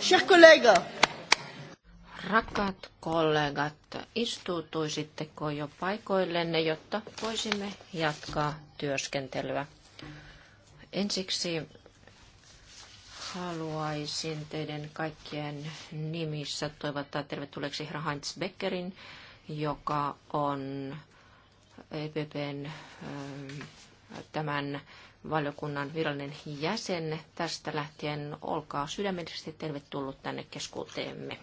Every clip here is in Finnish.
Chers collègues. Rakkaat kollegat, istuutuisitteko jo paikoillenne, jotta voisimme jatkaa työskentelyä? Ensiksi haluaisin teidän kaikkien nimissä toivottaa tervetulleeksi herra Heinz Beckerin, joka on EPPn tämän valiokunnan virallinen jäsen tästä lähtien. Olkaa sydämellisesti tervetullut tänne keskuuteemme.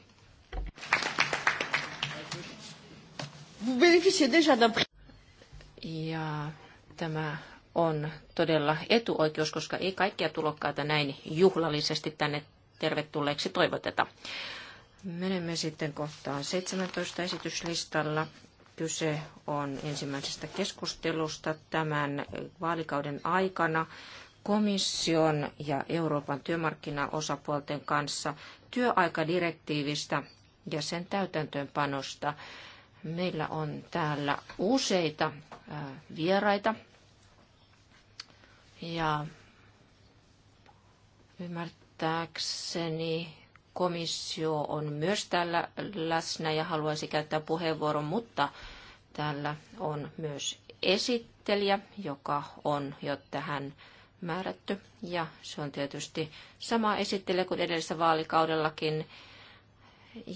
Ja tämä on todella etuoikeus, koska ei kaikkia tulokkaita näin juhlallisesti tänne tervetulleeksi toivoteta. Menemme sitten kohtaan 17 esityslistalla. Kyse on ensimmäisestä keskustelusta tämän vaalikauden aikana komission ja Euroopan työmarkkinaosapuolten kanssa työaikadirektiivistä ja sen täytäntöönpanosta. Meillä on täällä useita vieraita ja ymmärtääkseni komissio on myös täällä läsnä ja haluaisi käyttää puheenvuoron, mutta täällä on myös esittelijä, joka on jo tähän määrätty. Ja se on tietysti sama esittelijä kuin edellisessä vaalikaudellakin.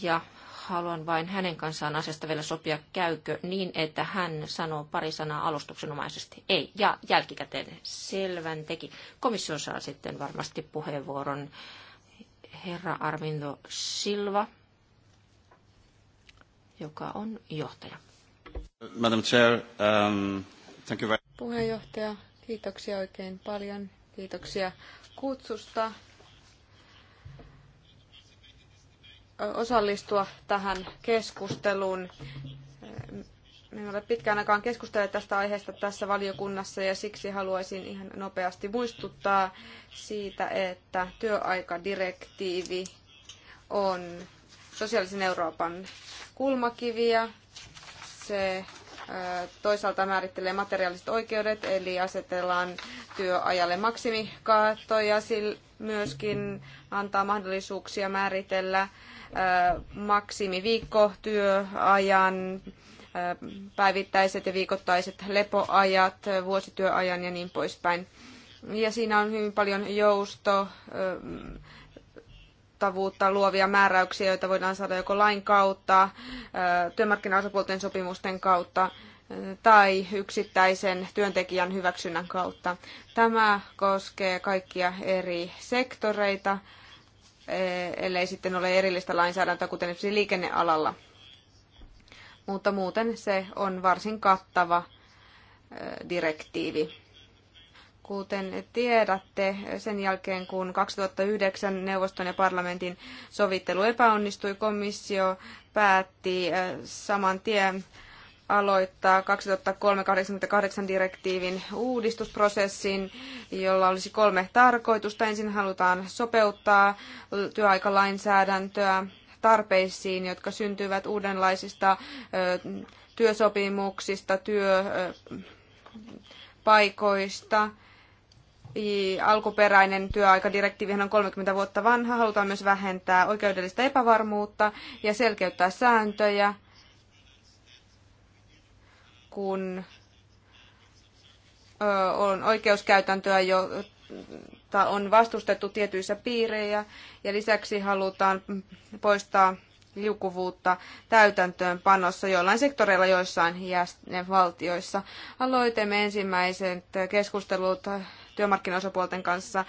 Ja haluan vain hänen kanssaan asiasta vielä sopia, käykö niin, että hän sanoo pari sanaa alustuksenomaisesti. Ei, ja jälkikäteen selvän teki. Komissio saa sitten varmasti puheenvuoron herra Arvindo Silva, joka on johtaja. Madam Chair, um, thank you very... Puheenjohtaja, kiitoksia oikein paljon. Kiitoksia kutsusta osallistua tähän keskusteluun en ole pitkään aikaan keskustellut tästä aiheesta tässä valiokunnassa ja siksi haluaisin ihan nopeasti muistuttaa siitä, että työaikadirektiivi on sosiaalisen Euroopan kulmakiviä. Se toisaalta määrittelee materiaaliset oikeudet, eli asetellaan työajalle maksimikattoja, myöskin antaa mahdollisuuksia määritellä maksimiviikkotyöajan työajan päivittäiset ja viikoittaiset lepoajat, vuosityöajan ja niin poispäin. Ja siinä on hyvin paljon jousto, tavuutta, luovia määräyksiä, joita voidaan saada joko lain kautta, työmarkkinaosapuolten sopimusten kautta tai yksittäisen työntekijän hyväksynnän kautta. Tämä koskee kaikkia eri sektoreita, ellei sitten ole erillistä lainsäädäntöä, kuten esimerkiksi liikennealalla mutta muuten se on varsin kattava direktiivi. Kuten tiedätte, sen jälkeen kun 2009 neuvoston ja parlamentin sovittelu epäonnistui, komissio päätti saman tien aloittaa 2003-88 direktiivin uudistusprosessin, jolla olisi kolme tarkoitusta. Ensin halutaan sopeuttaa työaikalainsäädäntöä tarpeisiin, jotka syntyvät uudenlaisista työsopimuksista, työpaikoista. Alkuperäinen työaikadirektiivihän on 30 vuotta vanha. Halutaan myös vähentää oikeudellista epävarmuutta ja selkeyttää sääntöjä, kun on oikeuskäytäntöä, jo jota on vastustettu tietyissä piirejä ja lisäksi halutaan poistaa liukuvuutta täytäntöönpanossa jollain sektoreilla joissain jäsenvaltioissa. Aloitemme ensimmäiset keskustelut työmarkkinaosapuolten kanssa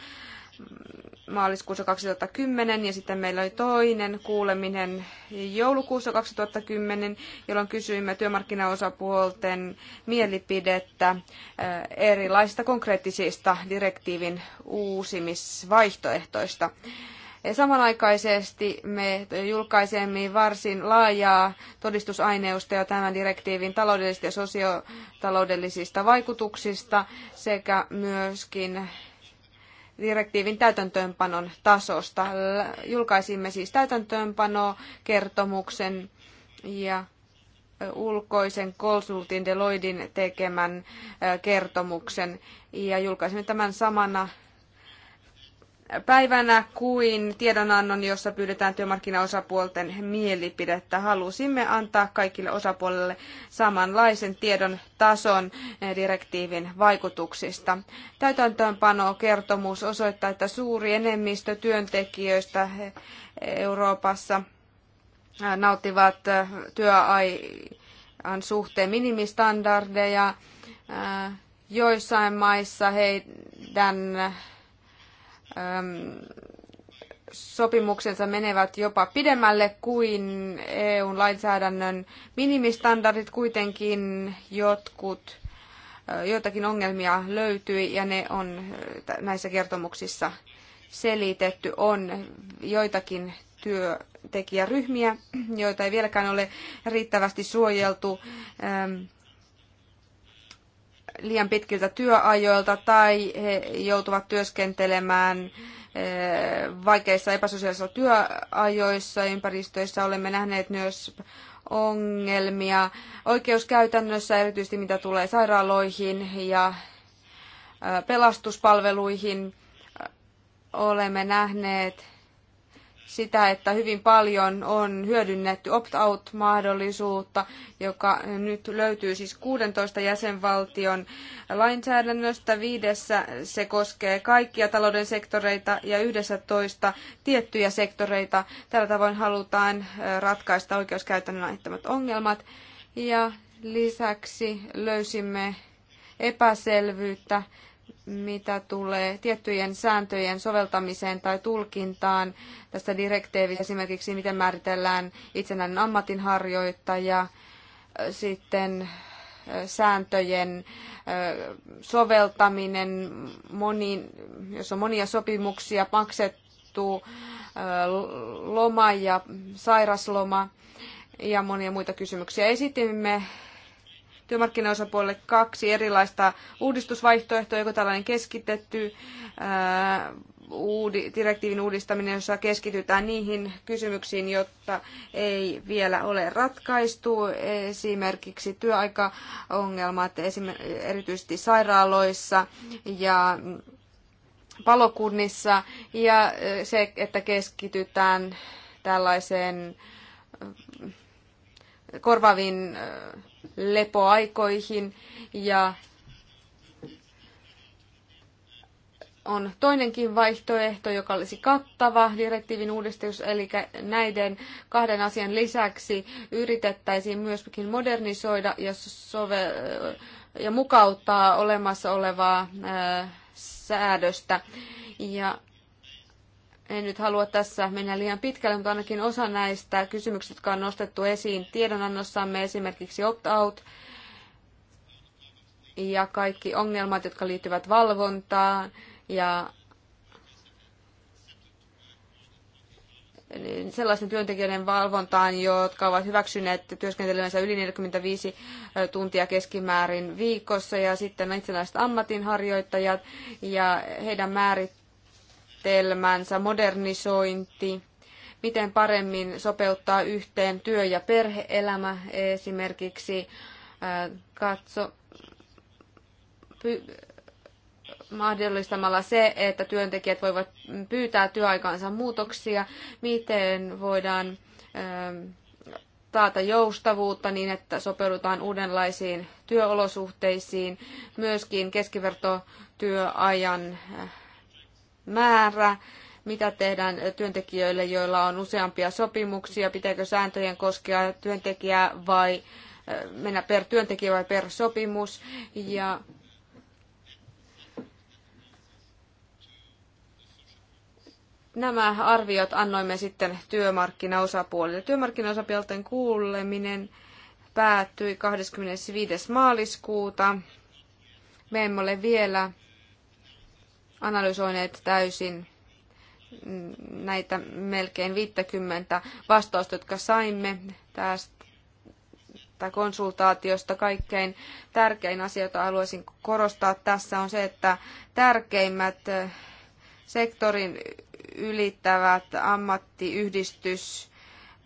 maaliskuussa 2010 ja sitten meillä oli toinen kuuleminen joulukuussa 2010, jolloin kysyimme työmarkkinaosapuolten mielipidettä eh, erilaisista konkreettisista direktiivin uusimisvaihtoehtoista. Samanaikaisesti me julkaisemme varsin laajaa todistusaineusta jo tämän direktiivin taloudellisista ja sosiotaloudellisista vaikutuksista sekä myöskin direktiivin täytäntöönpanon tasosta. Julkaisimme siis täytäntöönpanokertomuksen ja ulkoisen konsultin Deloidin tekemän kertomuksen ja julkaisimme tämän samana päivänä kuin tiedonannon, jossa pyydetään työmarkkinaosapuolten mielipidettä. Halusimme antaa kaikille osapuolille samanlaisen tiedon tason direktiivin vaikutuksista. Täytäntöönpano kertomus osoittaa, että suuri enemmistö työntekijöistä Euroopassa nauttivat työajan suhteen minimistandardeja. Joissain maissa heidän Ähm, sopimuksensa menevät jopa pidemmälle kuin EUn lainsäädännön minimistandardit. Kuitenkin jotkut, äh, joitakin ongelmia löytyi ja ne on äh, näissä kertomuksissa selitetty. On joitakin työntekijäryhmiä, joita ei vieläkään ole riittävästi suojeltu. Ähm, liian pitkiltä työajoilta tai he joutuvat työskentelemään eh, vaikeissa epäsosiaalisissa työajoissa, ympäristöissä olemme nähneet myös ongelmia oikeuskäytännössä, erityisesti mitä tulee sairaaloihin ja eh, pelastuspalveluihin. Olemme nähneet sitä, että hyvin paljon on hyödynnetty opt-out-mahdollisuutta, joka nyt löytyy siis 16 jäsenvaltion lainsäädännöstä. Viidessä se koskee kaikkia talouden sektoreita ja yhdessä toista tiettyjä sektoreita. Tällä tavoin halutaan ratkaista oikeuskäytännön aiheuttamat ongelmat. Ja lisäksi löysimme epäselvyyttä mitä tulee tiettyjen sääntöjen soveltamiseen tai tulkintaan tässä direktiivissä, esimerkiksi miten määritellään itsenäinen ammatinharjoittaja, sitten sääntöjen soveltaminen, moni, jos on monia sopimuksia, maksettu loma ja sairasloma ja monia muita kysymyksiä. Esitimme työmarkkinaosapuolelle kaksi erilaista uudistusvaihtoehtoa, joko tällainen keskitetty uudi, direktiivin uudistaminen, jossa keskitytään niihin kysymyksiin, jotta ei vielä ole ratkaistu, esimerkiksi työaikaongelmat erityisesti sairaaloissa ja palokunnissa, ja se, että keskitytään tällaiseen korvaaviin lepoaikoihin ja on toinenkin vaihtoehto, joka olisi kattava direktiivin uudistus, eli näiden kahden asian lisäksi yritettäisiin myöskin modernisoida ja, sove- ja mukauttaa olemassa olevaa säädöstä. Ja en nyt halua tässä mennä liian pitkälle, mutta ainakin osa näistä kysymyksistä, jotka on nostettu esiin tiedonannossamme, esimerkiksi opt-out ja kaikki ongelmat, jotka liittyvät valvontaan ja niin sellaisten työntekijöiden valvontaan, jotka ovat hyväksyneet työskentelemänsä yli 45 tuntia keskimäärin viikossa ja sitten itsenäiset ammatinharjoittajat ja heidän määrit järjestelmänsä modernisointi, miten paremmin sopeuttaa yhteen työ- ja perheelämä esimerkiksi, katso, py, mahdollistamalla se, että työntekijät voivat pyytää työaikaansa muutoksia, miten voidaan taata joustavuutta niin, että sopeudutaan uudenlaisiin työolosuhteisiin, myöskin keskivertotyöajan määrä, mitä tehdään työntekijöille, joilla on useampia sopimuksia, pitääkö sääntöjen koskea työntekijää vai mennä per työntekijä vai per sopimus. Ja nämä arviot annoimme sitten työmarkkinaosapuolille. Työmarkkinaosapuolten kuuleminen päättyi 25. maaliskuuta. Me emme ole vielä analysoineet täysin näitä melkein 50 vastausta, jotka saimme tästä konsultaatiosta. Kaikkein tärkein asia, jota haluaisin korostaa tässä, on se, että tärkeimmät eh, sektorin ylittävät ammattiyhdistys-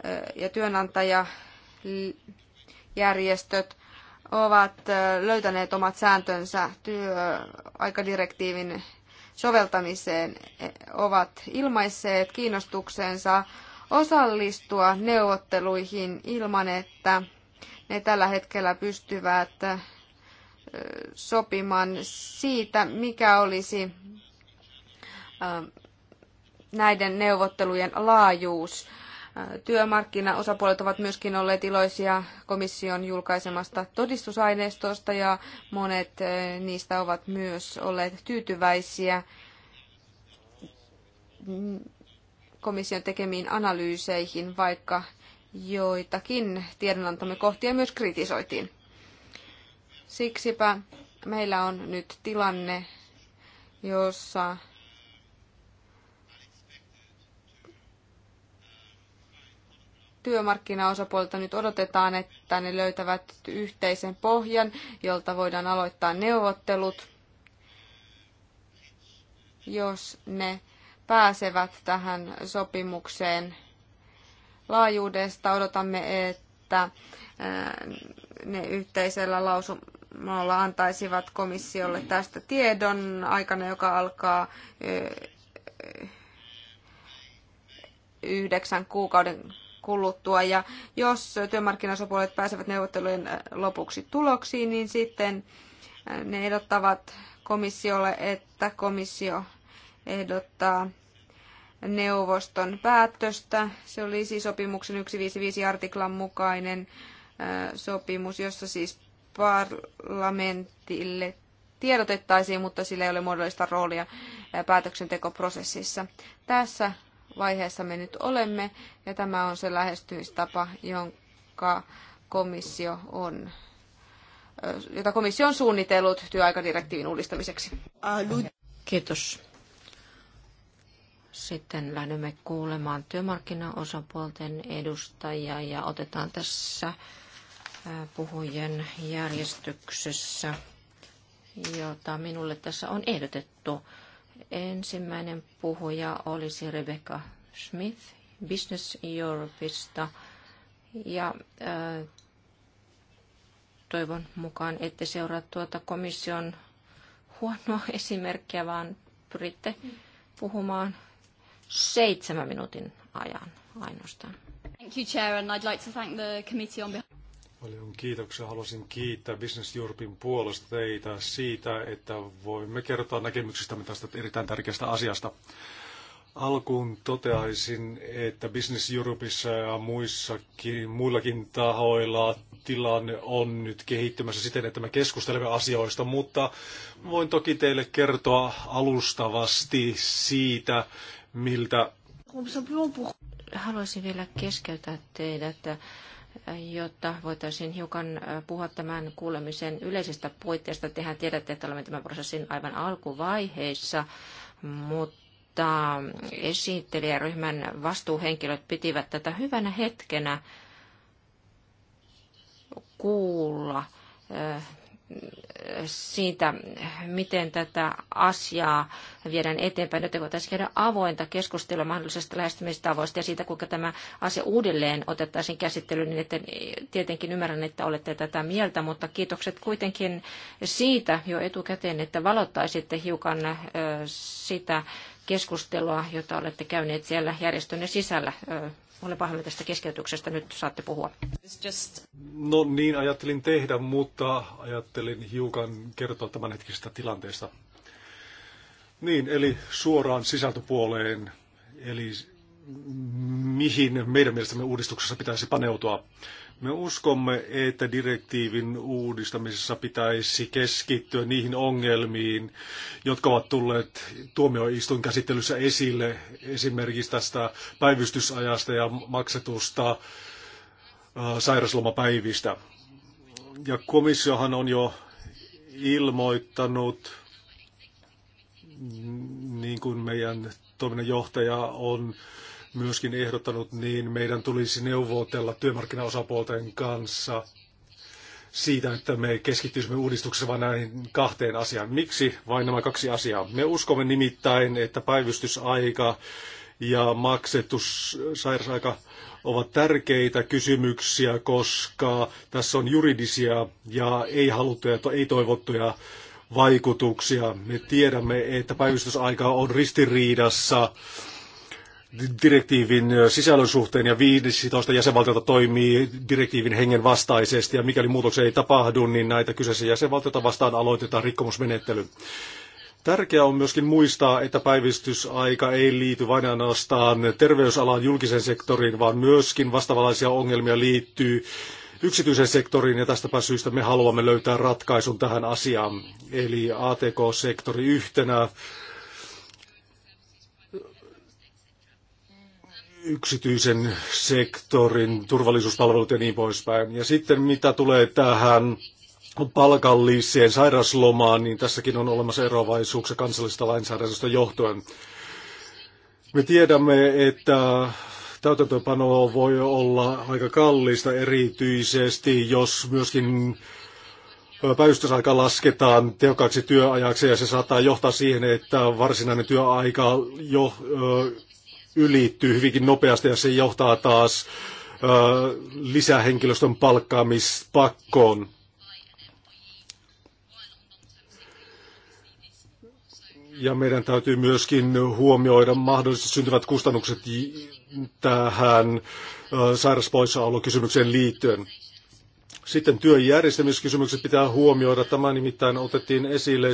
eh, ja työnantajajärjestöt ovat eh, löytäneet omat sääntönsä työaikadirektiivin soveltamiseen e, ovat ilmaisseet kiinnostuksensa osallistua neuvotteluihin ilman, että ne tällä hetkellä pystyvät e, sopimaan siitä, mikä olisi e, näiden neuvottelujen laajuus. Työmarkkinaosapuolet ovat myöskin olleet iloisia komission julkaisemasta todistusaineistosta ja monet eh, niistä ovat myös olleet tyytyväisiä komission tekemiin analyyseihin, vaikka joitakin tiedonantamme kohtia myös kritisoitiin. Siksipä meillä on nyt tilanne, jossa työmarkkinaosapuolta nyt odotetaan, että ne löytävät yhteisen pohjan, jolta voidaan aloittaa neuvottelut, jos ne pääsevät tähän sopimukseen laajuudesta. Odotamme, että ne yhteisellä lausumalla antaisivat komissiolle tästä tiedon aikana, joka alkaa yhdeksän kuukauden kuluttua. Ja jos työmarkkinasopuolet pääsevät neuvottelujen äh, lopuksi tuloksiin, niin sitten äh, ne ehdottavat komissiolle, että komissio ehdottaa neuvoston päätöstä. Se oli siis sopimuksen 155 artiklan mukainen äh, sopimus, jossa siis parlamentille tiedotettaisiin, mutta sillä ei ole muodollista roolia päätöksentekoprosessissa. Tässä vaiheessa me nyt olemme, ja tämä on se lähestymistapa, jonka komissio on jota komissio on suunnitellut työaikadirektiivin uudistamiseksi. Kiitos. Sitten lähdemme kuulemaan työmarkkinaosapuolten edustajia ja otetaan tässä puhujien järjestyksessä, jota minulle tässä on ehdotettu. Ensimmäinen puhuja olisi Rebecca Smith Business Europeista. Ja toivon mukaan ette seuraa tuota komission huonoa esimerkkiä, vaan pyritte puhumaan seitsemän minuutin ajan ainoastaan. Thank you, Chair, and I'd like to thank the committee on behalf... Paljon kiitoksia. Haluaisin kiittää Business Europein puolesta teitä siitä, että voimme kertoa näkemyksistämme tästä erittäin tärkeästä asiasta. Alkuun toteaisin, että Business Europeissa ja muissakin, muillakin tahoilla tilanne on nyt kehittymässä siten, että me keskustelemme asioista, mutta voin toki teille kertoa alustavasti siitä, miltä... Haluaisin vielä keskeyttää teidät. Että jotta voitaisiin hiukan puhua tämän kuulemisen yleisestä puitteesta. Tehän tiedätte, että olemme tämän prosessin aivan alkuvaiheissa, mutta esittelijäryhmän vastuuhenkilöt pitivät tätä hyvänä hetkenä kuulla siitä, miten tätä asiaa viedään eteenpäin, Nyt voitaisiin käydä avointa keskustelua mahdollisesta lähestymistavoista ja siitä, kuinka tämä asia uudelleen otettaisiin käsittelyyn, niin että tietenkin ymmärrän, että olette tätä mieltä, mutta kiitokset kuitenkin siitä jo etukäteen, että valottaisitte hiukan sitä, keskustelua, jota olette käyneet siellä järjestönne sisällä. Olen pahoillani tästä keskeytyksestä, nyt saatte puhua. No niin, ajattelin tehdä, mutta ajattelin hiukan kertoa tämänhetkisestä tilanteesta. Niin, eli suoraan sisältöpuoleen, eli mihin meidän mielestämme uudistuksessa pitäisi paneutua. Me uskomme, että direktiivin uudistamisessa pitäisi keskittyä niihin ongelmiin, jotka ovat tulleet tuomioistuin käsittelyssä esille, esimerkiksi tästä päivystysajasta ja maksetusta äh, sairauslomapäivistä. Ja komissiohan on jo ilmoittanut, niin kuin meidän toiminnanjohtaja on myöskin ehdottanut, niin meidän tulisi neuvotella työmarkkinaosapuolten kanssa siitä, että me keskittyisimme uudistuksessa vain näihin kahteen asiaan. Miksi vain nämä kaksi asiaa? Me uskomme nimittäin, että päivystysaika ja maksettu sairausaika ovat tärkeitä kysymyksiä, koska tässä on juridisia ja ei haluttuja, ei toivottuja vaikutuksia. Me tiedämme, että päivystysaika on ristiriidassa direktiivin sisällön suhteen ja 15 jäsenvaltiota toimii direktiivin hengen vastaisesti ja mikäli muutoksia ei tapahdu, niin näitä kyseisiä jäsenvaltioita vastaan aloitetaan rikkomusmenettely. Tärkeää on myöskin muistaa, että päivystysaika ei liity vain ainoastaan terveysalan julkisen sektoriin, vaan myöskin vastaavanlaisia ongelmia liittyy yksityisen sektoriin ja tästäpä syystä me haluamme löytää ratkaisun tähän asiaan. Eli ATK-sektori yhtenä yksityisen sektorin turvallisuuspalvelut ja niin poispäin. Ja sitten mitä tulee tähän palkalliseen sairaslomaan, niin tässäkin on olemassa eroavaisuuksia kansallisesta lainsäädännöstä johtuen. Me tiedämme, että täytäntöpano voi olla aika kallista erityisesti, jos myöskin päivystysaika lasketaan tehokkaaksi työajaksi ja se saattaa johtaa siihen, että varsinainen työaika jo, ö, ylittyy hyvinkin nopeasti ja se johtaa taas ö, lisähenkilöstön palkkaamispakkoon. Ja meidän täytyy myöskin huomioida mahdollisesti syntyvät kustannukset tähän sairauspoissaolokysymykseen liittyen. Sitten työjärjestämiskysymykset pitää huomioida. Tämä nimittäin otettiin esille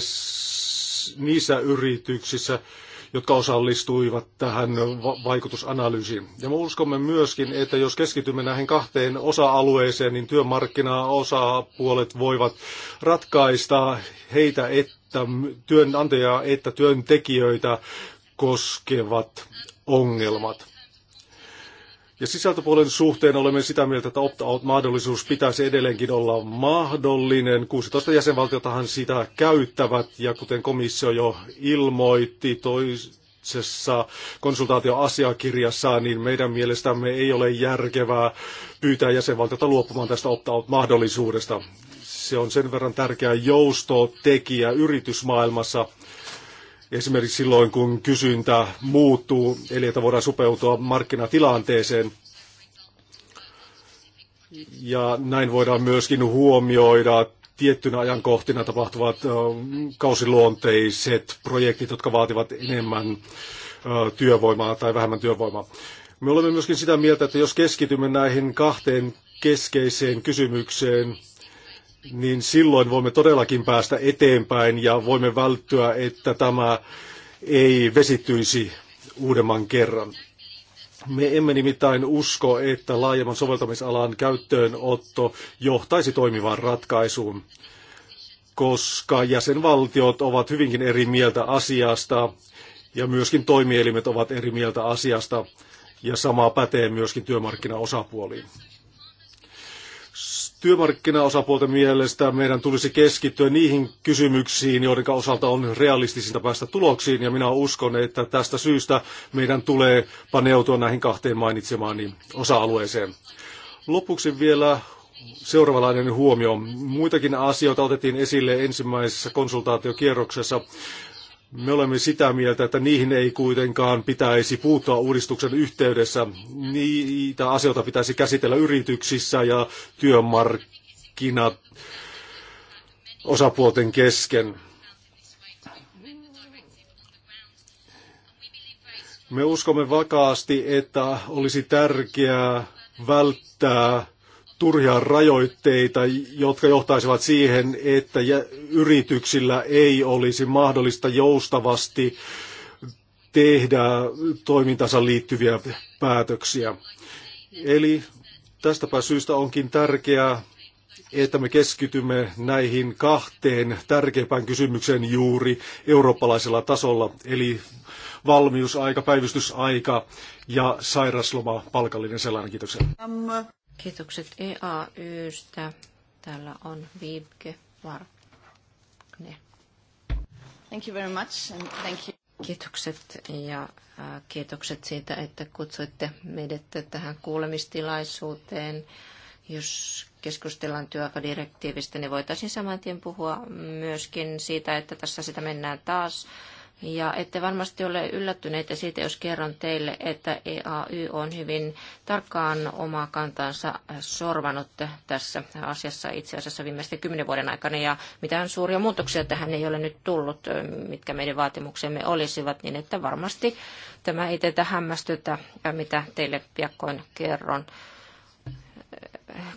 niissä yrityksissä, jotka osallistuivat tähän vaikutusanalyysiin. Ja me uskomme myöskin, että jos keskitymme näihin kahteen osa-alueeseen, niin työmarkkinaosapuolet voivat ratkaista heitä, että työnantajaa, että työntekijöitä koskevat ongelmat. Ja sisältöpuolen suhteen olemme sitä mieltä, että opt-out-mahdollisuus pitäisi edelleenkin olla mahdollinen. 16 jäsenvaltiotahan sitä käyttävät ja kuten komissio jo ilmoitti toisessa konsultaatioasiakirjassa, niin meidän mielestämme ei ole järkevää pyytää jäsenvaltiota luopumaan tästä opt-out-mahdollisuudesta. Se on sen verran tärkeä joustotekijä yritysmaailmassa, Esimerkiksi silloin, kun kysyntä muuttuu, eli että voidaan supeutua markkinatilanteeseen. Ja näin voidaan myöskin huomioida tiettynä ajankohtina tapahtuvat kausiluonteiset projektit, jotka vaativat enemmän työvoimaa tai vähemmän työvoimaa. Me olemme myöskin sitä mieltä, että jos keskitymme näihin kahteen keskeiseen kysymykseen, niin silloin voimme todellakin päästä eteenpäin ja voimme välttyä, että tämä ei vesittyisi uudemman kerran. Me emme nimittäin usko, että laajemman soveltamisalan käyttöönotto johtaisi toimivaan ratkaisuun, koska jäsenvaltiot ovat hyvinkin eri mieltä asiasta ja myöskin toimielimet ovat eri mieltä asiasta ja sama pätee myöskin työmarkkinaosapuoliin. Työmarkkinaosapuolten mielestä meidän tulisi keskittyä niihin kysymyksiin, joiden osalta on realistisinta päästä tuloksiin, ja minä uskon, että tästä syystä meidän tulee paneutua näihin kahteen mainitsemaani osa-alueeseen. Lopuksi vielä seuraavanlainen huomio. Muitakin asioita otettiin esille ensimmäisessä konsultaatiokierroksessa. Me olemme sitä mieltä, että niihin ei kuitenkaan pitäisi puuttua uudistuksen yhteydessä. Niitä asioita pitäisi käsitellä yrityksissä ja työmarkkinat osapuolten kesken. Me uskomme vakaasti, että olisi tärkeää välttää turhia rajoitteita, jotka johtaisivat siihen, että yrityksillä ei olisi mahdollista joustavasti tehdä toimintansa liittyviä päätöksiä. Eli tästäpä syystä onkin tärkeää, että me keskitymme näihin kahteen tärkeimpään kysymykseen juuri eurooppalaisella tasolla, eli valmiusaika, päivystysaika ja sairasloma, palkallinen sellainen. Kiitoksia. Kiitokset EAYstä. Täällä on Viibke Varkne. Thank you very much and thank you. Kiitokset ja kiitokset siitä, että kutsuitte meidät tähän kuulemistilaisuuteen. Jos keskustellaan työaikadirektiivistä, niin voitaisiin saman tien puhua myöskin siitä, että tässä sitä mennään taas ja ette varmasti ole yllättyneitä siitä, jos kerron teille, että EAY on hyvin tarkkaan omaa kantansa sorvanut tässä asiassa itse asiassa viimeisten kymmenen vuoden aikana. Ja mitään suuria muutoksia tähän ei ole nyt tullut, mitkä meidän vaatimuksemme olisivat, niin että varmasti tämä ei teitä hämmästytä, mitä teille piakkoin kerron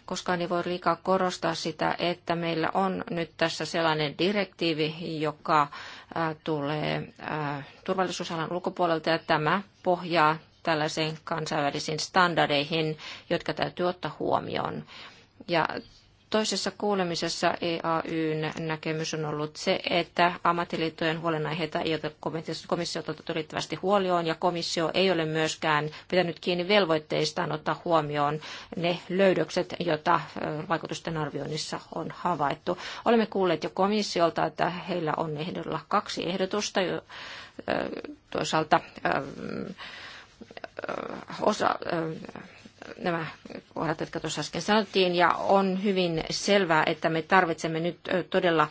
koskaan ei voi liikaa korostaa sitä, että meillä on nyt tässä sellainen direktiivi, joka äh, tulee äh, turvallisuusalan ulkopuolelta ja tämä pohjaa tällaisiin kansainvälisiin standardeihin, jotka täytyy ottaa huomioon. Ja Toisessa kuulemisessa EAYn näkemys on ollut se, että ammattiliittojen huolenaiheita ei ole komissio otettu riittävästi huolioon ja komissio ei ole myöskään pitänyt kiinni velvoitteistaan ottaa huomioon ne löydökset, joita vaikutusten arvioinnissa on havaittu. Olemme kuulleet jo komissiolta, että heillä on ehdolla kaksi ehdotusta. Toisaalta osa nämä kohdat, jotka tuossa äsken sanottiin, ja on hyvin selvää, että me tarvitsemme nyt todella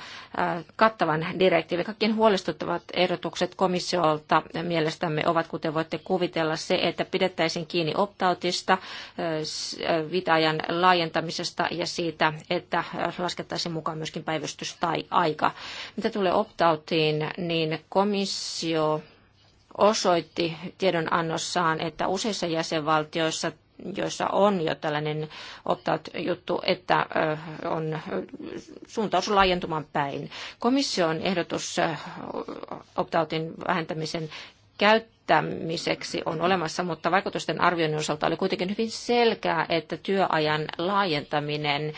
kattavan direktiivin. Kaikkien huolestuttavat ehdotukset komissiolta mielestämme ovat, kuten voitte kuvitella, se, että pidettäisiin kiinni optautista, vitajan laajentamisesta ja siitä, että laskettaisiin mukaan myöskin päivystys tai aika. Mitä tulee optautiin, niin komissio osoitti tiedonannossaan, että useissa jäsenvaltioissa joissa on jo tällainen opt-out-juttu, että on suuntaus laajentumaan päin. Komission ehdotus opt-outin vähentämisen käyttämiseksi on olemassa, mutta vaikutusten arvioinnin osalta oli kuitenkin hyvin selkeää, että työajan laajentaminen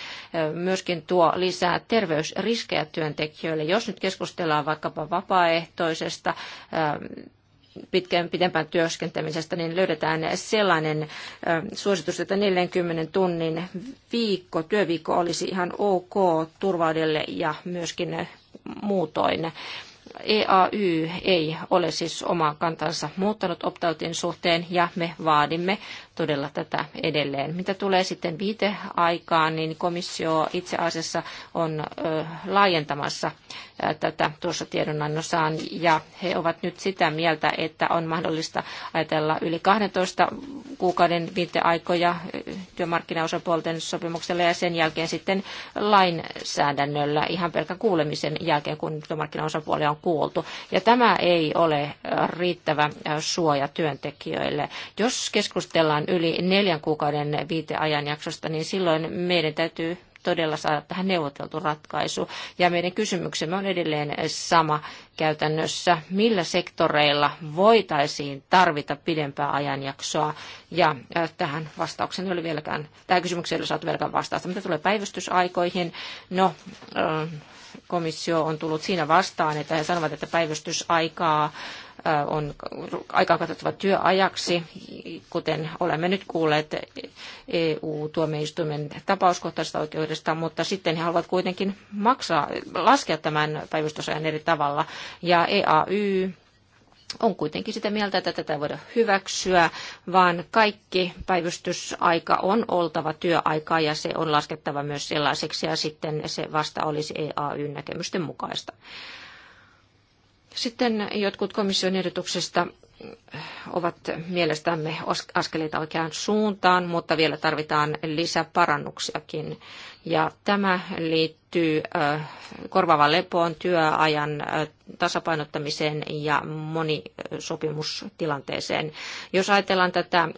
myöskin tuo lisää terveysriskejä työntekijöille. Jos nyt keskustellaan vaikkapa vapaaehtoisesta pitkään pitempään työskentämisestä, niin löydetään sellainen suositus, että 40 tunnin viikko, työviikko olisi ihan ok turvaudelle ja myöskin muutoin. EAY ei ole siis omaa kantansa muuttanut optautin suhteen ja me vaadimme todella tätä edelleen. Mitä tulee sitten viiteaikaan, niin komissio itse asiassa on laajentamassa tätä tuossa tiedonannossaan ja he ovat nyt sitä mieltä, että on mahdollista ajatella yli 12 kuukauden viiteaikoja työmarkkinaosapuolten sopimuksella ja sen jälkeen sitten lainsäädännöllä ihan pelkän kuulemisen jälkeen, kun työmarkkinaosapuolia on kuultu. Ja tämä ei ole riittävä suoja työntekijöille. Jos keskustellaan puhutaan yli neljän kuukauden viiteajanjaksosta, niin silloin meidän täytyy todella saada tähän neuvoteltu ratkaisu. Ja meidän kysymyksemme on edelleen sama käytännössä, millä sektoreilla voitaisiin tarvita pidempää ajanjaksoa. Ja tähän vastauksen oli vieläkään, tähän kysymykseen ei ole saatu vieläkään vastausta. Mitä tulee päivystysaikoihin? No, komissio on tullut siinä vastaan, että he sanovat, että päivystysaikaa on aikaa katsottava työajaksi, kuten olemme nyt kuulleet EU-tuomioistuimen tapauskohtaisesta oikeudesta, mutta sitten he haluavat kuitenkin maksaa, laskea tämän päivystysajan eri tavalla. Ja EAY on kuitenkin sitä mieltä, että tätä ei voida hyväksyä, vaan kaikki päivystysaika on oltava työaikaa ja se on laskettava myös sellaiseksi ja sitten se vasta olisi EAY-näkemysten mukaista. Sitten jotkut komission ehdotuksista ovat mielestämme askeleita oikeaan suuntaan, mutta vielä tarvitaan lisäparannuksiakin. Ja tämä liittyy liittyy korvaavaan lepoon, työajan tasapainottamiseen ja monisopimustilanteeseen. Jos ajatellaan tätä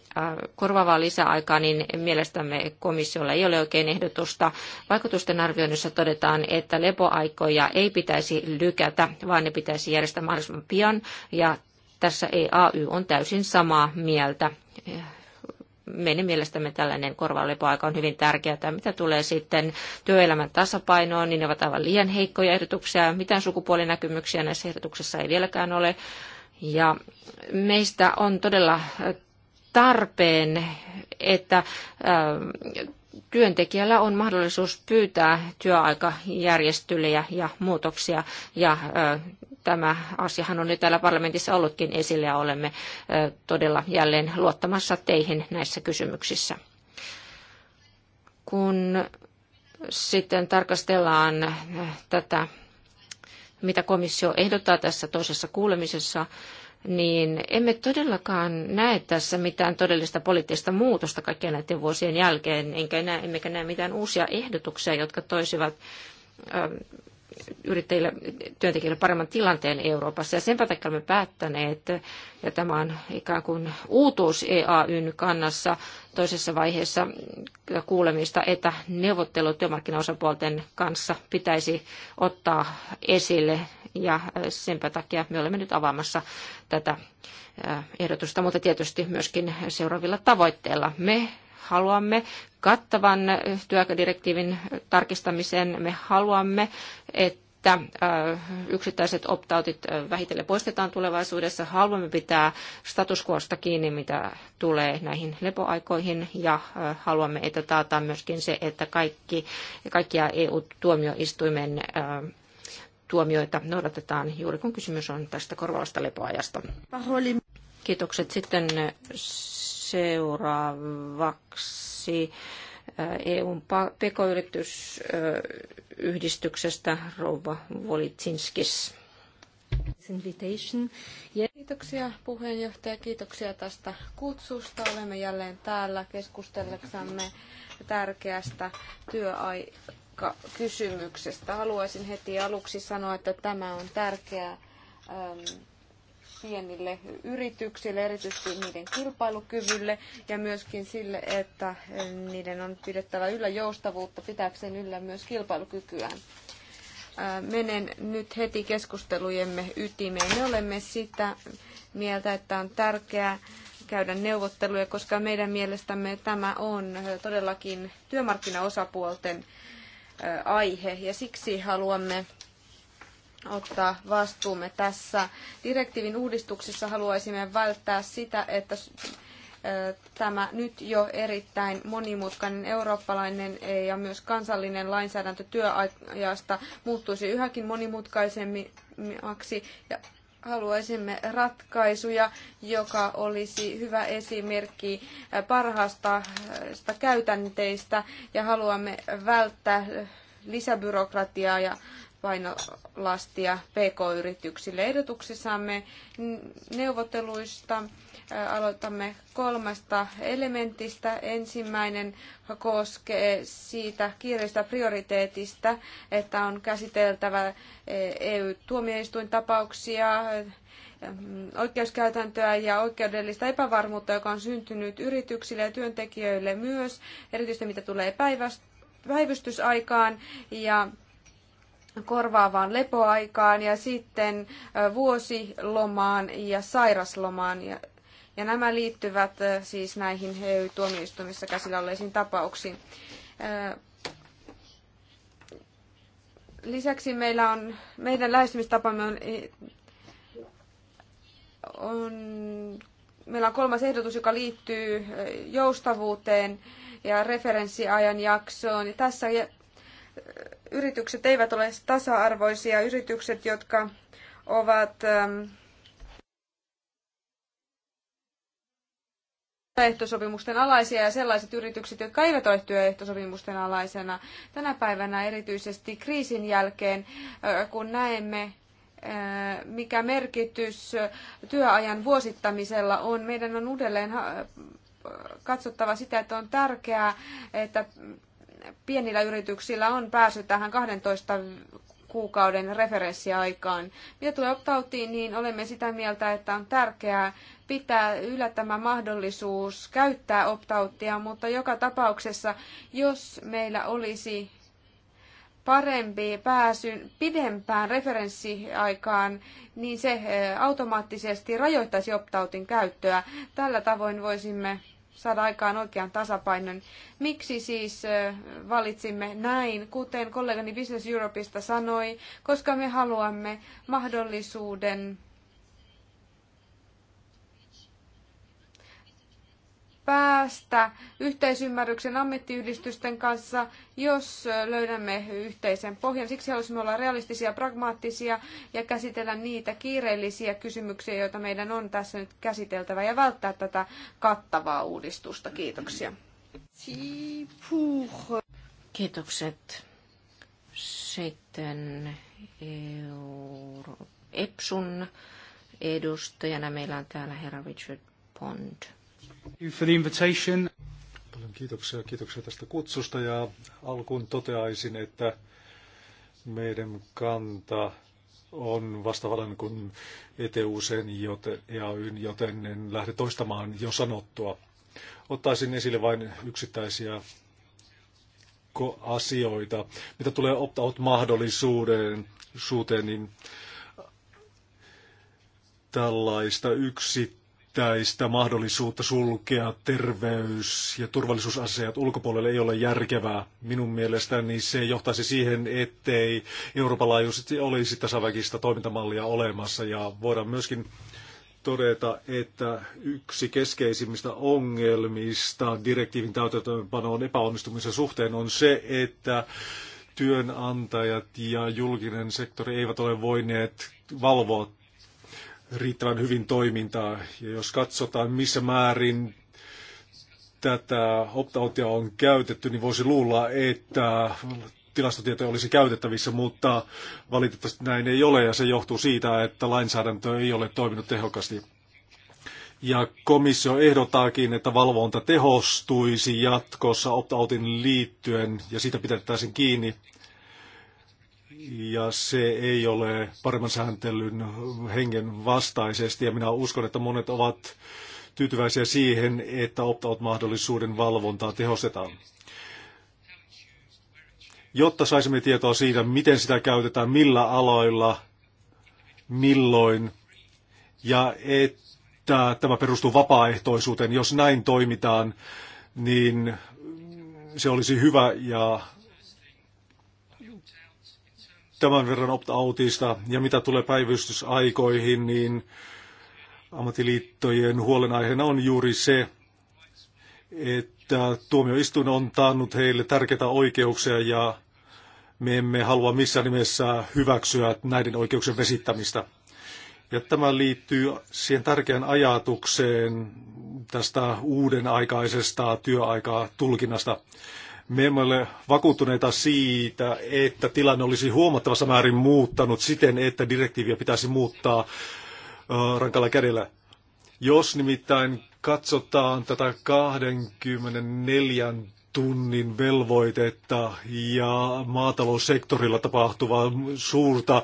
korvaavaa lisäaikaa, niin mielestämme komissiolla ei ole oikein ehdotusta. Vaikutusten arvioinnissa todetaan, että lepoaikoja ei pitäisi lykätä, vaan ne pitäisi järjestää mahdollisimman pian ja tässä EAY on täysin samaa mieltä meidän mielestämme tällainen korvalepoaika on hyvin tärkeää. Mitä tulee sitten työelämän tasapainoon, niin ne ovat aivan liian heikkoja ehdotuksia. Mitään sukupuolinäkymyksiä näissä ehdotuksissa ei vieläkään ole. Ja meistä on todella tarpeen, että äh, työntekijällä on mahdollisuus pyytää työaikajärjestelyjä ja muutoksia ja äh, Tämä asiahan on nyt täällä parlamentissa ollutkin esillä ja olemme todella jälleen luottamassa teihin näissä kysymyksissä. Kun sitten tarkastellaan tätä, mitä komissio ehdottaa tässä toisessa kuulemisessa, niin emme todellakaan näe tässä mitään todellista poliittista muutosta kaikkien näiden vuosien jälkeen, enkä näe, emmekä näe mitään uusia ehdotuksia, jotka toisivat yrittäjille, työntekijöille paremman tilanteen Euroopassa. Ja sen takia olemme päättäneet, ja tämä on ikään kuin uutuus EAYn kannassa toisessa vaiheessa kuulemista, että neuvottelut työmarkkinaosapuolten kanssa pitäisi ottaa esille. Ja sen takia me olemme nyt avaamassa tätä ehdotusta, mutta tietysti myöskin seuraavilla tavoitteilla. Me haluamme kattavan työaikadirektiivin tarkistamisen. Me haluamme, että että yksittäiset optautit vähitellen poistetaan tulevaisuudessa. Haluamme pitää status quosta kiinni, mitä tulee näihin lepoaikoihin ja haluamme, että taataan myöskin se, että kaikki, kaikkia EU-tuomioistuimen tuomioita noudatetaan juuri kun kysymys on tästä korvaavasta lepoajasta. Kiitokset sitten seuraavaksi äh, EUn pekoyritysyhdistyksestä Rouva Volitsinskis. Kiitoksia puheenjohtaja, kiitoksia tästä kutsusta. Olemme jälleen täällä keskustellaksamme tärkeästä työaikakysymyksestä. Haluaisin heti aluksi sanoa, että tämä on tärkeä pienille yrityksille, erityisesti niiden kilpailukyvylle ja myöskin sille, että niiden on pidettävä yllä joustavuutta pitääkseen yllä myös kilpailukykyään. Menen nyt heti keskustelujemme ytimeen. Me olemme sitä mieltä, että on tärkeää käydä neuvotteluja, koska meidän mielestämme tämä on todellakin työmarkkinaosapuolten aihe ja siksi haluamme ottaa vastuumme tässä. Direktiivin uudistuksessa haluaisimme välttää sitä, että tämä nyt jo erittäin monimutkainen eurooppalainen ja myös kansallinen lainsäädäntö työajasta muuttuisi yhäkin monimutkaisemmaksi ja haluaisimme ratkaisuja, joka olisi hyvä esimerkki parhaasta käytänteistä ja haluamme välttää lisäbyrokratiaa ja painolastia PK-yrityksille. Ehdotuksissamme neuvotteluista aloitamme kolmesta elementistä. Ensimmäinen koskee siitä kiireistä prioriteetista, että on käsiteltävä EU-tuomioistuintapauksia, oikeuskäytäntöä ja oikeudellista epävarmuutta, joka on syntynyt yrityksille ja työntekijöille myös, erityisesti mitä tulee päivystysaikaan ja korvaavaan lepoaikaan ja sitten vuosilomaan ja sairaslomaan. Ja, ja nämä liittyvät siis näihin EU-tuomioistuimissa käsillä olleisiin tapauksiin. Lisäksi meillä on, meidän lähestymistapamme on, on, meillä on kolmas ehdotus, joka liittyy joustavuuteen ja referenssiajan jaksoon. Ja tässä yritykset eivät ole tasa-arvoisia. Yritykset, jotka ovat ähm, työehtosopimusten alaisia ja sellaiset yritykset, jotka eivät ole työehtosopimusten alaisena. Tänä päivänä erityisesti kriisin jälkeen, äh, kun näemme äh, mikä merkitys työajan vuosittamisella on. Meidän on uudelleen äh, katsottava sitä, että on tärkeää, että pienillä yrityksillä on pääsy tähän 12 kuukauden referenssiaikaan. Mitä tulee optautiin, niin olemme sitä mieltä, että on tärkeää pitää yllä tämä mahdollisuus käyttää optauttia, mutta joka tapauksessa, jos meillä olisi parempi pääsy pidempään referenssiaikaan, niin se eh, automaattisesti rajoittaisi optautin käyttöä. Tällä tavoin voisimme saada aikaan oikean tasapainon. Miksi siis valitsimme näin, kuten kollegani Business Europeista sanoi, koska me haluamme mahdollisuuden päästä yhteisymmärryksen ammattiyhdistysten kanssa, jos löydämme yhteisen pohjan. Siksi haluaisimme olla realistisia, pragmaattisia ja käsitellä niitä kiireellisiä kysymyksiä, joita meidän on tässä nyt käsiteltävä ja välttää tätä kattavaa uudistusta. Kiitoksia. Kiitokset. Sitten Euro- EPSun edustajana meillä on täällä herra Richard Pond. For the invitation. Paljon kiitoksia, kiitoksia tästä kutsusta ja alkuun toteaisin, että meidän kanta on vastavallan kuin ETUCn ja yn, joten en lähde toistamaan jo sanottua. Ottaisin esille vain yksittäisiä asioita. Mitä tulee opt-out-mahdollisuuteen, niin tällaista yksittäistä yksittäistä mahdollisuutta sulkea terveys- ja turvallisuusasiat ulkopuolelle ei ole järkevää. Minun mielestäni se johtaisi siihen, ettei Euroopan laajuisesti olisi tasaväkistä toimintamallia olemassa. Ja voidaan myöskin todeta, että yksi keskeisimmistä ongelmista direktiivin täytäntöönpanoon epäonnistumisen suhteen on se, että työnantajat ja julkinen sektori eivät ole voineet valvoa riittävän hyvin toimintaa. Ja jos katsotaan, missä määrin tätä optautia on käytetty, niin voisi luulla, että tilastotietoja olisi käytettävissä, mutta valitettavasti näin ei ole ja se johtuu siitä, että lainsäädäntö ei ole toiminut tehokkaasti. Ja komissio ehdottaakin, että valvonta tehostuisi jatkossa opt-outin liittyen ja siitä pidettäisiin kiinni ja se ei ole paremman sääntelyn hengen vastaisesti. Ja minä uskon, että monet ovat tyytyväisiä siihen, että opt-out-mahdollisuuden valvontaa tehostetaan. Jotta saisimme tietoa siitä, miten sitä käytetään, millä aloilla, milloin, ja että tämä perustuu vapaaehtoisuuteen. Jos näin toimitaan, niin se olisi hyvä ja tämän verran opt-outista. Ja mitä tulee päivystysaikoihin, niin ammattiliittojen huolenaiheena on juuri se, että tuomioistuin on taannut heille tärkeitä oikeuksia ja me emme halua missään nimessä hyväksyä näiden oikeuksien vesittämistä. Ja tämä liittyy siihen tärkeään ajatukseen tästä uuden aikaisesta työaikaa tulkinnasta me emme ole vakuuttuneita siitä, että tilanne olisi huomattavassa määrin muuttanut siten, että direktiiviä pitäisi muuttaa rankalla kädellä. Jos nimittäin katsotaan tätä 24 tunnin velvoitetta ja maataloussektorilla tapahtuvaa suurta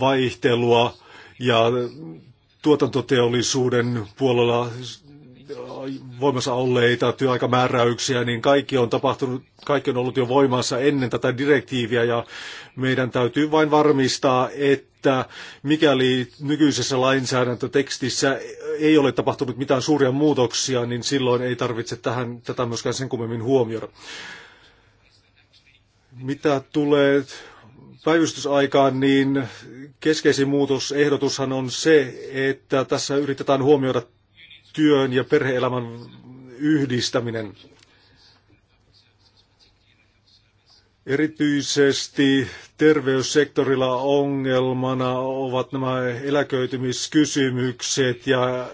vaihtelua ja tuotantoteollisuuden puolella voimassa olleita työaikamääräyksiä, niin kaikki on tapahtunut, kaikki on ollut jo voimassa ennen tätä direktiiviä ja meidän täytyy vain varmistaa, että mikäli nykyisessä lainsäädäntötekstissä ei ole tapahtunut mitään suuria muutoksia, niin silloin ei tarvitse tähän, tätä myöskään sen kummemmin huomioida. Mitä tulee päivystysaikaan, niin keskeisin muutosehdotushan on se, että tässä yritetään huomioida työn ja perheelämän yhdistäminen. Erityisesti terveyssektorilla ongelmana ovat nämä eläköitymiskysymykset ja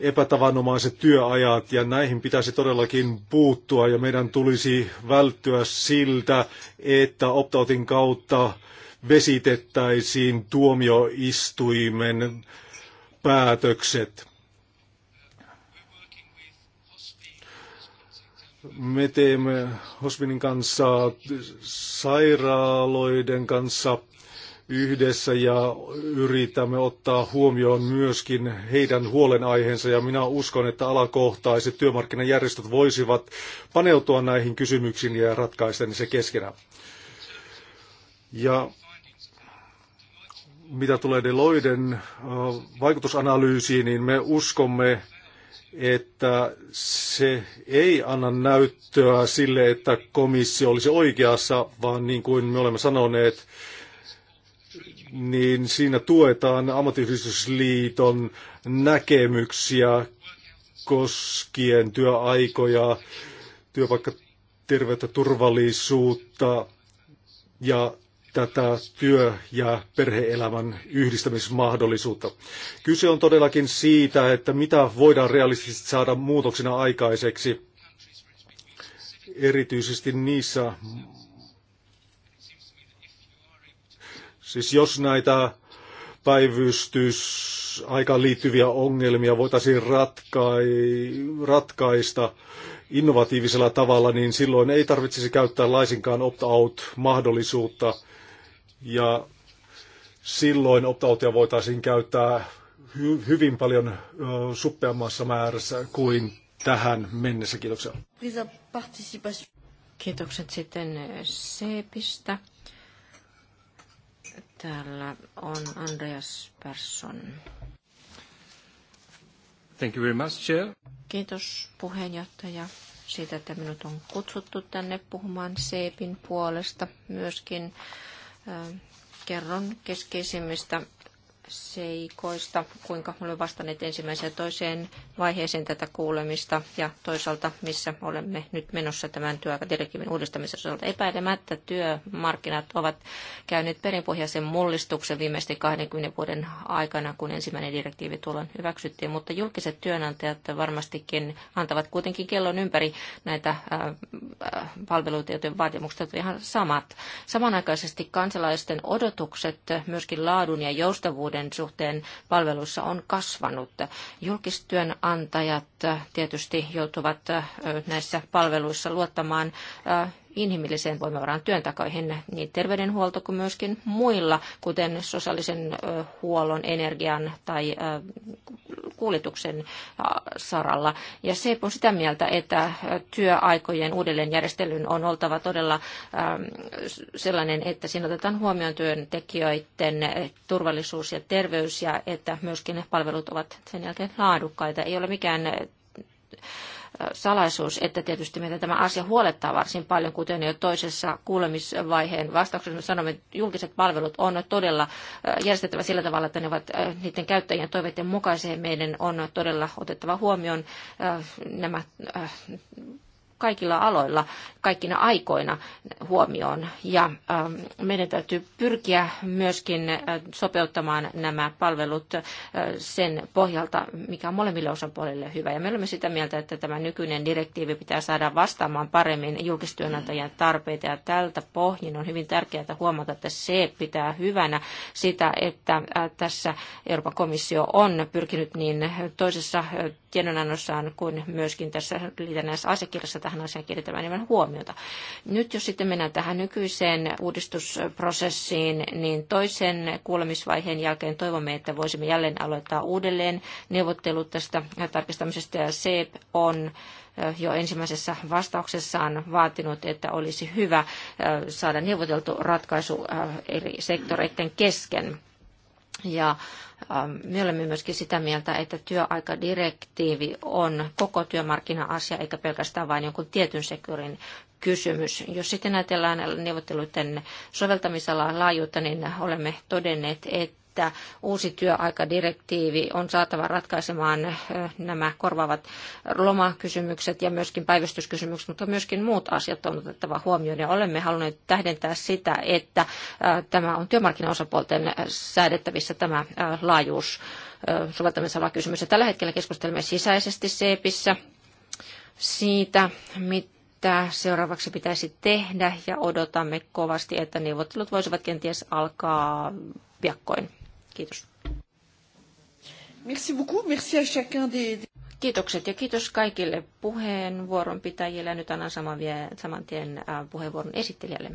epätavanomaiset työajat ja näihin pitäisi todellakin puuttua ja meidän tulisi välttyä siltä, että optautin kautta vesitettäisiin tuomioistuimen päätökset. Me teemme Hosminin kanssa, sairaaloiden kanssa yhdessä ja yritämme ottaa huomioon myöskin heidän huolenaiheensa ja minä uskon, että alakohtaiset työmarkkinajärjestöt voisivat paneutua näihin kysymyksiin ja ratkaista ne se keskenään. Ja mitä tulee Deloiden äh, vaikutusanalyysiin, niin me uskomme, että se ei anna näyttöä sille, että komissio olisi oikeassa, vaan niin kuin me olemme sanoneet, niin siinä tuetaan ammattiyhdistysliiton näkemyksiä koskien työaikoja, työpaikkaterveyttä, turvallisuutta ja tätä työ- ja perheelämän yhdistämismahdollisuutta. Kyse on todellakin siitä, että mitä voidaan realistisesti saada muutoksena aikaiseksi, erityisesti niissä, siis jos näitä aikaan liittyviä ongelmia voitaisiin ratkai- ratkaista, innovatiivisella tavalla, niin silloin ei tarvitsisi käyttää laisinkaan opt-out-mahdollisuutta. Ja silloin optautia voitaisiin käyttää hy- hyvin paljon ö, suppeammassa määrässä kuin tähän mennessä. Kiitoksia. Kiitokset sitten Seepistä. Täällä on Andreas Persson. Thank you very much, Chair. Kiitos puheenjohtaja siitä, että minut on kutsuttu tänne puhumaan Seepin puolesta myöskin kerron keskeisimmistä seikoista, kuinka olemme vastanneet ensimmäiseen ja toiseen vaiheeseen tätä kuulemista ja toisaalta missä olemme nyt menossa tämän työaikadirektiivin uudistamisen osalta. Epäilemättä työmarkkinat ovat käyneet perinpohjaisen mullistuksen viimeisten 20 vuoden aikana, kun ensimmäinen direktiivi tuolloin hyväksyttiin, mutta julkiset työnantajat varmastikin antavat kuitenkin kellon ympäri näitä äh, palveluita, joten vaatimukset ovat ihan samat. Samanaikaisesti kansalaisten odotukset myöskin laadun ja joustavuuden saatavuuden suhteen palveluissa on kasvanut. Julkistyönantajat tietysti joutuvat näissä palveluissa luottamaan inhimilliseen voimavaraan työntakoihin niin terveydenhuolto kuin myöskin muilla, kuten sosiaalisen huollon, energian tai kuljetuksen saralla. Ja se on sitä mieltä, että työaikojen uudelleenjärjestelyn on oltava todella sellainen, että siinä otetaan huomioon työntekijöiden turvallisuus ja terveys ja että myöskin palvelut ovat sen jälkeen laadukkaita. Ei ole mikään salaisuus, että tietysti meitä tämä asia huolettaa varsin paljon, kuten jo toisessa kuulemisvaiheen vastauksessa me sanomme, että julkiset palvelut on todella äh, järjestettävä sillä tavalla, että ne ovat äh, niiden käyttäjien toiveiden mukaisia. Meidän on todella otettava huomioon äh, nämä kaikilla aloilla, kaikkina aikoina huomioon. Ja ähm, meidän täytyy pyrkiä myöskin äh, sopeuttamaan nämä palvelut äh, sen pohjalta, mikä on molemmille osapuolille hyvä. Ja me olemme sitä mieltä, että tämä nykyinen direktiivi pitää saada vastaamaan paremmin julkistyönantajien tarpeita. Ja tältä pohjin on hyvin tärkeää huomata, että se pitää hyvänä sitä, että äh, tässä Euroopan komissio on pyrkinyt niin toisessa tiedonannossaan kuin myöskin tässä liitännäisessä asiakirjassa tähän asiaan kiinnitetään enemmän huomiota. Nyt jos sitten mennään tähän nykyiseen uudistusprosessiin, niin toisen kuulemisvaiheen jälkeen toivomme, että voisimme jälleen aloittaa uudelleen neuvottelut tästä tarkistamisesta ja SEEP on jo ensimmäisessä vastauksessaan vaatinut, että olisi hyvä saada neuvoteltu ratkaisu eri sektoreiden kesken. Ja ähm, me olemme myöskin sitä mieltä, että työaikadirektiivi on koko työmarkkina-asia, eikä pelkästään vain jonkun tietyn sektorin kysymys. Jos sitten ajatellaan neuvotteluiden soveltamisalan laajuutta, niin olemme todenneet, että että uusi työaikadirektiivi on saatava ratkaisemaan eh, nämä korvaavat lomakysymykset ja myöskin päivystyskysymykset, mutta myöskin muut asiat on otettava huomioon. Ja olemme halunneet tähdentää sitä, että eh, tämä on työmarkkinaosapuolten eh, säädettävissä tämä laajuus soveltamisalakysymys. tällä hetkellä keskustelemme sisäisesti SEEPissä siitä, mitä mitä seuraavaksi pitäisi tehdä ja odotamme kovasti, että neuvottelut voisivat kenties alkaa piakkoin. Kiitos. Merci beaucoup. Merci à chacun des... Kiitokset ja kiitos kaikille puheenvuoron pitäjille. Nyt annan saman, vie, saman tien äh, puheenvuoron esittelijälle.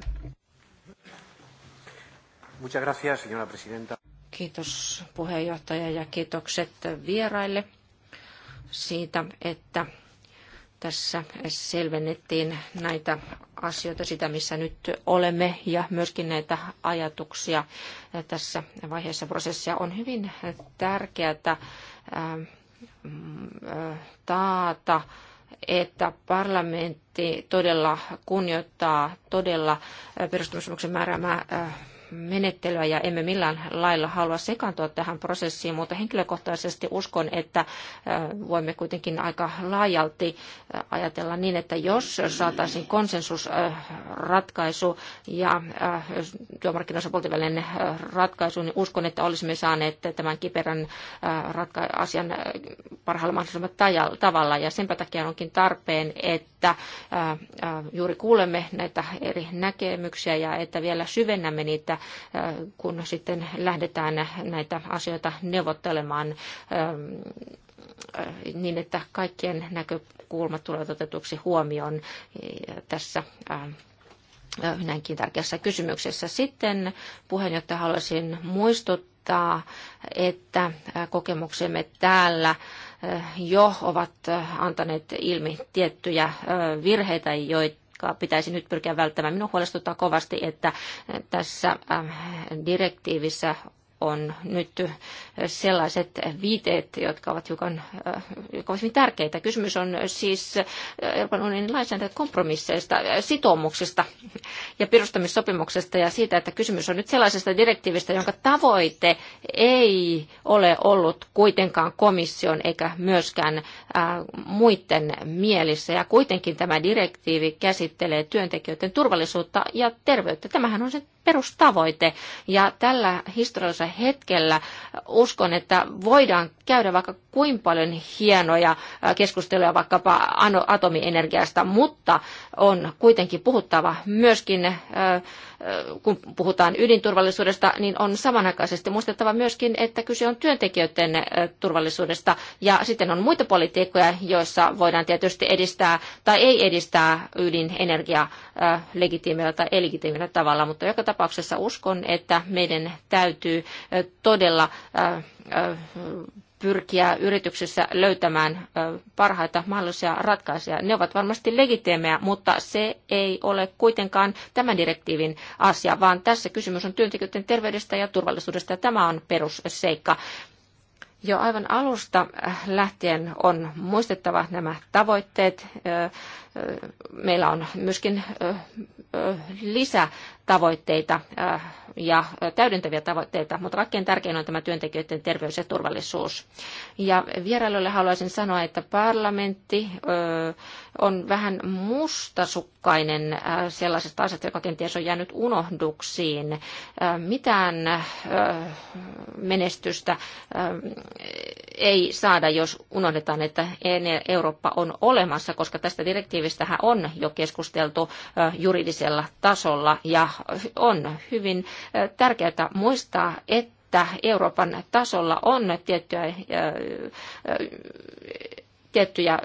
Muchas gracias, señora presidenta. Kiitos puheenjohtaja ja kiitokset vieraille siitä, että tässä selvennettiin näitä asioita, sitä missä nyt olemme ja myöskin näitä ajatuksia tässä vaiheessa prosessia on hyvin tärkeää ähm, äh, taata, että parlamentti todella kunnioittaa todella äh, perustamissopimuksen määräämää äh, menettelyä ja emme millään lailla halua sekaantua tähän prosessiin, mutta henkilökohtaisesti uskon, että äh, voimme kuitenkin aika laajalti äh, ajatella niin, että jos saataisiin konsensusratkaisu äh, ja työmarkkinoiden välinen ratkaisu, niin uskon, että olisimme saaneet tämän kiperän ratka- asian parhaalla mahdollisella tavalla ja sen takia onkin tarpeen, että että juuri kuulemme näitä eri näkemyksiä ja että vielä syvennämme niitä, kun sitten lähdetään näitä asioita neuvottelemaan niin, että kaikkien näkökulmat tulevat otetuksi huomioon tässä näinkin tärkeässä kysymyksessä. Sitten puheenjohtaja haluaisin muistuttaa, että kokemuksemme täällä Eh, jo ovat eh, antaneet ilmi tiettyjä eh, virheitä, joita pitäisi nyt pyrkiä välttämään. Minun huolestuttaa kovasti, että tässä direktiivissä on nyt sellaiset viiteet, jotka ovat hiukan äh, jotka ovat hyvin tärkeitä. Kysymys on siis äh, Euroopan unionin lainsäädäntö kompromisseista, äh, sitoumuksista ja perustamissopimuksesta ja siitä, että kysymys on nyt sellaisesta direktiivistä, jonka tavoite ei ole ollut kuitenkaan komission eikä myöskään muiden mielissä. Ja kuitenkin tämä direktiivi käsittelee työntekijöiden turvallisuutta ja terveyttä. Tämähän on se perustavoite. Ja tällä historiallisella hetkellä uskon, että voidaan käydä vaikka kuin paljon hienoja äh, keskusteluja vaikkapa atomienergiasta, mutta on kuitenkin puhuttava myöskin äh, kun puhutaan ydinturvallisuudesta, niin on samanaikaisesti muistettava myöskin, että kyse on työntekijöiden turvallisuudesta. Ja sitten on muita politiikkoja, joissa voidaan tietysti edistää tai ei edistää ydinenergiaa legitiimillä tai legitiimillä tavalla, mutta joka tapauksessa uskon, että meidän täytyy todella pyrkiä yrityksessä löytämään parhaita mahdollisia ratkaisuja. Ne ovat varmasti legitiimejä, mutta se ei ole kuitenkaan tämän direktiivin asia, vaan tässä kysymys on työntekijöiden terveydestä ja turvallisuudesta, ja tämä on perusseikka. Jo aivan alusta lähtien on muistettava nämä tavoitteet. Meillä on myöskin lisä tavoitteita äh, ja äh, täydentäviä tavoitteita, mutta kaikkein tärkein on tämä työntekijöiden terveys ja turvallisuus. Ja vierailulle haluaisin sanoa, että parlamentti äh, on vähän mustasukkainen sellaisesta asiasta, joka kenties on jäänyt unohduksiin. Mitään menestystä ei saada, jos unohdetaan, että Eurooppa on olemassa, koska tästä direktiivistähän on jo keskusteltu juridisella tasolla ja on hyvin tärkeää muistaa, että Euroopan tasolla on tiettyjä tiettyjä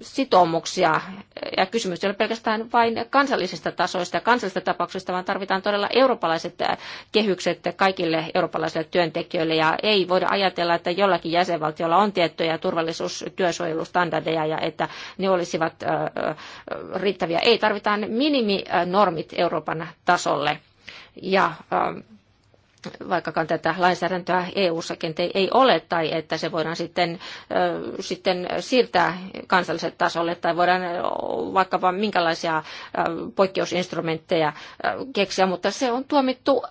sitoumuksia. Ja kysymys ei ole pelkästään vain kansallisista tasoista ja kansallisista tapauksista, vaan tarvitaan todella eurooppalaiset kehykset kaikille eurooppalaisille työntekijöille. Ja ei voida ajatella, että jollakin jäsenvaltiolla on tiettyjä turvallisuustyösuojelustandardeja ja että ne olisivat riittäviä. Ei, tarvitaan miniminormit Euroopan tasolle. Ja vaikkakaan tätä lainsäädäntöä eu kenties ei ole, tai että se voidaan sitten, sitten siirtää kansalliselle tasolle, tai voidaan vaikkapa minkälaisia poikkeusinstrumentteja keksiä, mutta se on tuomittu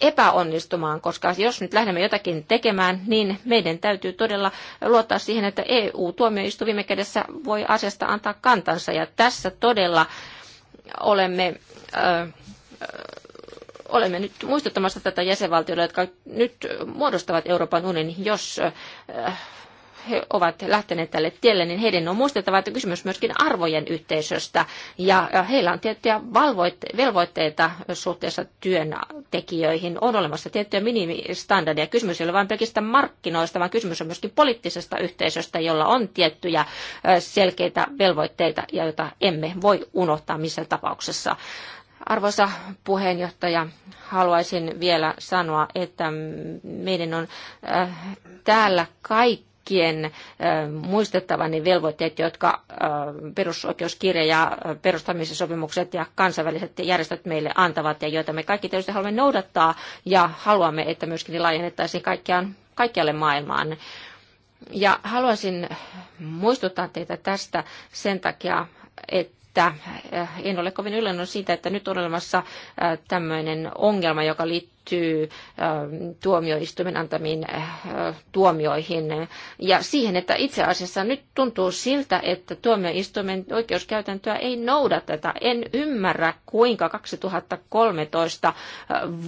epäonnistumaan, koska jos nyt lähdemme jotakin tekemään, niin meidän täytyy todella luottaa siihen, että EU-tuomioistu viime kädessä voi asiasta antaa kantansa. Ja tässä todella olemme Olemme nyt muistuttamassa tätä jäsenvaltioita, jotka nyt muodostavat Euroopan unionin, jos äh, he ovat lähteneet tälle tielle, niin heidän on muistettava, että kysymys myöskin arvojen yhteisöstä. Ja äh, heillä on tiettyjä velvoitteita suhteessa työntekijöihin. On olemassa tiettyjä minimistandardeja. Kysymys ei ole vain pelkistä markkinoista, vaan kysymys on myöskin poliittisesta yhteisöstä, jolla on tiettyjä äh, selkeitä velvoitteita ja joita emme voi unohtaa missään tapauksessa. Arvoisa puheenjohtaja, haluaisin vielä sanoa, että meidän on äh, täällä kaikkien kaikkien äh, muistettava ne velvoitteet, jotka äh, perusoikeuskirja ja perustamisen sopimukset ja kansainväliset järjestöt meille antavat ja joita me kaikki tietysti haluamme noudattaa ja haluamme, että myöskin ne laajennettaisiin kaikkiaan, kaikkialle maailmaan. Ja haluaisin muistuttaa teitä tästä sen takia, että että eh, en ole kovin yllättynyt siitä, että nyt on olemassa eh, tämmöinen ongelma, joka liittyy liittyy äh, tuomioistuimen antamiin äh, tuomioihin ja siihen, että itse asiassa nyt tuntuu siltä, että tuomioistuimen oikeuskäytäntöä ei noudateta. En ymmärrä, kuinka 2013 äh,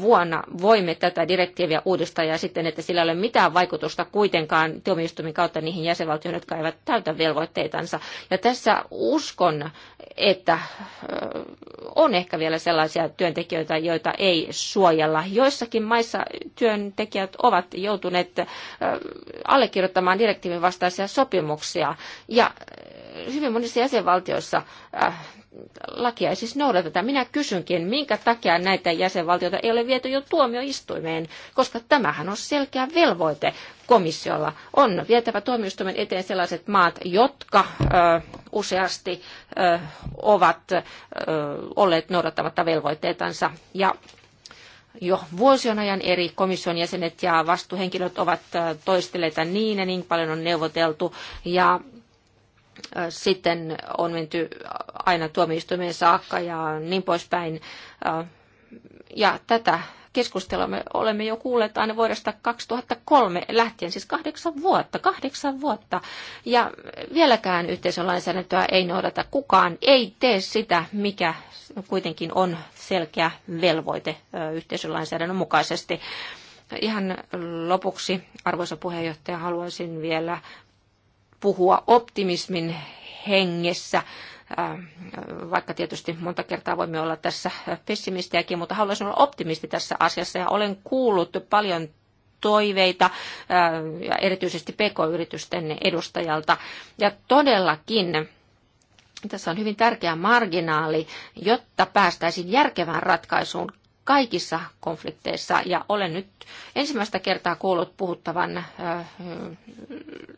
vuonna voimme tätä direktiiviä uudistaa ja sitten, että sillä ei ole mitään vaikutusta kuitenkaan tuomioistuimen kautta niihin jäsenvaltioihin, jotka eivät täytä velvoitteitansa. Ja tässä uskon, että on ehkä vielä sellaisia työntekijöitä, joita ei suojella, jo Joissakin maissa työntekijät ovat joutuneet allekirjoittamaan direktiivin vastaisia sopimuksia ja hyvin monissa jäsenvaltioissa lakia ei siis noudateta. Minä kysynkin, minkä takia näitä jäsenvaltioita ei ole viety jo tuomioistuimeen, koska tämähän on selkeä velvoite komissiolla. On vietävä tuomioistuimen eteen sellaiset maat, jotka useasti ovat ö, olleet noudattamatta velvoitteitansa. Ja jo vuosien ajan eri komission jäsenet ja vastuuhenkilöt ovat äh, toistelleet niin ja niin paljon on neuvoteltu ja äh, sitten on menty aina tuomioistuimeen saakka ja niin poispäin. Äh, ja tätä keskustelua me olemme jo kuulleet aina vuodesta 2003 lähtien, siis kahdeksan vuotta, kahdeksan vuotta. Ja vieläkään yhteisölainsäädäntöä ei noudata. Kukaan ei tee sitä, mikä kuitenkin on selkeä velvoite yhteisölainsäädännön mukaisesti. Ihan lopuksi, arvoisa puheenjohtaja, haluaisin vielä puhua optimismin hengessä Äh, vaikka tietysti monta kertaa voimme olla tässä pessimistiäkin, mutta haluaisin olla optimisti tässä asiassa ja olen kuullut paljon toiveita äh, ja erityisesti pk-yritysten edustajalta. Ja todellakin tässä on hyvin tärkeä marginaali, jotta päästäisiin järkevään ratkaisuun kaikissa konflikteissa. Ja olen nyt ensimmäistä kertaa kuullut puhuttavan äh,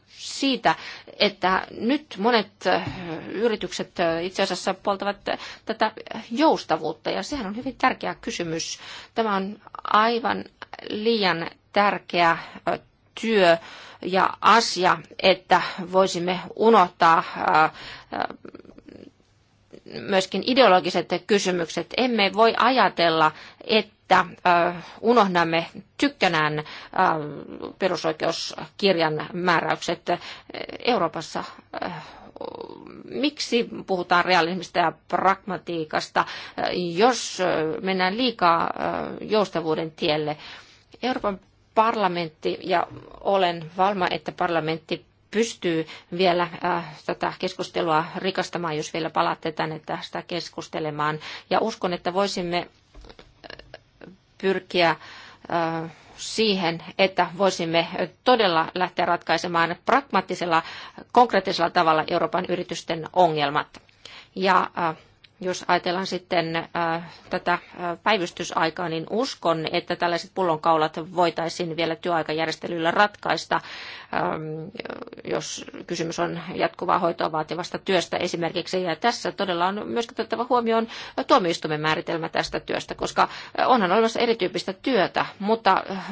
siitä, että nyt monet äh, yritykset äh, itse asiassa poltavat tätä joustavuutta. Ja sehän on hyvin tärkeä kysymys. Tämä on aivan liian tärkeä työ ja asia, että voisimme unohtaa myöskin ideologiset kysymykset. Emme voi ajatella, että unohdamme tykkänään perusoikeuskirjan määräykset Euroopassa. Miksi puhutaan realismista ja pragmatiikasta, jos mennään liikaa joustavuuden tielle? Euroopan parlamentti, ja olen varma, että parlamentti pystyy vielä äh, tätä keskustelua rikastamaan, jos vielä palaatte tänne tästä keskustelemaan. Ja uskon, että voisimme äh, pyrkiä äh, siihen, että voisimme todella lähteä ratkaisemaan pragmaattisella, konkreettisella tavalla Euroopan yritysten ongelmat. Ja jos ajatellaan sitten tätä päivystysaikaa, niin uskon, että tällaiset pullonkaulat voitaisiin vielä työaikajärjestelyllä ratkaista ähm, jos kysymys on jatkuvaa hoitoa vaativasta työstä esimerkiksi. Ja tässä todella on myös otettava huomioon tuomioistuimen määritelmä tästä työstä, koska onhan olemassa erityyppistä työtä, mutta äh,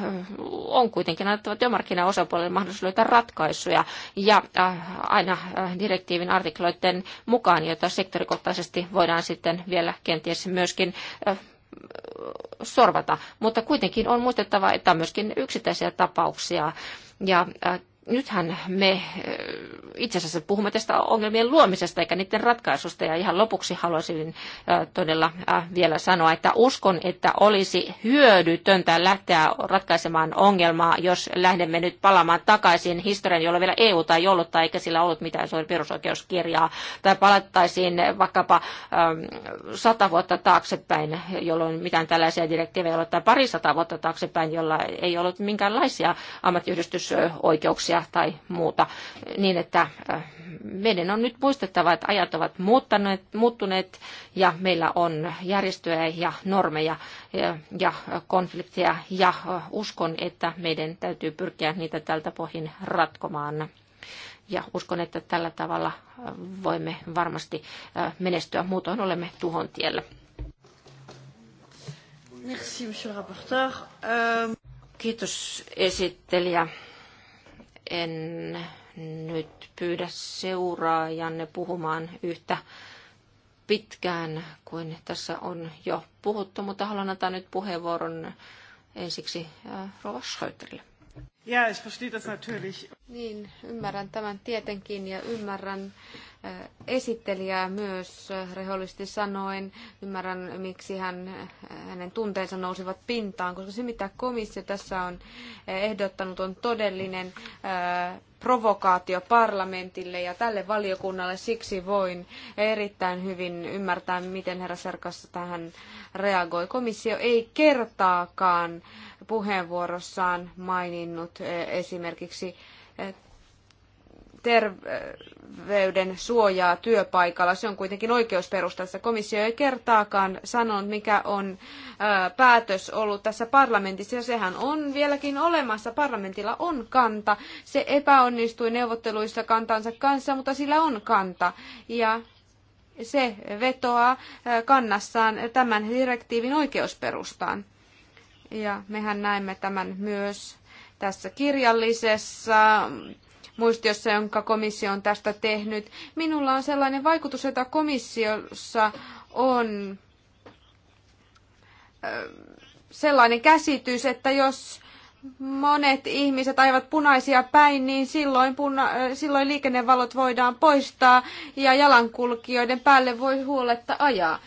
on kuitenkin annettava työmarkkinaosapuolelle mahdollisuus löytää ratkaisuja ja äh, aina äh, direktiivin artikloiden mukaan, joita sektorikohtaisesti voidaan sitten vielä kenties myöskin sorvata. Mutta kuitenkin on muistettava, että on myöskin yksittäisiä tapauksia. Ja nythän me eh, itse asiassa puhumme tästä ongelmien luomisesta eikä niiden ratkaisusta. Ja ihan lopuksi haluaisin eh, todella eh, vielä sanoa, että uskon, että olisi hyödytöntä lähteä ratkaisemaan ongelmaa, jos lähdemme nyt palaamaan takaisin historian, jolla vielä EU tai tai eikä sillä ollut mitään suuri perusoikeuskirjaa. Tai palattaisiin vaikkapa ehm, sata vuotta taaksepäin, jolloin mitään tällaisia direktiivejä ei ollut, tai pari sata vuotta taaksepäin, jolla ei ollut minkäänlaisia ammattiyhdistysoikeuksia ja tai muuta, niin että äh, meidän on nyt muistettava, että ajat ovat muuttaneet, muuttuneet ja meillä on järjestöjä ja normeja ja konflikteja ja äh, uskon, että meidän täytyy pyrkiä niitä tältä pohjin ratkomaan ja uskon, että tällä tavalla äh, voimme varmasti menestyä. Muutoin olemme tuhon tiellä. Merci, monsieur euh, Kiitos esittelijä en nyt pyydä seuraajanne puhumaan yhtä pitkään kuin tässä on jo puhuttu, mutta haluan antaa nyt puheenvuoron ensiksi äh, Rova Schröterille. Ja, ich verstehe das natürlich. Niin, ymmärrän tämän tietenkin ja ymmärrän äh, esittelijää myös äh, rehellisesti sanoen. Ymmärrän, miksi hän, äh, hänen tunteensa nousivat pintaan, koska se, mitä komissio tässä on ehdottanut, on todellinen provokaatio parlamentille ja tälle valiokunnalle. Siksi voin erittäin hyvin ymmärtää, miten herra Serkas tähän reagoi. Komissio ei kertaakaan äh, puheenvuorossaan maininnut eh, esimerkiksi eh, terveyden suojaa työpaikalla. Se on kuitenkin oikeusperusta. Tässä komissio ei kertaakaan sanonut, mikä on eh, päätös ollut tässä parlamentissa. Ja sehän on vieläkin olemassa. Parlamentilla on kanta. Se epäonnistui neuvotteluissa kantansa kanssa, mutta sillä on kanta. Ja se vetoaa kannassaan tämän direktiivin oikeusperustaan. Ja mehän näemme tämän myös tässä kirjallisessa muistiossa, jonka komissio on tästä tehnyt. Minulla on sellainen vaikutus, jota komissiossa on sellainen käsitys, että jos monet ihmiset ajavat punaisia päin, niin silloin, puna- äh, silloin liikennevalot voidaan poistaa ja jalankulkijoiden päälle voi huoletta ajaa.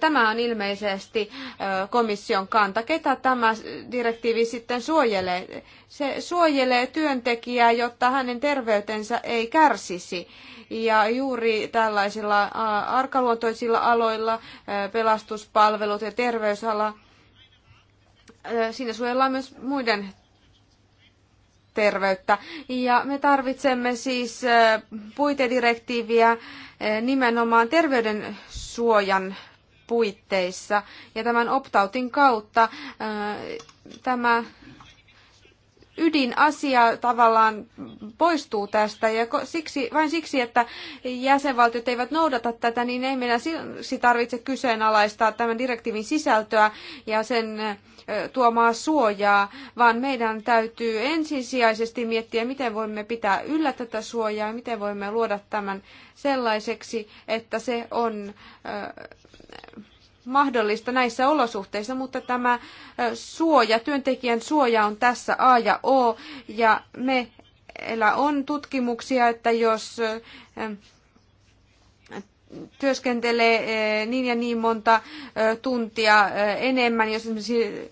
Tämä on ilmeisesti äh, komission kanta. Ketä tämä direktiivi sitten suojelee? Se suojelee työntekijää, jotta hänen terveytensä ei kärsisi. Ja juuri tällaisilla äh, arkaluontoisilla aloilla, pelastuspalvelut ja terveysala, siinä suojellaan myös muiden terveyttä. Ja me tarvitsemme siis puitedirektiiviä nimenomaan terveyden suojan puitteissa. Ja tämän optautin kautta tämä ydinasia tavallaan poistuu tästä ja siksi, vain siksi, että jäsenvaltiot eivät noudata tätä, niin ei meidän siksi tarvitse kyseenalaistaa tämän direktiivin sisältöä ja sen tuomaa suojaa, vaan meidän täytyy ensisijaisesti miettiä, miten voimme pitää yllä tätä suojaa ja miten voimme luoda tämän sellaiseksi, että se on mahdollista näissä olosuhteissa, mutta tämä suoja, työntekijän suoja on tässä A ja O, ja meillä on tutkimuksia, että jos työskentelee niin ja niin monta tuntia enemmän, jos esimerkiksi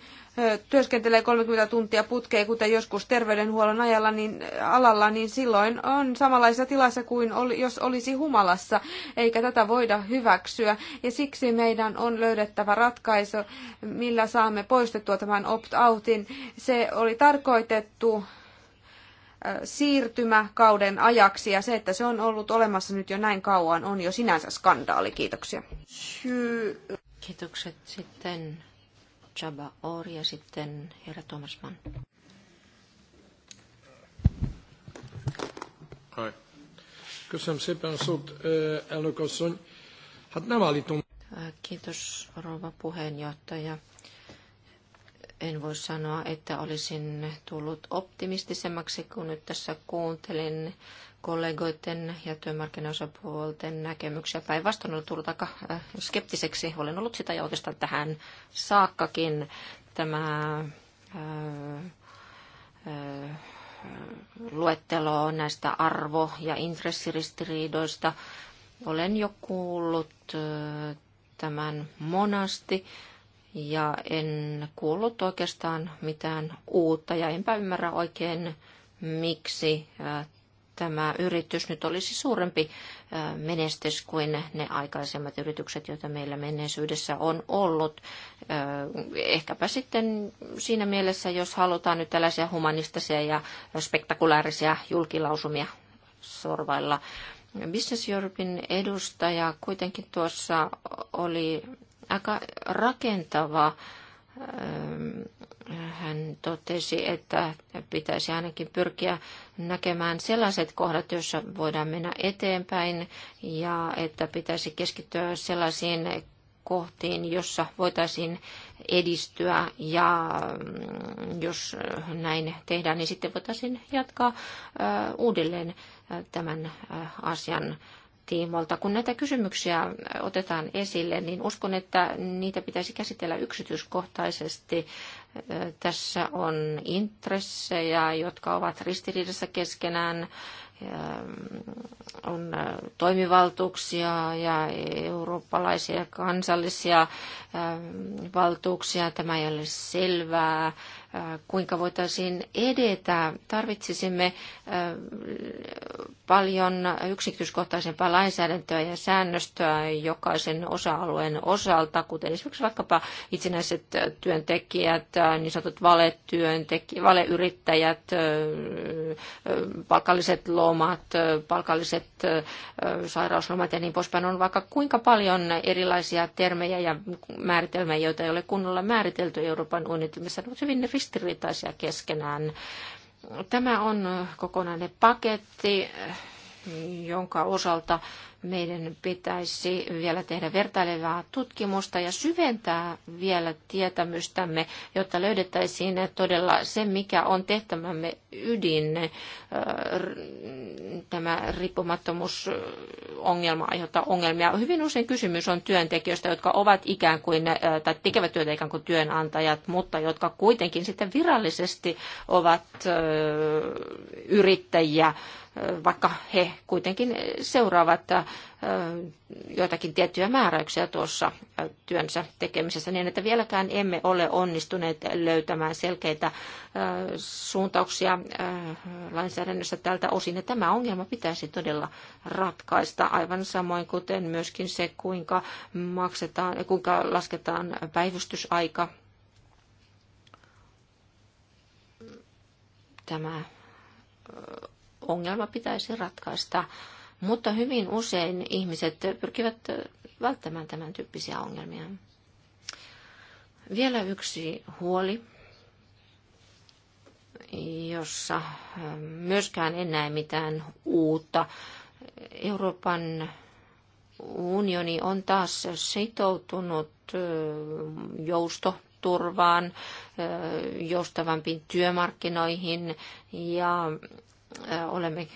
työskentelee 30 tuntia putkeen, kuten joskus terveydenhuollon ajalla, niin, alalla, niin silloin on samanlaisessa tilassa kuin oli, jos olisi humalassa, eikä tätä voida hyväksyä. Ja siksi meidän on löydettävä ratkaisu, millä saamme poistettua tämän opt-outin. Se oli tarkoitettu siirtymäkauden ajaksi ja se, että se on ollut olemassa nyt jo näin kauan, on jo sinänsä skandaali. Kiitoksia. Kiitokset sitten Chaba Or ja sitten herra Thomasman. Köszönöm szépen a szót, eh, elnök asszony. Hát nem állítom. Kiitos rouva puheenjohtaja en voi sanoa, että olisin tullut optimistisemmaksi, kun nyt tässä kuuntelin kollegoiden ja työmarkkinaosapuolten näkemyksiä. Päinvastoin olen tullut aika äh, skeptiseksi. Olen ollut sitä ja oikeastaan tähän saakkakin. Tämä ää, äh, ää, äh, luettelo näistä arvo- ja intressiristiriidoista. Olen jo kuullut tämän monasti ja en kuullut oikeastaan mitään uutta ja enpä ymmärrä oikein, miksi tämä yritys nyt olisi suurempi menestys kuin ne aikaisemmat yritykset, joita meillä menneisyydessä on ollut. Ehkäpä sitten siinä mielessä, jos halutaan nyt tällaisia humanistisia ja spektakulaarisia julkilausumia sorvailla. Business Europein edustaja kuitenkin tuossa oli aika rakentava. Ähm, hän totesi, että pitäisi ainakin pyrkiä näkemään sellaiset kohdat, joissa voidaan mennä eteenpäin ja että pitäisi keskittyä sellaisiin kohtiin, jossa voitaisiin edistyä ja mm, jos näin tehdään, niin sitten voitaisiin jatkaa äh, uudelleen tämän äh, asian tiimoilta. Kun näitä kysymyksiä äh, otetaan esille, niin uskon, että niitä pitäisi käsitellä yksityiskohtaisesti. Äh, tässä on intressejä, jotka ovat ristiriidassa keskenään äh, on toimivaltuuksia ja eurooppalaisia kansallisia valtuuksia. Tämä ei ole selvää Äh, kuinka voitaisiin edetä. Tarvitsisimme äh, paljon yksityiskohtaisempaa lainsäädäntöä ja säännöstöä jokaisen osa-alueen osalta, kuten esimerkiksi vaikkapa itsenäiset äh, työntekijät, niin sanotut valetyöntekijät, valeyrittäjät, palkalliset lomat, palkalliset sairauslomat ja niin poispäin. On vaikka kuinka paljon erilaisia termejä ja määritelmiä, joita ei ole kunnolla määritelty Euroopan unionissa. Ne ovat hyvin ristiriitaisia keskenään. Tämä on kokonainen paketti, jonka osalta meidän pitäisi vielä tehdä vertailevaa tutkimusta ja syventää vielä tietämystämme, jotta löydettäisiin todella se, mikä on tehtävämme ydin, äh, tämä riippumattomuusongelma aiheuttaa ongelmia. Hyvin usein kysymys on työntekijöistä, jotka ovat ikään kuin, äh, tai tekevät työtä ikään kuin työnantajat, mutta jotka kuitenkin sitten virallisesti ovat äh, yrittäjiä, vaikka he kuitenkin seuraavat joitakin tiettyjä määräyksiä tuossa työnsä tekemisessä, niin että vieläkään emme ole onnistuneet löytämään selkeitä suuntauksia lainsäädännössä tältä osin. Ja tämä ongelma pitäisi todella ratkaista, aivan samoin kuten myöskin se, kuinka, maksetaan, kuinka lasketaan päivystysaika. Tämä ongelma pitäisi ratkaista mutta hyvin usein ihmiset pyrkivät välttämään tämän tyyppisiä ongelmia. Vielä yksi huoli, jossa ähm, myöskään en näe mitään uutta. Euroopan unioni on taas sitoutunut äh, joustoturvaan, äh, joustavampiin työmarkkinoihin ja olemme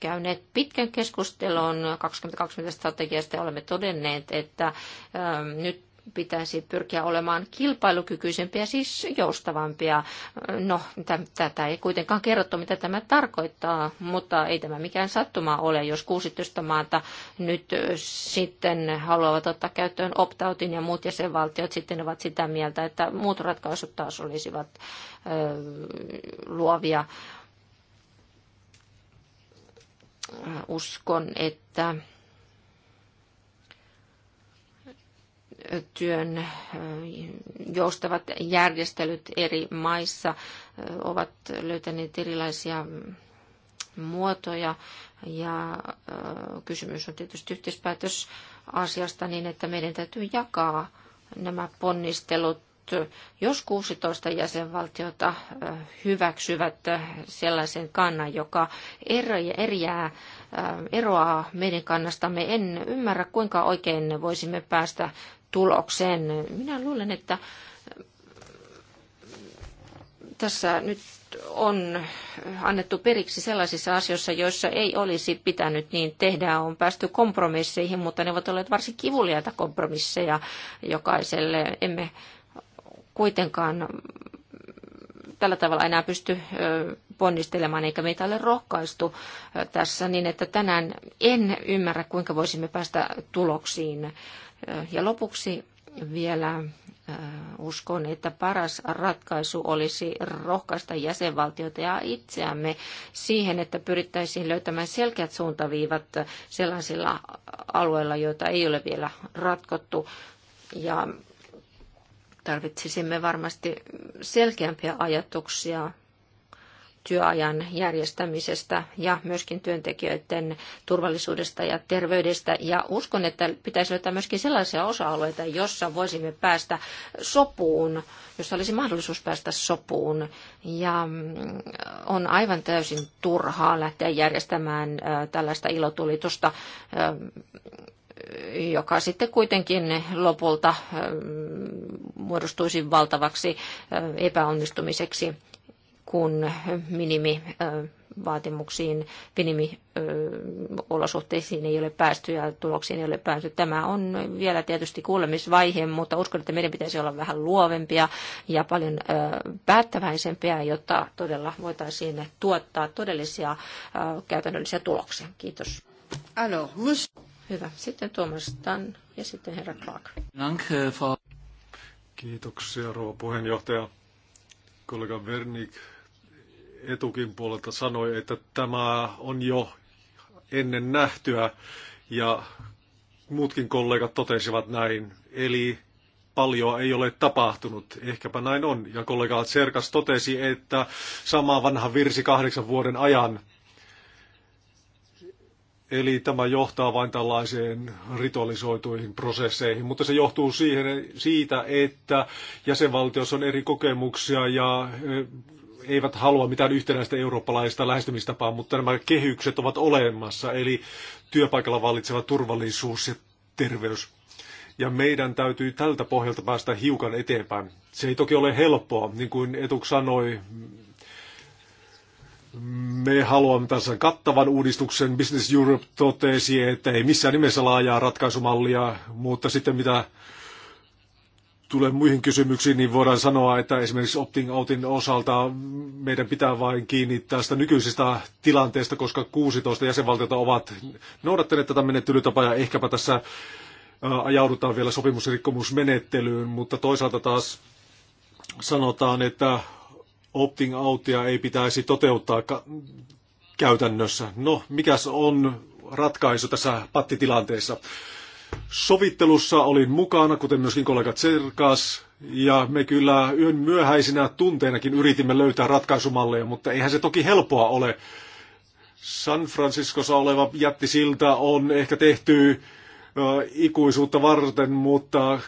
käyneet pitkän keskustelun 2020-strategiasta ja olemme todenneet, että nyt pitäisi pyrkiä olemaan kilpailukykyisempiä, siis joustavampia. No, tätä ei kuitenkaan kerrottu, mitä tämä tarkoittaa, mutta ei tämä mikään sattuma ole, jos 16 maata nyt sitten haluavat ottaa käyttöön optautin ja muut jäsenvaltiot sitten ovat sitä mieltä, että muut ratkaisut taas olisivat ö, luovia uskon, että työn joustavat järjestelyt eri maissa ovat löytäneet erilaisia muotoja ja kysymys on tietysti yhteispäätös asiasta niin, että meidän täytyy jakaa nämä ponnistelut jos 16 jäsenvaltiota hyväksyvät sellaisen kannan, joka eriää, eroaa meidän kannastamme, en ymmärrä, kuinka oikein voisimme päästä tulokseen. Minä luulen, että tässä nyt on annettu periksi sellaisissa asioissa, joissa ei olisi pitänyt niin tehdä. On päästy kompromisseihin, mutta ne ovat olleet varsin kivuliaita kompromisseja jokaiselle. Emme kuitenkaan tällä tavalla enää pysty ponnistelemaan eikä meitä ole rohkaistu tässä, niin että tänään en ymmärrä, kuinka voisimme päästä tuloksiin. Ja lopuksi vielä uskon, että paras ratkaisu olisi rohkaista jäsenvaltioita ja itseämme siihen, että pyrittäisiin löytämään selkeät suuntaviivat sellaisilla alueilla, joita ei ole vielä ratkottu. Ja Tarvitsisimme varmasti selkeämpiä ajatuksia työajan järjestämisestä ja myöskin työntekijöiden turvallisuudesta ja terveydestä. Ja uskon, että pitäisi löytää myöskin sellaisia osa-alueita, jossa voisimme päästä sopuun, jossa olisi mahdollisuus päästä sopuun. Ja mm, on aivan täysin turhaa lähteä järjestämään tällaista ilotulitusta joka sitten kuitenkin lopulta muodostuisi valtavaksi epäonnistumiseksi, kun minimi vaatimuksiin, minimiolosuhteisiin ei ole päästy ja tuloksiin ei ole päästy. Tämä on vielä tietysti kuulemisvaihe, mutta uskon, että meidän pitäisi olla vähän luovempia ja paljon päättäväisempiä, jotta todella voitaisiin tuottaa todellisia käytännöllisiä tuloksia. Kiitos. Alors, Hyvä. Sitten Tuomas Tan ja sitten herra Clark. Eh, Kiitoksia, rouva puheenjohtaja. Kollega Vernik etukin puolelta sanoi, että tämä on jo ennen nähtyä ja muutkin kollegat totesivat näin. Eli paljon ei ole tapahtunut. Ehkäpä näin on. Ja kollega Serkas totesi, että sama vanha virsi kahdeksan vuoden ajan – Eli tämä johtaa vain tällaiseen ritualisoituihin prosesseihin, mutta se johtuu siihen, siitä, että jäsenvaltiossa on eri kokemuksia ja eivät halua mitään yhtenäistä eurooppalaista lähestymistapaa, mutta nämä kehykset ovat olemassa, eli työpaikalla vallitseva turvallisuus ja terveys. Ja meidän täytyy tältä pohjalta päästä hiukan eteenpäin. Se ei toki ole helppoa, niin kuin Etuk sanoi, me haluamme tässä kattavan uudistuksen. Business Europe totesi, että ei missään nimessä laajaa ratkaisumallia, mutta sitten mitä tulee muihin kysymyksiin, niin voidaan sanoa, että esimerkiksi opting-outin osalta meidän pitää vain kiinni tästä nykyisestä tilanteesta, koska 16 jäsenvaltiota ovat noudattaneet tätä menettelytapaa ja ehkäpä tässä ajaudutaan vielä sopimusrikkomusmenettelyyn, mutta toisaalta taas sanotaan, että opting outia ei pitäisi toteuttaa käytännössä. No, mikäs on ratkaisu tässä pattitilanteessa? Sovittelussa olin mukana, kuten myöskin kollega Tserkas, ja me kyllä yön myöhäisinä tunteinakin yritimme löytää ratkaisumalleja, mutta eihän se toki helpoa ole. San Franciscossa oleva jättisilta on ehkä tehty ikuisuutta varten, mutta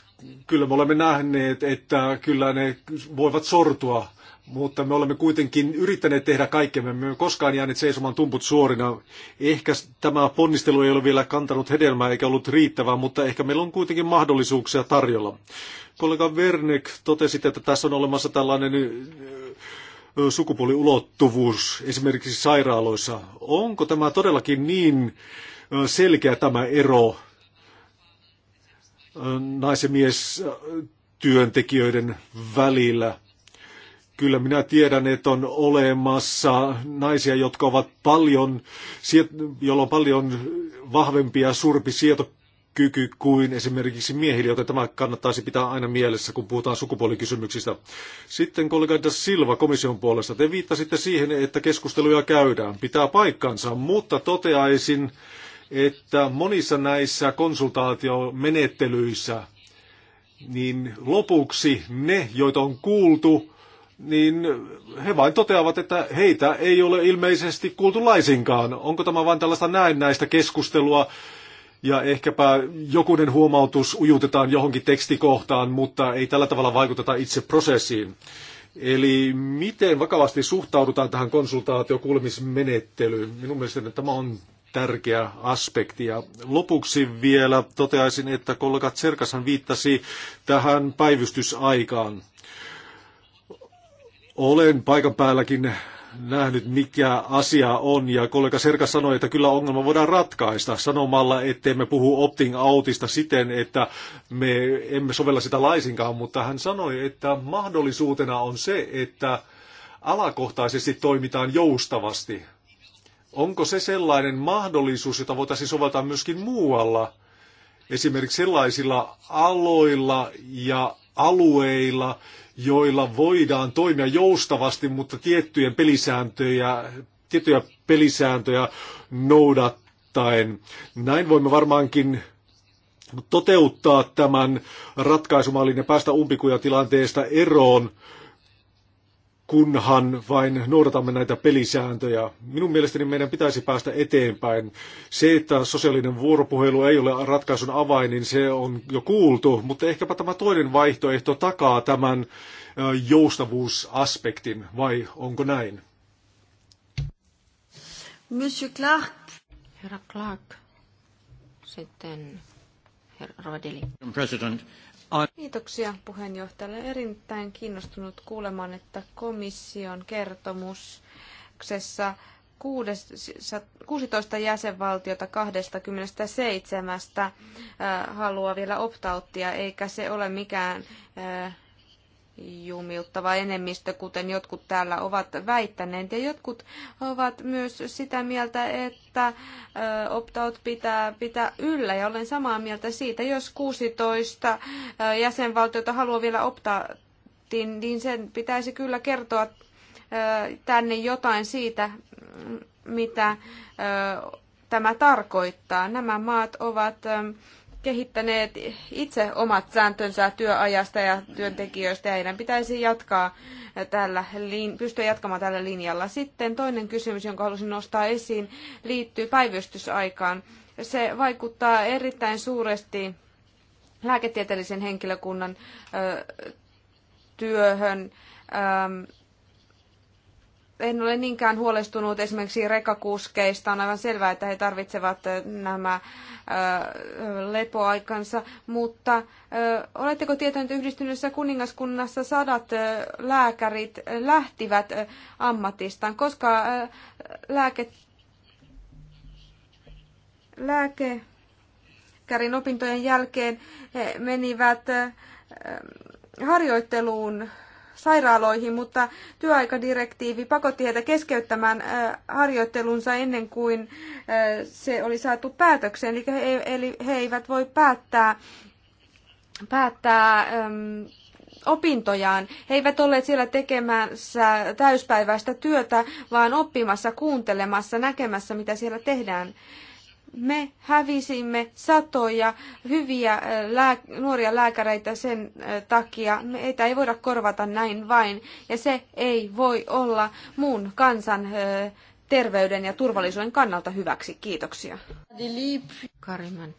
kyllä me olemme nähneet, että kyllä ne voivat sortua mutta me olemme kuitenkin yrittäneet tehdä kaikkemme. Me emme koskaan jääneet seisomaan tumput suorina. Ehkä tämä ponnistelu ei ole vielä kantanut hedelmää eikä ollut riittävää, mutta ehkä meillä on kuitenkin mahdollisuuksia tarjolla. Kollega Wernick totesi, että tässä on olemassa tällainen sukupuoliulottuvuus esimerkiksi sairaaloissa. Onko tämä todellakin niin selkeä tämä ero naisen mies työntekijöiden välillä? Kyllä minä tiedän, että on olemassa naisia, jotka ovat paljon, joilla on paljon vahvempia surpi kyky kuin esimerkiksi miehille, joten tämä kannattaisi pitää aina mielessä, kun puhutaan sukupuolikysymyksistä. Sitten kollega Da Silva komission puolesta. Te viittasitte siihen, että keskusteluja käydään. Pitää paikkansa, mutta toteaisin, että monissa näissä konsultaatiomenettelyissä, niin lopuksi ne, joita on kuultu, niin he vain toteavat, että heitä ei ole ilmeisesti kuultu laisinkaan. Onko tämä vain tällaista näennäistä keskustelua ja ehkäpä jokunen huomautus ujutetaan johonkin tekstikohtaan, mutta ei tällä tavalla vaikuteta itse prosessiin. Eli miten vakavasti suhtaudutaan tähän konsultaatiokuulemismenettelyyn? Minun mielestäni tämä on tärkeä aspekti. Ja lopuksi vielä toteaisin, että kollega Tserkashan viittasi tähän päivystysaikaan. Olen paikan päälläkin nähnyt, mikä asia on, ja kollega Serka sanoi, että kyllä ongelma voidaan ratkaista sanomalla, ettei me puhu opting outista siten, että me emme sovella sitä laisinkaan, mutta hän sanoi, että mahdollisuutena on se, että alakohtaisesti toimitaan joustavasti. Onko se sellainen mahdollisuus, jota voitaisiin soveltaa myöskin muualla, esimerkiksi sellaisilla aloilla ja alueilla, joilla voidaan toimia joustavasti, mutta tiettyjen pelisääntöjä, tiettyjä pelisääntöjä noudattaen. Näin voimme varmaankin toteuttaa tämän ratkaisumallin ja päästä umpikujatilanteesta eroon kunhan vain noudatamme näitä pelisääntöjä. Minun mielestäni meidän pitäisi päästä eteenpäin. Se, että sosiaalinen vuoropuhelu ei ole ratkaisun avain, niin se on jo kuultu, mutta ehkäpä tämä toinen vaihtoehto takaa tämän joustavuusaspektin, vai onko näin? Monsieur Clark. Herra Clark. Sitten herra Rodeli. President. Kiitoksia puheenjohtajalle. Erittäin kiinnostunut kuulemaan, että komission kertomuksessa 16 jäsenvaltiota 27 haluaa vielä optauttia, eikä se ole mikään jumiuttava enemmistö, kuten jotkut täällä ovat väittäneet. Ja jotkut ovat myös sitä mieltä, että optaut pitää pitää yllä. Ja olen samaa mieltä siitä, jos 16 jäsenvaltiota haluaa vielä optaatin, niin sen pitäisi kyllä kertoa tänne jotain siitä, mitä tämä tarkoittaa. Nämä maat ovat kehittäneet itse omat sääntönsä työajasta ja työntekijöistä ja heidän pitäisi jatkaa tällä, pystyä jatkamaan tällä linjalla. Sitten toinen kysymys, jonka halusin nostaa esiin, liittyy päivystysaikaan. Se vaikuttaa erittäin suuresti lääketieteellisen henkilökunnan työhön en ole niinkään huolestunut esimerkiksi rekakuskeista. On aivan selvää, että he tarvitsevat äh, nämä äh, lepoaikansa, mutta äh, oletteko tietoinen että yhdistyneessä kuningaskunnassa sadat lääkärit lähtivät ammatistaan, koska lääke, lääkärin opintojen jälkeen he menivät harjoitteluun sairaaloihin, mutta työaikadirektiivi pakotti heitä keskeyttämään harjoittelunsa ennen kuin se oli saatu päätökseen. Eli he, eli he eivät voi päättää, päättää opintojaan. He eivät olleet siellä tekemässä täyspäiväistä työtä, vaan oppimassa, kuuntelemassa, näkemässä, mitä siellä tehdään me hävisimme satoja hyviä lää, nuoria lääkäreitä sen takia. Meitä ei voida korvata näin vain, ja se ei voi olla muun kansan terveyden ja turvallisuuden kannalta hyväksi. Kiitoksia. Kariman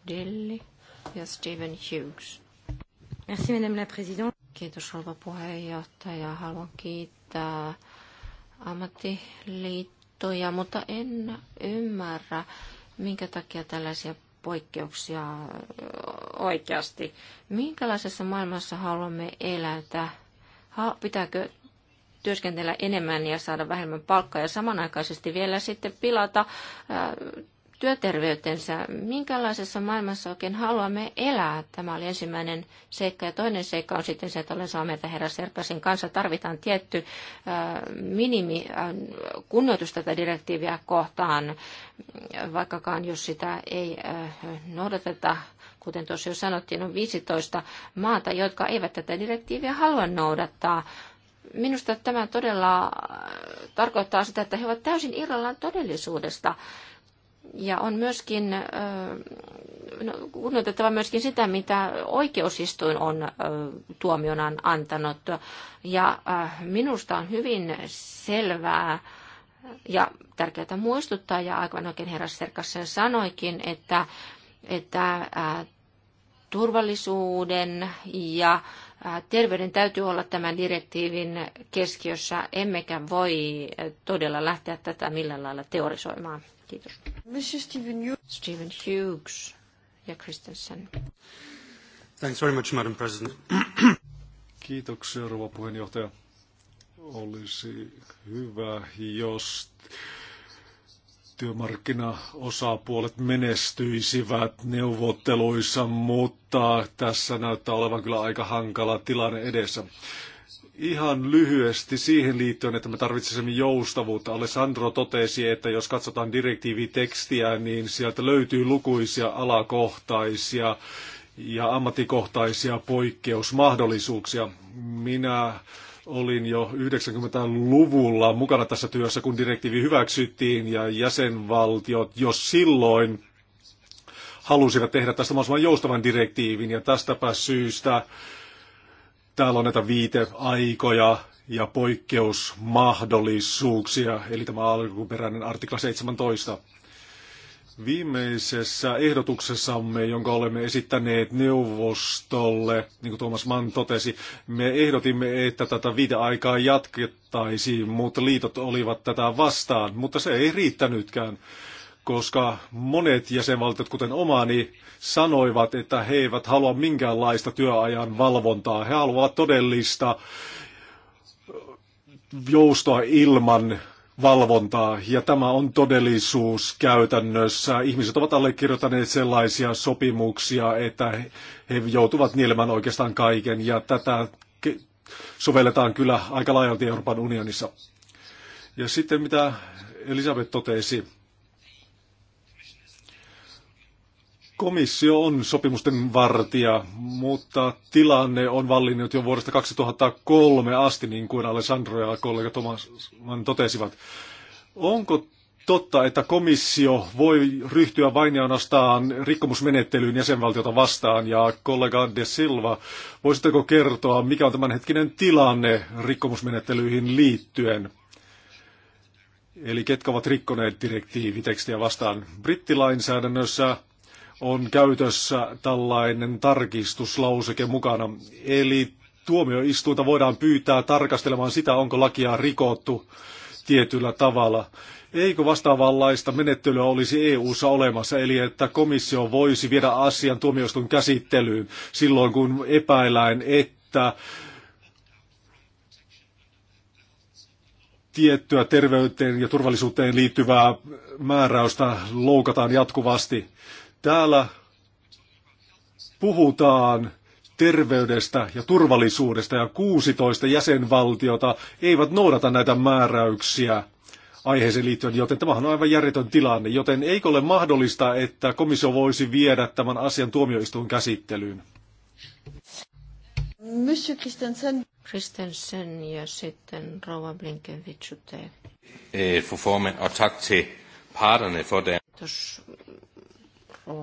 ja Stephen Hughes. Merci, Madame la Présidente. Kiitos, rouva puheenjohtaja. Haluan kiittää ammattiliittoja, mutta en ymmärrä minkä takia tällaisia poikkeuksia oikeasti. Minkälaisessa maailmassa haluamme elätä? Pitääkö työskennellä enemmän ja saada vähemmän palkkaa ja samanaikaisesti vielä sitten pilata työterveytensä. Minkälaisessa maailmassa oikein haluamme elää? Tämä oli ensimmäinen seikka. Ja toinen seikka on sitten se, että olen samaa mieltä herra Serpasin kanssa. Tarvitaan tietty äh, minimi äh, kunnioitus tätä direktiiviä kohtaan, vaikkakaan jos sitä ei äh, noudateta kuten tuossa jo sanottiin, on 15 maata, jotka eivät tätä direktiiviä halua noudattaa minusta tämä todella tarkoittaa sitä, että he ovat täysin irrallaan todellisuudesta. Ja on myöskin no, kunnioitettava myöskin sitä, mitä oikeusistuin on tuomionan antanut. Ja minusta on hyvin selvää ja tärkeää muistuttaa, ja aivan oikein herra Serkas sen sanoikin, että, että turvallisuuden ja terveyden täytyy olla tämän direktiivin keskiössä, emmekä voi todella lähteä tätä millään lailla teorisoimaan. Kiitos. Mr. Stephen Hughes. Stephen Hughes ja Christensen. Thanks very much, Madam President. Kiitoksia, rouva puheenjohtaja. Olisi hyvä, jos työmarkkinaosapuolet menestyisivät neuvotteluissa, mutta tässä näyttää olevan kyllä aika hankala tilanne edessä. Ihan lyhyesti siihen liittyen, että me tarvitsisimme joustavuutta. Alessandro totesi, että jos katsotaan direktiivitekstiä, niin sieltä löytyy lukuisia alakohtaisia ja ammattikohtaisia poikkeusmahdollisuuksia. Minä olin jo 90-luvulla mukana tässä työssä, kun direktiivi hyväksyttiin ja jäsenvaltiot jo silloin halusivat tehdä tästä mahdollisimman joustavan direktiivin ja tästäpä syystä Täällä on näitä viiteaikoja ja poikkeusmahdollisuuksia, eli tämä alkuperäinen artikla 17. Viimeisessä ehdotuksessamme, jonka olemme esittäneet neuvostolle, niin kuin Tuomas Mann totesi, me ehdotimme, että tätä viiteaikaa jatkettaisiin, mutta liitot olivat tätä vastaan, mutta se ei riittänytkään koska monet jäsenvaltiot, kuten omani, sanoivat, että he eivät halua minkäänlaista työajan valvontaa. He haluavat todellista joustoa ilman valvontaa, ja tämä on todellisuus käytännössä. Ihmiset ovat allekirjoittaneet sellaisia sopimuksia, että he joutuvat nielemään oikeastaan kaiken, ja tätä sovelletaan kyllä aika laajalti Euroopan unionissa. Ja sitten mitä Elisabeth totesi, komissio on sopimusten vartija, mutta tilanne on vallinnut jo vuodesta 2003 asti, niin kuin Alessandro ja kollega Tomasman totesivat. Onko totta, että komissio voi ryhtyä vain ja ainoastaan rikkomusmenettelyyn jäsenvaltiota vastaan. Ja kollega De Silva, voisitteko kertoa, mikä on tämänhetkinen tilanne rikkomusmenettelyihin liittyen? Eli ketkä ovat rikkoneet direktiivitekstiä vastaan? Brittilainsäädännössä on käytössä tällainen tarkistuslauseke mukana. Eli tuomioistuinta voidaan pyytää tarkastelemaan sitä, onko lakia rikottu tietyllä tavalla. Eikö vastaavanlaista menettelyä olisi EU-ssa olemassa, eli että komissio voisi viedä asian tuomioistuin käsittelyyn silloin, kun epäilään, että tiettyä terveyteen ja turvallisuuteen liittyvää määräystä loukataan jatkuvasti. Täällä puhutaan terveydestä ja turvallisuudesta ja 16 jäsenvaltiota eivät noudata näitä määräyksiä aiheeseen liittyen, joten tämä on aivan järjetön tilanne, joten eikö ole mahdollista, että komissio voisi viedä tämän asian tuomioistuun käsittelyyn? Monsieur Christensen. Christensen ja sitten Rova Blinken Eh, Fru formand, og tak til parterne for det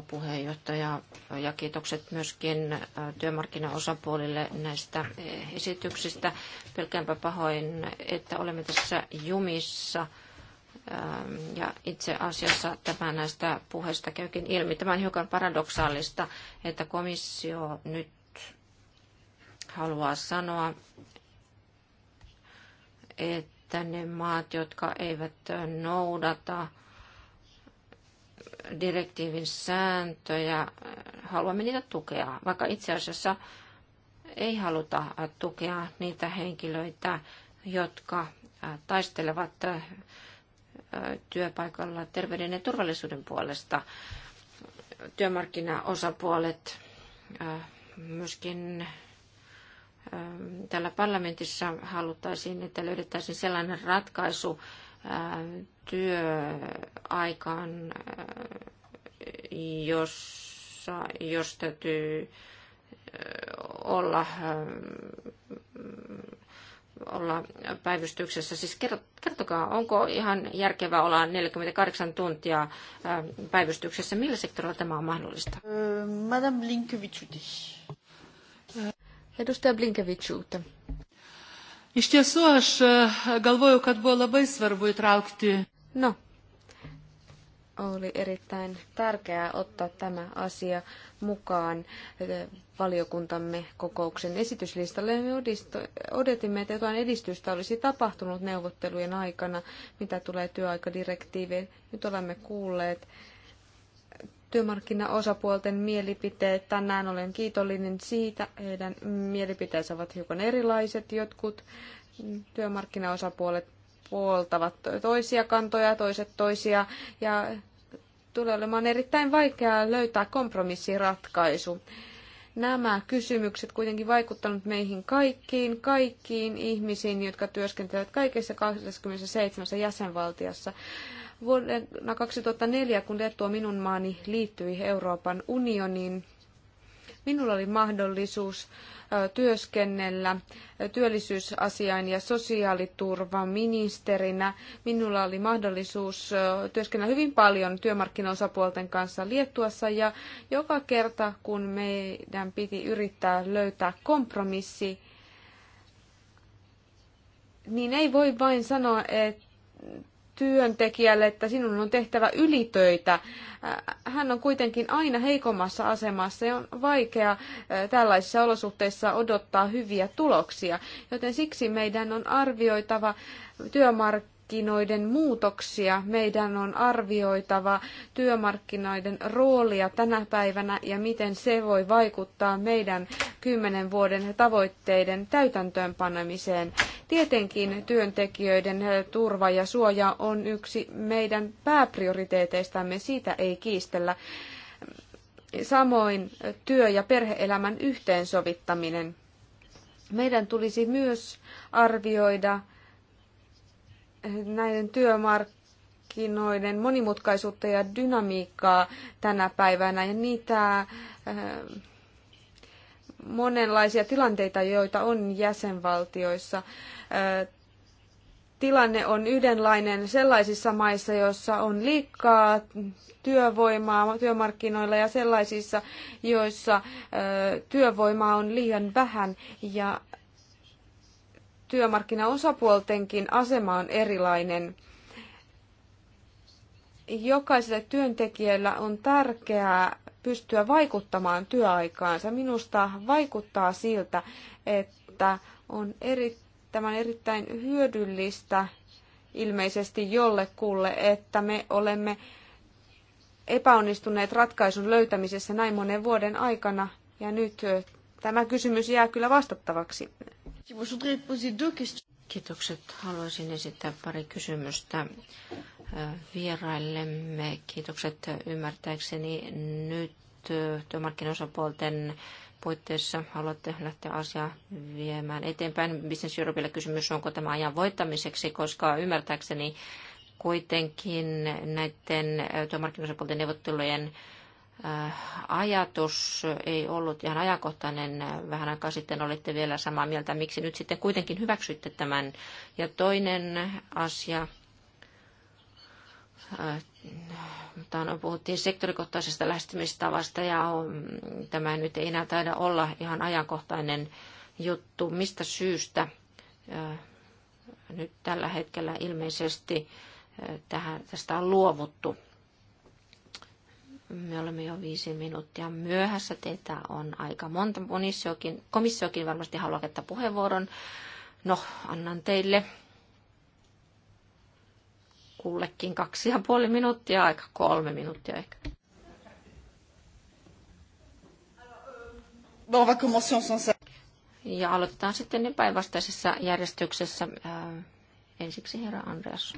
puheenjohtaja. Ja kiitokset myöskin äh, työmarkkinaosapuolille näistä äh, esityksistä. Pelkäänpä pahoin, että olemme tässä jumissa. Ähm, ja itse asiassa tämä näistä puheista käykin ilmi. Tämä on hiukan paradoksaalista, että komissio nyt haluaa sanoa, että ne maat, jotka eivät noudata direktiivin sääntöjä, haluamme niitä tukea, vaikka itse asiassa ei haluta tukea niitä henkilöitä, jotka taistelevat työpaikalla terveyden ja turvallisuuden puolesta. Työmarkkinaosapuolet myöskin täällä parlamentissa haluttaisiin, että löydettäisiin sellainen ratkaisu, työaikaan, jossa, jos täytyy olla, olla päivystyksessä. Siis kertokaa, onko ihan järkevää olla 48 tuntia päivystyksessä? Millä sektorilla tämä on mahdollista? Madame Blinkevichuti. Edustaja Blinkevichuti. Iš tiesų, aš e, galvoju, kad buvo labai svarbu įtraukti. No, oli erittäin tärkeää ottaa tämä asia mukaan e, valiokuntamme kokouksen esityslistalle. Me odotimme, että jotain edistystä olisi tapahtunut neuvottelujen aikana, mitä tulee työaikadirektiiviin. Nyt olemme kuulleet työmarkkinaosapuolten mielipiteet. Tänään olen kiitollinen siitä. Heidän mielipiteensä ovat hiukan erilaiset. Jotkut työmarkkinaosapuolet puoltavat toisia kantoja, toiset toisia. Ja tulee olemaan erittäin vaikeaa löytää kompromissiratkaisu. Nämä kysymykset kuitenkin vaikuttaneet meihin kaikkiin, kaikkiin ihmisiin, jotka työskentelevät kaikissa 27 jäsenvaltiossa. Vuonna 2004, kun Lettua minun maani liittyi Euroopan unioniin, minulla oli mahdollisuus työskennellä työllisyysasiain ja sosiaaliturvaministerinä. Minulla oli mahdollisuus työskennellä hyvin paljon työmarkkinaosapuolten kanssa Liettuassa ja joka kerta, kun meidän piti yrittää löytää kompromissi, niin ei voi vain sanoa, että työntekijälle, että sinun on tehtävä ylitöitä. Äh, hän on kuitenkin aina heikommassa asemassa ja on vaikea äh, tällaisissa olosuhteissa odottaa hyviä tuloksia. Joten siksi meidän on arvioitava työmarkkinoiden muutoksia. Meidän on arvioitava työmarkkinoiden roolia tänä päivänä ja miten se voi vaikuttaa meidän kymmenen vuoden tavoitteiden täytäntöönpanemiseen Tietenkin työntekijöiden eh, turva ja suoja on yksi meidän pääprioriteeteistamme, siitä ei kiistellä. Samoin työ- ja perheelämän yhteensovittaminen. Meidän tulisi myös arvioida eh, näiden työmarkkinoiden monimutkaisuutta ja dynamiikkaa tänä päivänä ja niitä eh, monenlaisia tilanteita, joita on jäsenvaltioissa. Tilanne on yhdenlainen sellaisissa maissa, joissa on liikaa työvoimaa työmarkkinoilla ja sellaisissa, joissa työvoimaa on liian vähän ja työmarkkinaosapuoltenkin asema on erilainen. Jokaiselle työntekijällä on tärkeää pystyä vaikuttamaan työaikaansa. Minusta vaikuttaa siltä, että on eri, tämän erittäin hyödyllistä ilmeisesti jollekulle, että me olemme epäonnistuneet ratkaisun löytämisessä näin monen vuoden aikana, ja nyt tämä kysymys jää kyllä vastattavaksi. Kiitokset. Haluaisin esittää pari kysymystä vieraillemme. Kiitokset ymmärtääkseni nyt työmarkkinaosapuolten puitteissa haluatte lähteä asiaa viemään eteenpäin. Business Europeille kysymys, onko tämä ajan voittamiseksi, koska ymmärtääkseni kuitenkin näiden työmarkkinaosapuolten neuvottelujen ajatus ei ollut ihan ajankohtainen. Vähän aikaa sitten olitte vielä samaa mieltä, miksi nyt sitten kuitenkin hyväksytte tämän. Ja toinen asia puhuttiin sektorikohtaisesta lähestymistavasta ja tämä nyt ei enää taida olla ihan ajankohtainen juttu. Mistä syystä nyt tällä hetkellä ilmeisesti tähän, tästä on luovuttu? Me olemme jo viisi minuuttia myöhässä. Teitä on aika monta. Komissiokin, komissiokin varmasti haluaa että puheenvuoron. No, annan teille kullekin kaksi ja puoli minuuttia, aika kolme minuuttia ehkä. Ja aloitetaan sitten niin päinvastaisessa järjestyksessä. Ää, äh, ensiksi herra Andreas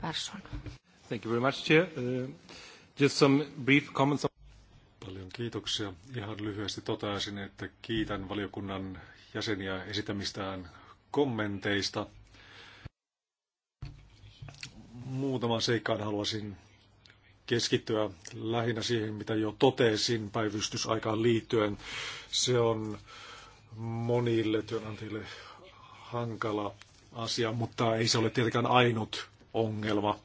Persson. Thank you very much, Chair. Uh, just some brief comments. Paljon kiitoksia. Ihan lyhyesti toteaisin, että kiitän valiokunnan jäseniä esittämistään kommenteista – muutaman seikkaan haluaisin keskittyä lähinnä siihen, mitä jo totesin päivystysaikaan liittyen. Se on monille työnantajille hankala asia, mutta ei se ole tietenkään ainut ongelma.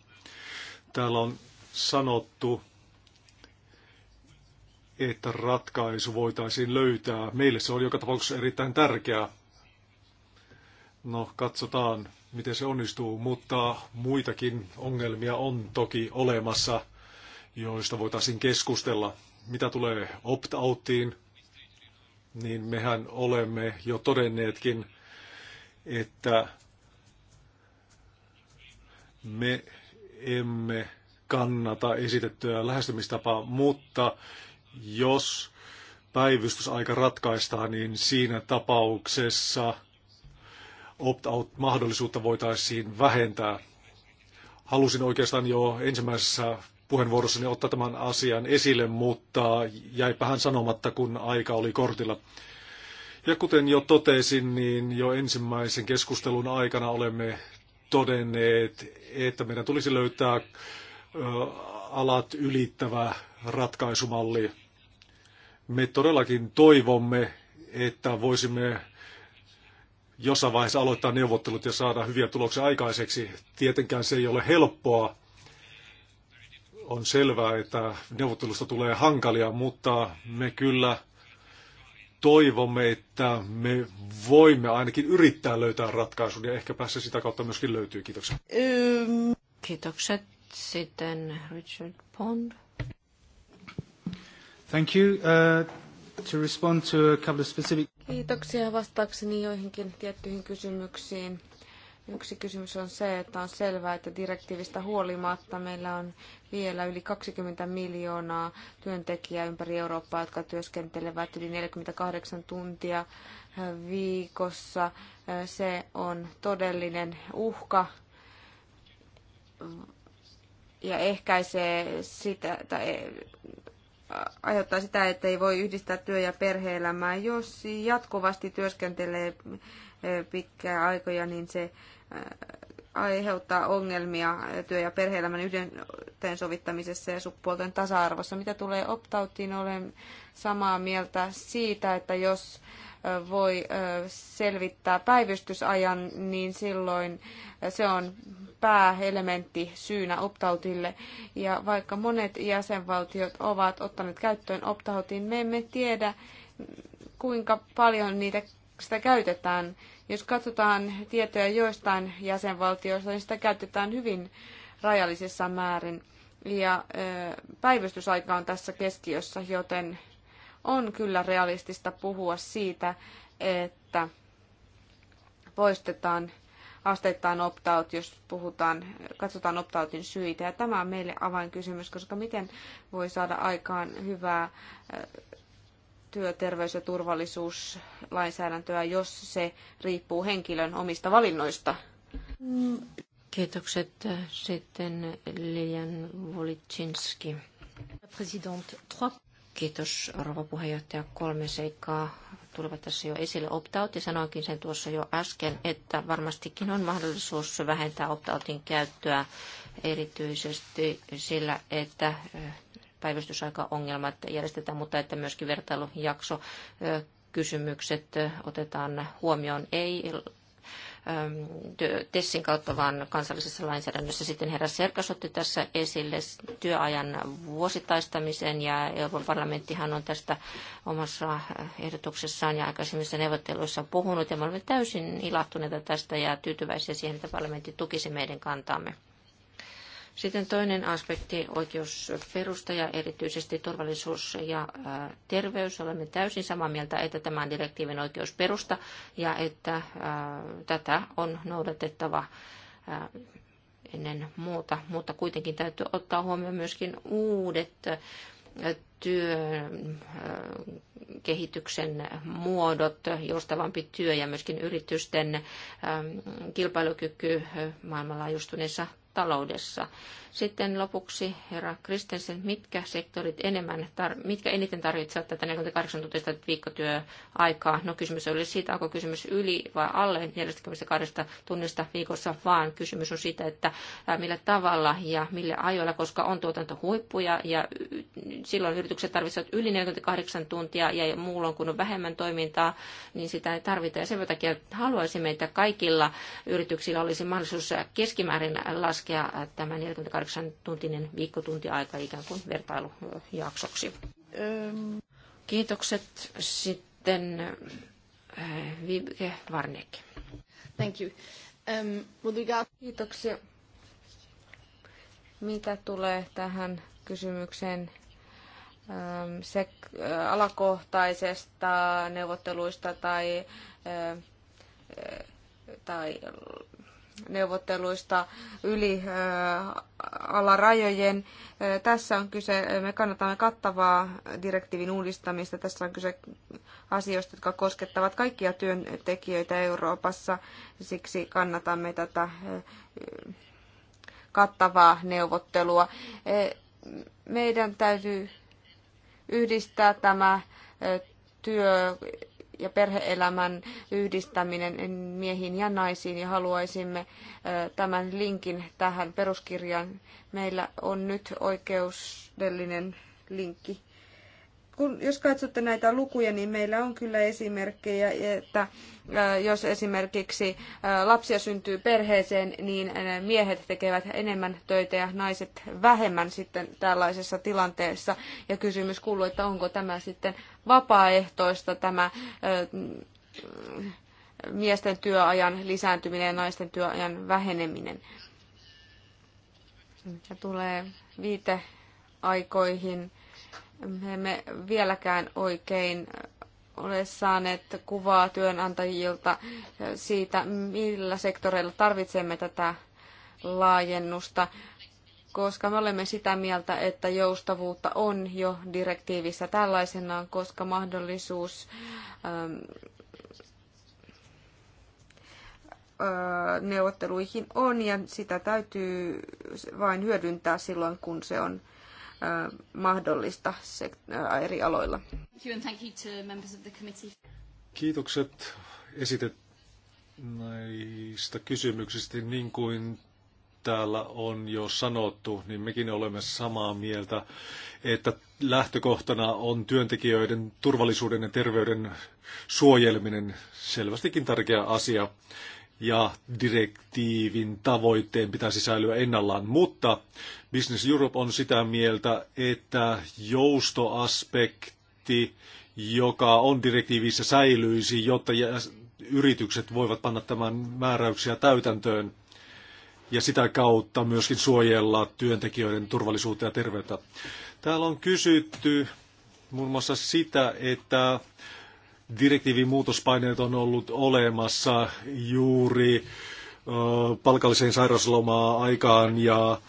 Täällä on sanottu, että ratkaisu voitaisiin löytää. Meille se on joka tapauksessa erittäin tärkeää. No, katsotaan, miten se onnistuu, mutta muitakin ongelmia on toki olemassa, joista voitaisiin keskustella. Mitä tulee opt-outtiin, niin mehän olemme jo todenneetkin, että me emme kannata esitettyä lähestymistapaa, mutta jos päivystysaika ratkaistaan, niin siinä tapauksessa – opt-out-mahdollisuutta voitaisiin vähentää. Halusin oikeastaan jo ensimmäisessä puheenvuorossani ottaa tämän asian esille, mutta jäipähän sanomatta, kun aika oli kortilla. Ja kuten jo totesin, niin jo ensimmäisen keskustelun aikana olemme todenneet, että meidän tulisi löytää alat ylittävä ratkaisumalli. Me todellakin toivomme, että voisimme jossain vaiheessa aloittaa neuvottelut ja saada hyviä tuloksia aikaiseksi. Tietenkään se ei ole helppoa. On selvää, että neuvottelusta tulee hankalia, mutta me kyllä toivomme, että me voimme ainakin yrittää löytää ratkaisun ja ehkäpä se sitä kautta myöskin löytyy. Kiitoksia. Kiitokset. Sitten Richard Pond. Thank you. Uh, to respond to a couple of specific... Kiitoksia vastaukseni joihinkin tiettyihin kysymyksiin. Yksi kysymys on se, että on selvää, että direktiivistä huolimatta meillä on vielä yli 20 miljoonaa työntekijää ympäri Eurooppaa, jotka työskentelevät yli 48 tuntia viikossa. Se on todellinen uhka ja ehkäisee sitä, tai aiheuttaa sitä, että ei voi yhdistää työ- ja perhe-elämää. Jos jatkuvasti työskentelee eh, pitkää aikoja, niin se eh, aiheuttaa ongelmia työ- ja perheelämän sovittamisessa ja sukupuolten tasa-arvossa. Mitä tulee optautiin, olen samaa mieltä siitä, että jos voi selvittää päivystysajan, niin silloin se on pääelementti syynä optautille. Ja vaikka monet jäsenvaltiot ovat ottaneet käyttöön optautin, me emme tiedä, kuinka paljon niitä sitä käytetään. Jos katsotaan tietoja joistain jäsenvaltioista, niin sitä käytetään hyvin rajallisessa määrin. Ja päivystysaika on tässä keskiössä, joten on kyllä realistista puhua siitä, että poistetaan asteittain opt-out, jos puhutaan, katsotaan opt-outin syitä. Ja tämä on meille avainkysymys, koska miten voi saada aikaan hyvää työterveys- ja turvallisuuslainsäädäntöä, jos se riippuu henkilön omista valinnoista. Kiitokset. Sitten Lilian Volitsinski. President, Kiitos, rouva puheenjohtaja. Kolme seikkaa tulivat tässä jo esille. Opt-out, ja sanoinkin sen tuossa jo äsken, että varmastikin on mahdollisuus vähentää opt-outin käyttöä erityisesti sillä, että päivystysaikaongelmat järjestetään, mutta että myöskin vertailujakso kysymykset otetaan huomioon. Ei Ähm, TESin kautta, vaan kansallisessa lainsäädännössä. Sitten herra Serkas otti tässä esille työajan vuosittaistamisen ja Euroopan parlamenttihan on tästä omassa ehdotuksessaan ja aikaisemmissa neuvotteluissa puhunut ja me olemme täysin ilahtuneita tästä ja tyytyväisiä siihen, että parlamentti tukisi meidän kantaamme. Sitten toinen aspekti, oikeusperusta ja erityisesti turvallisuus ja terveys. Olemme täysin samaa mieltä, että tämä on direktiivin oikeusperusta ja että tätä on noudatettava ennen muuta, mutta kuitenkin täytyy ottaa huomioon myöskin uudet työn kehityksen muodot, joustavampi työ ja myöskin yritysten kilpailukyky maailmanlaajuistuneessa taloudessa. Sitten lopuksi, herra Kristensen, mitkä sektorit enemmän, tar- mitkä eniten tarvitsevat tätä 48 tuntista viikkotyöaikaa? No kysymys oli siitä, onko kysymys yli vai alle 42 tunnista viikossa, vaan kysymys on siitä, että millä tavalla ja millä ajoilla, koska on tuotantohuippuja ja silloin yritykset tarvitsevat yli 48 tuntia ja muulloin, kun on vähemmän toimintaa, niin sitä ei tarvita. Ja sen takia haluaisimme, että kaikilla yrityksillä olisi mahdollisuus keskimäärin laskea tämä 48 8-tuntinen viikkotuntiaika ikään kuin vertailujaksoksi. Kiitokset sitten äh, Vibke Varnek. Thank you. Um, Kiitoksia. Mitä tulee tähän kysymykseen se äh, alakohtaisesta neuvotteluista tai, äh, tai neuvotteluista yli alarajojen. Tässä on kyse, me kannatamme kattavaa direktiivin uudistamista. Tässä on kyse asioista, jotka koskettavat kaikkia työntekijöitä Euroopassa. Siksi kannatamme tätä kattavaa neuvottelua. Meidän täytyy yhdistää tämä työ ja perheelämän yhdistäminen miehiin ja naisiin ja haluaisimme tämän linkin tähän peruskirjaan. Meillä on nyt oikeudellinen linkki kun, jos katsotte näitä lukuja, niin meillä on kyllä esimerkkejä, että äh, jos esimerkiksi äh, lapsia syntyy perheeseen, niin äh, miehet tekevät enemmän töitä ja naiset vähemmän sitten tällaisessa tilanteessa. Ja kysymys kuuluu, että onko tämä sitten vapaaehtoista tämä miesten työajan lisääntyminen ja naisten työajan väheneminen. Ja tulee viite aikoihin me emme vieläkään oikein ole saaneet kuvaa työnantajilta siitä, millä sektoreilla tarvitsemme tätä laajennusta, koska me olemme sitä mieltä, että joustavuutta on jo direktiivissä tällaisenaan, koska mahdollisuus ähm, äh, neuvotteluihin on ja sitä täytyy vain hyödyntää silloin, kun se on mahdollista eri aloilla. Kiitokset esitet näistä kysymyksistä. Niin kuin täällä on jo sanottu, niin mekin olemme samaa mieltä, että lähtökohtana on työntekijöiden turvallisuuden ja terveyden suojelminen, selvästikin tärkeä asia ja direktiivin tavoitteen pitäisi säilyä ennallaan, mutta Business Europe on sitä mieltä, että joustoaspekti, joka on direktiivissä säilyisi, jotta yritykset voivat panna tämän määräyksiä täytäntöön ja sitä kautta myöskin suojella työntekijöiden turvallisuutta ja terveyttä. Täällä on kysytty muun muassa sitä, että direktiivin muutospaineet on ollut olemassa juuri palkalliseen sairauslomaa aikaan ja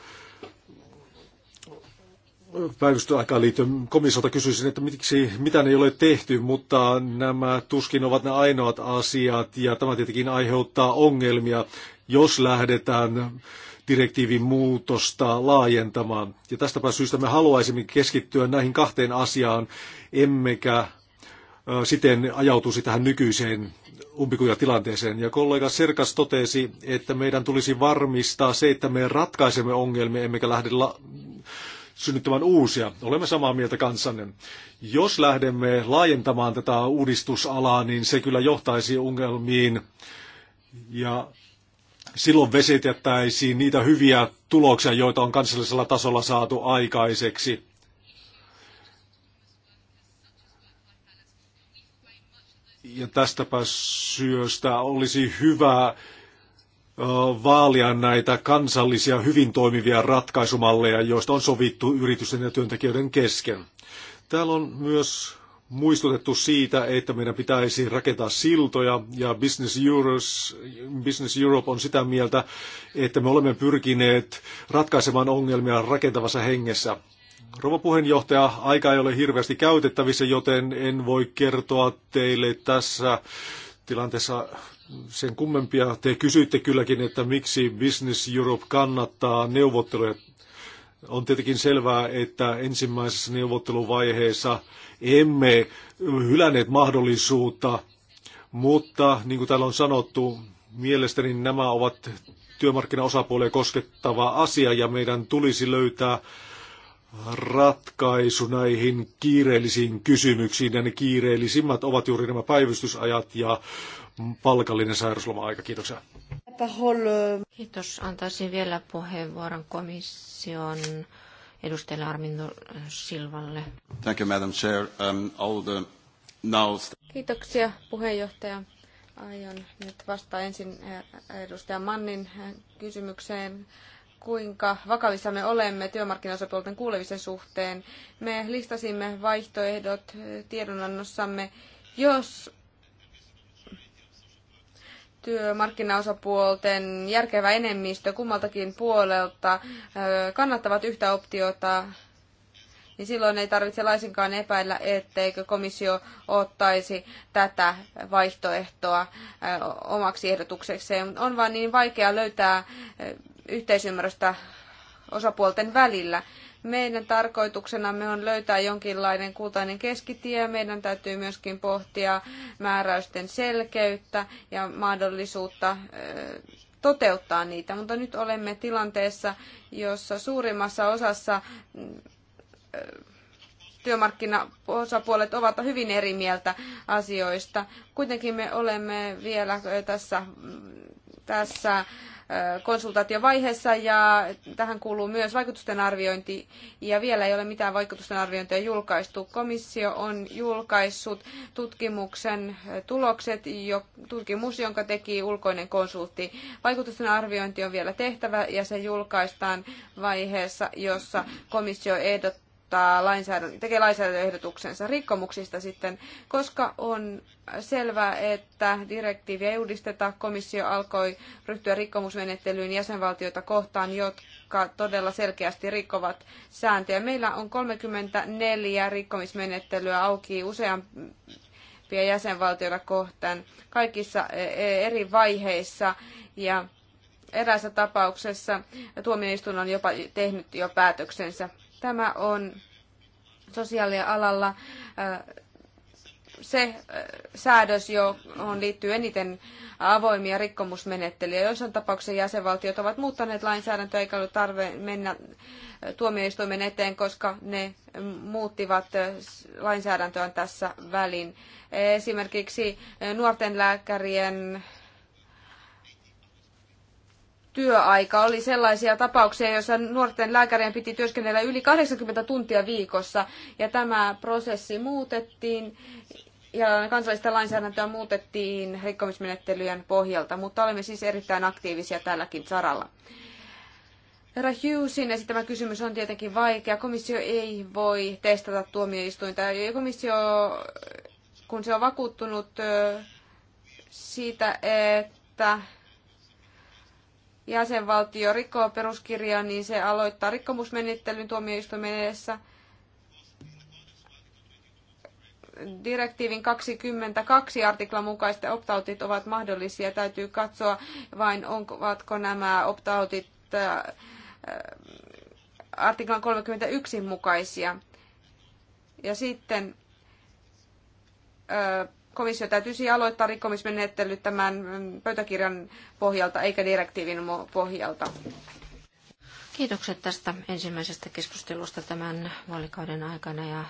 päivystysaikaan liittyen komissiolta kysyisin, että miksi, mitä ei ole tehty, mutta nämä tuskin ovat ne ainoat asiat ja tämä tietenkin aiheuttaa ongelmia, jos lähdetään direktiivin muutosta laajentamaan. Ja tästäpä syystä me haluaisimme keskittyä näihin kahteen asiaan, emmekä siten ajautuisi tähän nykyiseen umpikujatilanteeseen. Ja kollega Serkas totesi, että meidän tulisi varmistaa se, että me ratkaisemme ongelmia, emmekä lähde la- synnyttämään uusia. Olemme samaa mieltä kanssanne. Jos lähdemme laajentamaan tätä uudistusalaa, niin se kyllä johtaisi ongelmiin ja silloin vesetettäisiin niitä hyviä tuloksia, joita on kansallisella tasolla saatu aikaiseksi. Ja tästäpä syöstä olisi hyvä vaalia näitä kansallisia hyvin toimivia ratkaisumalleja, joista on sovittu yritysten ja työntekijöiden kesken. Täällä on myös muistutettu siitä, että meidän pitäisi rakentaa siltoja ja Business, Euros, Business Europe on sitä mieltä, että me olemme pyrkineet ratkaisemaan ongelmia rakentavassa hengessä. Rouva puheenjohtaja, aika ei ole hirveästi käytettävissä, joten en voi kertoa teille tässä tilanteessa sen kummempia. Te kysyitte kylläkin, että miksi Business Europe kannattaa neuvotteluja. On tietenkin selvää, että ensimmäisessä neuvotteluvaiheessa emme hylänneet mahdollisuutta, mutta niin kuin täällä on sanottu, mielestäni nämä ovat työmarkkinaosapuolia koskettava asia ja meidän tulisi löytää ratkaisu näihin kiireellisiin kysymyksiin. Ja ne kiireellisimmät ovat juuri nämä päivystysajat ja palkallinen sairausloma-aika. Kiitoksia. Kiitos. Antaisin vielä puheenvuoron komission edustajalle Armindo Silvalle. Thank you, Madam Chair. Um, all the now... Kiitoksia puheenjohtaja. Aion nyt vastaa ensin eh, edustaja Mannin eh, kysymykseen kuinka vakavissa me olemme työmarkkinaosapuolten kuulemisen suhteen. Me listasimme vaihtoehdot tiedonannossamme, jos työmarkkinaosapuolten järkevä enemmistö kummaltakin puolelta kannattavat yhtä optiota, niin silloin ei tarvitse laisinkaan epäillä, etteikö komissio ottaisi tätä vaihtoehtoa omaksi ehdotuksekseen. On vain niin vaikea löytää yhteisymmärrystä osapuolten välillä. Meidän tarkoituksenamme on löytää jonkinlainen kultainen keskitie. Meidän täytyy myöskin pohtia määräysten selkeyttä ja mahdollisuutta toteuttaa niitä, mutta nyt olemme tilanteessa, jossa suurimmassa osassa mm, työmarkkinaosapuolet ovat hyvin eri mieltä asioista. Kuitenkin me olemme vielä tässä, mm, tässä konsultaatiovaiheessa ja tähän kuuluu myös vaikutusten arviointi ja vielä ei ole mitään vaikutusten arviointia julkaistu. Komissio on julkaissut tutkimuksen tulokset, tutkimus, jonka teki ulkoinen konsultti. Vaikutusten arviointi on vielä tehtävä ja se julkaistaan vaiheessa, jossa komissio ehdottaa ehdottaa lainsäädäntö, tekee lainsäädäntöehdotuksensa rikkomuksista sitten, koska on selvää, että direktiivi ei uudisteta. Komissio alkoi ryhtyä rikkomusmenettelyyn jäsenvaltioita kohtaan, jotka todella selkeästi rikkovat sääntöjä. Meillä on 34 rikkomismenettelyä auki usean jäsenvaltioita kohtaan kaikissa e, e, eri vaiheissa ja eräässä tapauksessa tuomioistuin on jopa tehnyt jo päätöksensä. Tämä on sosiaalialalla se säädös, johon liittyy eniten avoimia rikkomusmenettelyjä. Joissain tapauksissa jäsenvaltiot ovat muuttaneet lainsäädäntöä eikä ollut tarve mennä tuomioistuimen eteen, koska ne muuttivat lainsäädäntöä tässä välin. Esimerkiksi nuorten lääkärien työaika. Oli sellaisia tapauksia, joissa nuorten lääkärien piti työskennellä yli 80 tuntia viikossa, ja tämä prosessi muutettiin ja kansallista lainsäädäntöä muutettiin rikkomismenettelyjen pohjalta, mutta olemme siis erittäin aktiivisia tälläkin saralla. Herra Hughesin esittämä kysymys on tietenkin vaikea. Komissio ei voi testata tuomioistuinta. Komissio, kun se on vakuuttunut siitä, että jäsenvaltio rikkoo peruskirjaa, niin se aloittaa rikkomusmenettelyn tuomioistuimen edessä direktiivin 22 artiklan mukaiset optautit ovat mahdollisia. Täytyy katsoa vain, ovatko nämä optautit äh, artiklan 31 mukaisia. Ja sitten äh, komissio täytyisi aloittaa rikkomismenettely tämän mm, pöytäkirjan pohjalta eikä direktiivin pohjalta. Kiitokset tästä ensimmäisestä keskustelusta tämän vaalikauden aikana ja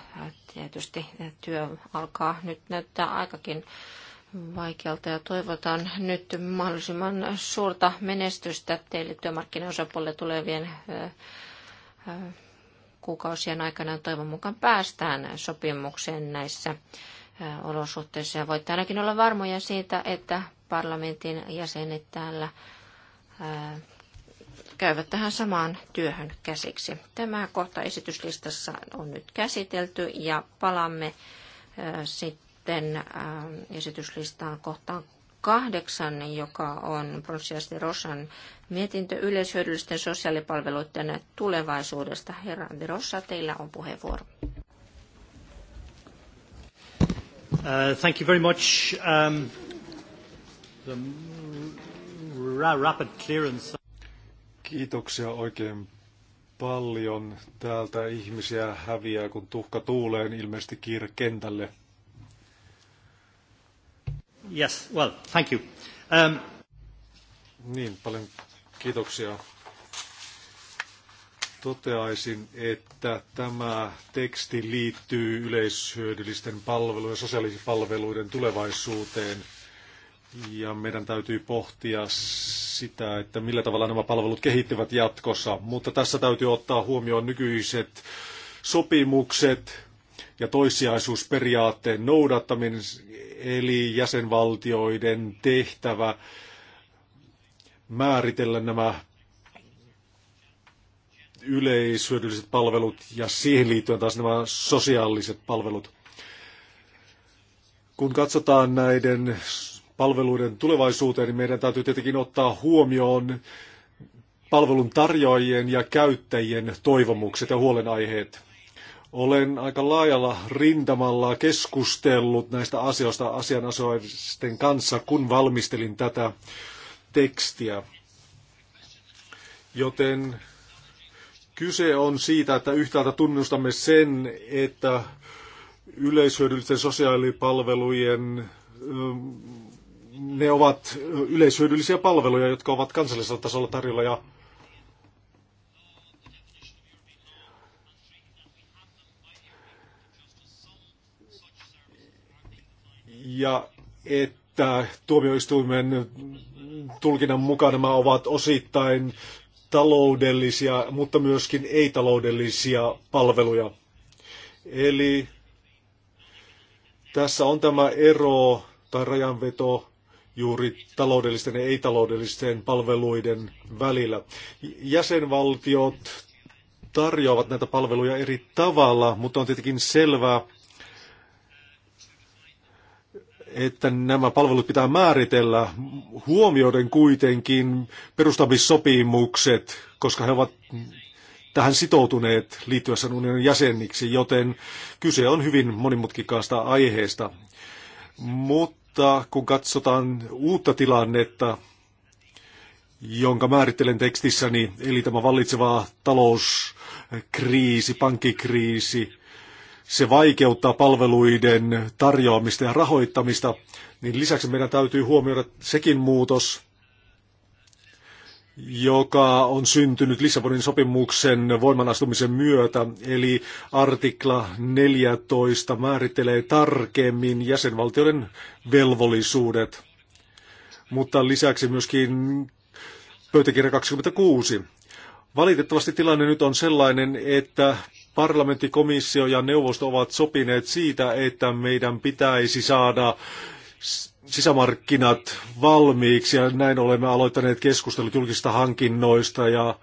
tietysti työ alkaa nyt näyttää aikakin vaikealta ja toivotan nyt mahdollisimman suurta menestystä teille työmarkkinaosapuolelle tulevien kuukausien aikana. Toivon mukaan päästään sopimukseen näissä olosuhteissa. Ja voitte ainakin olla varmoja siitä, että parlamentin jäsenet täällä käyvät tähän samaan työhön käsiksi. Tämä kohta esityslistassa on nyt käsitelty ja palaamme sitten esityslistaan kohtaan kahdeksan, joka on Pronsiasti Rossan mietintö yleishyödyllisten sosiaalipalveluiden tulevaisuudesta. Herra Rossa, teillä on puheenvuoro. Uh, thank you very much. Um, the rapid clearance. Kiitoksia oikein paljon. Täältä ihmisiä häviää, kun tuhka tuuleen niin ilmeisesti kiire kentälle. Yes, well, thank you. Um... Niin, paljon kiitoksia toteaisin, että tämä teksti liittyy yleishyödyllisten palvelujen, sosiaalisten palveluiden tulevaisuuteen. Ja meidän täytyy pohtia sitä, että millä tavalla nämä palvelut kehittyvät jatkossa. Mutta tässä täytyy ottaa huomioon nykyiset sopimukset ja toissijaisuusperiaatteen noudattaminen, eli jäsenvaltioiden tehtävä määritellä nämä yleishyödylliset palvelut ja siihen liittyen taas nämä sosiaaliset palvelut. Kun katsotaan näiden palveluiden tulevaisuuteen, niin meidän täytyy tietenkin ottaa huomioon palvelun tarjoajien ja käyttäjien toivomukset ja huolenaiheet. Olen aika laajalla rintamalla keskustellut näistä asioista asianasioisten kanssa, kun valmistelin tätä tekstiä. Joten Kyse on siitä, että yhtäältä tunnustamme sen, että yleishyödyllisten sosiaalipalvelujen ne ovat yleishyödyllisiä palveluja, jotka ovat kansallisella tasolla tarjolla ja ja että tuomioistuimen tulkinnan mukaan nämä ovat osittain taloudellisia, mutta myöskin ei-taloudellisia palveluja. Eli tässä on tämä ero tai rajanveto juuri taloudellisten ja ei-taloudellisten palveluiden välillä. Jäsenvaltiot tarjoavat näitä palveluja eri tavalla, mutta on tietenkin selvää, että nämä palvelut pitää määritellä huomioiden kuitenkin perustamissopimukset, koska he ovat tähän sitoutuneet liittyessään unionin jäseniksi, joten kyse on hyvin monimutkikaasta aiheesta. Mutta kun katsotaan uutta tilannetta, jonka määrittelen tekstissäni, eli tämä vallitseva talouskriisi, pankkikriisi, se vaikeuttaa palveluiden tarjoamista ja rahoittamista, niin lisäksi meidän täytyy huomioida sekin muutos, joka on syntynyt Lissabonin sopimuksen voimanastumisen myötä, eli artikla 14 määrittelee tarkemmin jäsenvaltioiden velvollisuudet, mutta lisäksi myöskin pöytäkirja 26. Valitettavasti tilanne nyt on sellainen, että Parlamentti, komissio ja neuvosto ovat sopineet siitä, että meidän pitäisi saada sisämarkkinat valmiiksi ja näin olemme aloittaneet keskustelut julkisista hankinnoista ja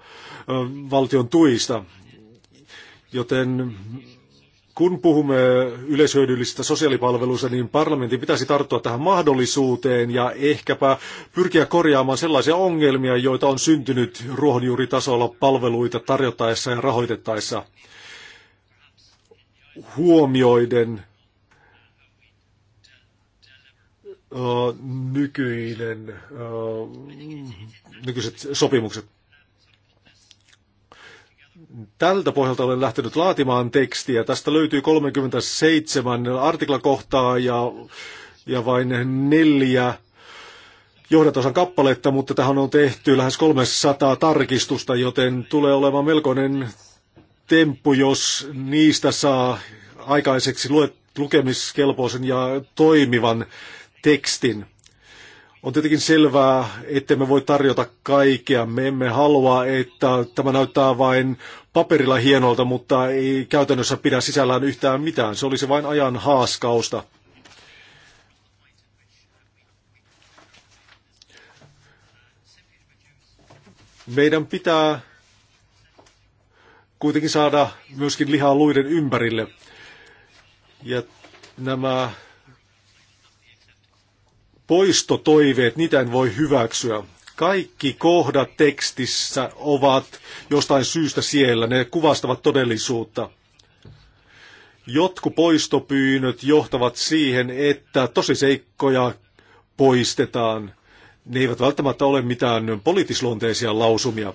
valtion tuista. Joten kun puhumme yleishyödyllisistä sosiaalipalveluista, niin parlamentin pitäisi tarttua tähän mahdollisuuteen ja ehkäpä pyrkiä korjaamaan sellaisia ongelmia, joita on syntynyt ruohonjuuritasolla palveluita tarjottaessa ja rahoitettaessa huomioiden nykyinen, nykyiset sopimukset. Tältä pohjalta olen lähtenyt laatimaan tekstiä. Tästä löytyy 37 artiklakohtaa ja, ja vain neljä johdatosan kappaletta, mutta tähän on tehty lähes 300 tarkistusta, joten tulee olemaan melkoinen temppu, jos niistä saa aikaiseksi lukemiskelpoisen ja toimivan tekstin. On tietenkin selvää, että me voi tarjota kaikkea. Me emme halua, että tämä näyttää vain paperilla hienolta, mutta ei käytännössä pidä sisällään yhtään mitään. Se olisi vain ajan haaskausta. Meidän pitää kuitenkin saada myöskin lihaa luiden ympärille. Ja nämä poistotoiveet, niitä en voi hyväksyä. Kaikki kohdat tekstissä ovat jostain syystä siellä, ne kuvastavat todellisuutta. Jotkut poistopyynnöt johtavat siihen, että tosi seikkoja poistetaan. Ne eivät välttämättä ole mitään poliittisluonteisia lausumia.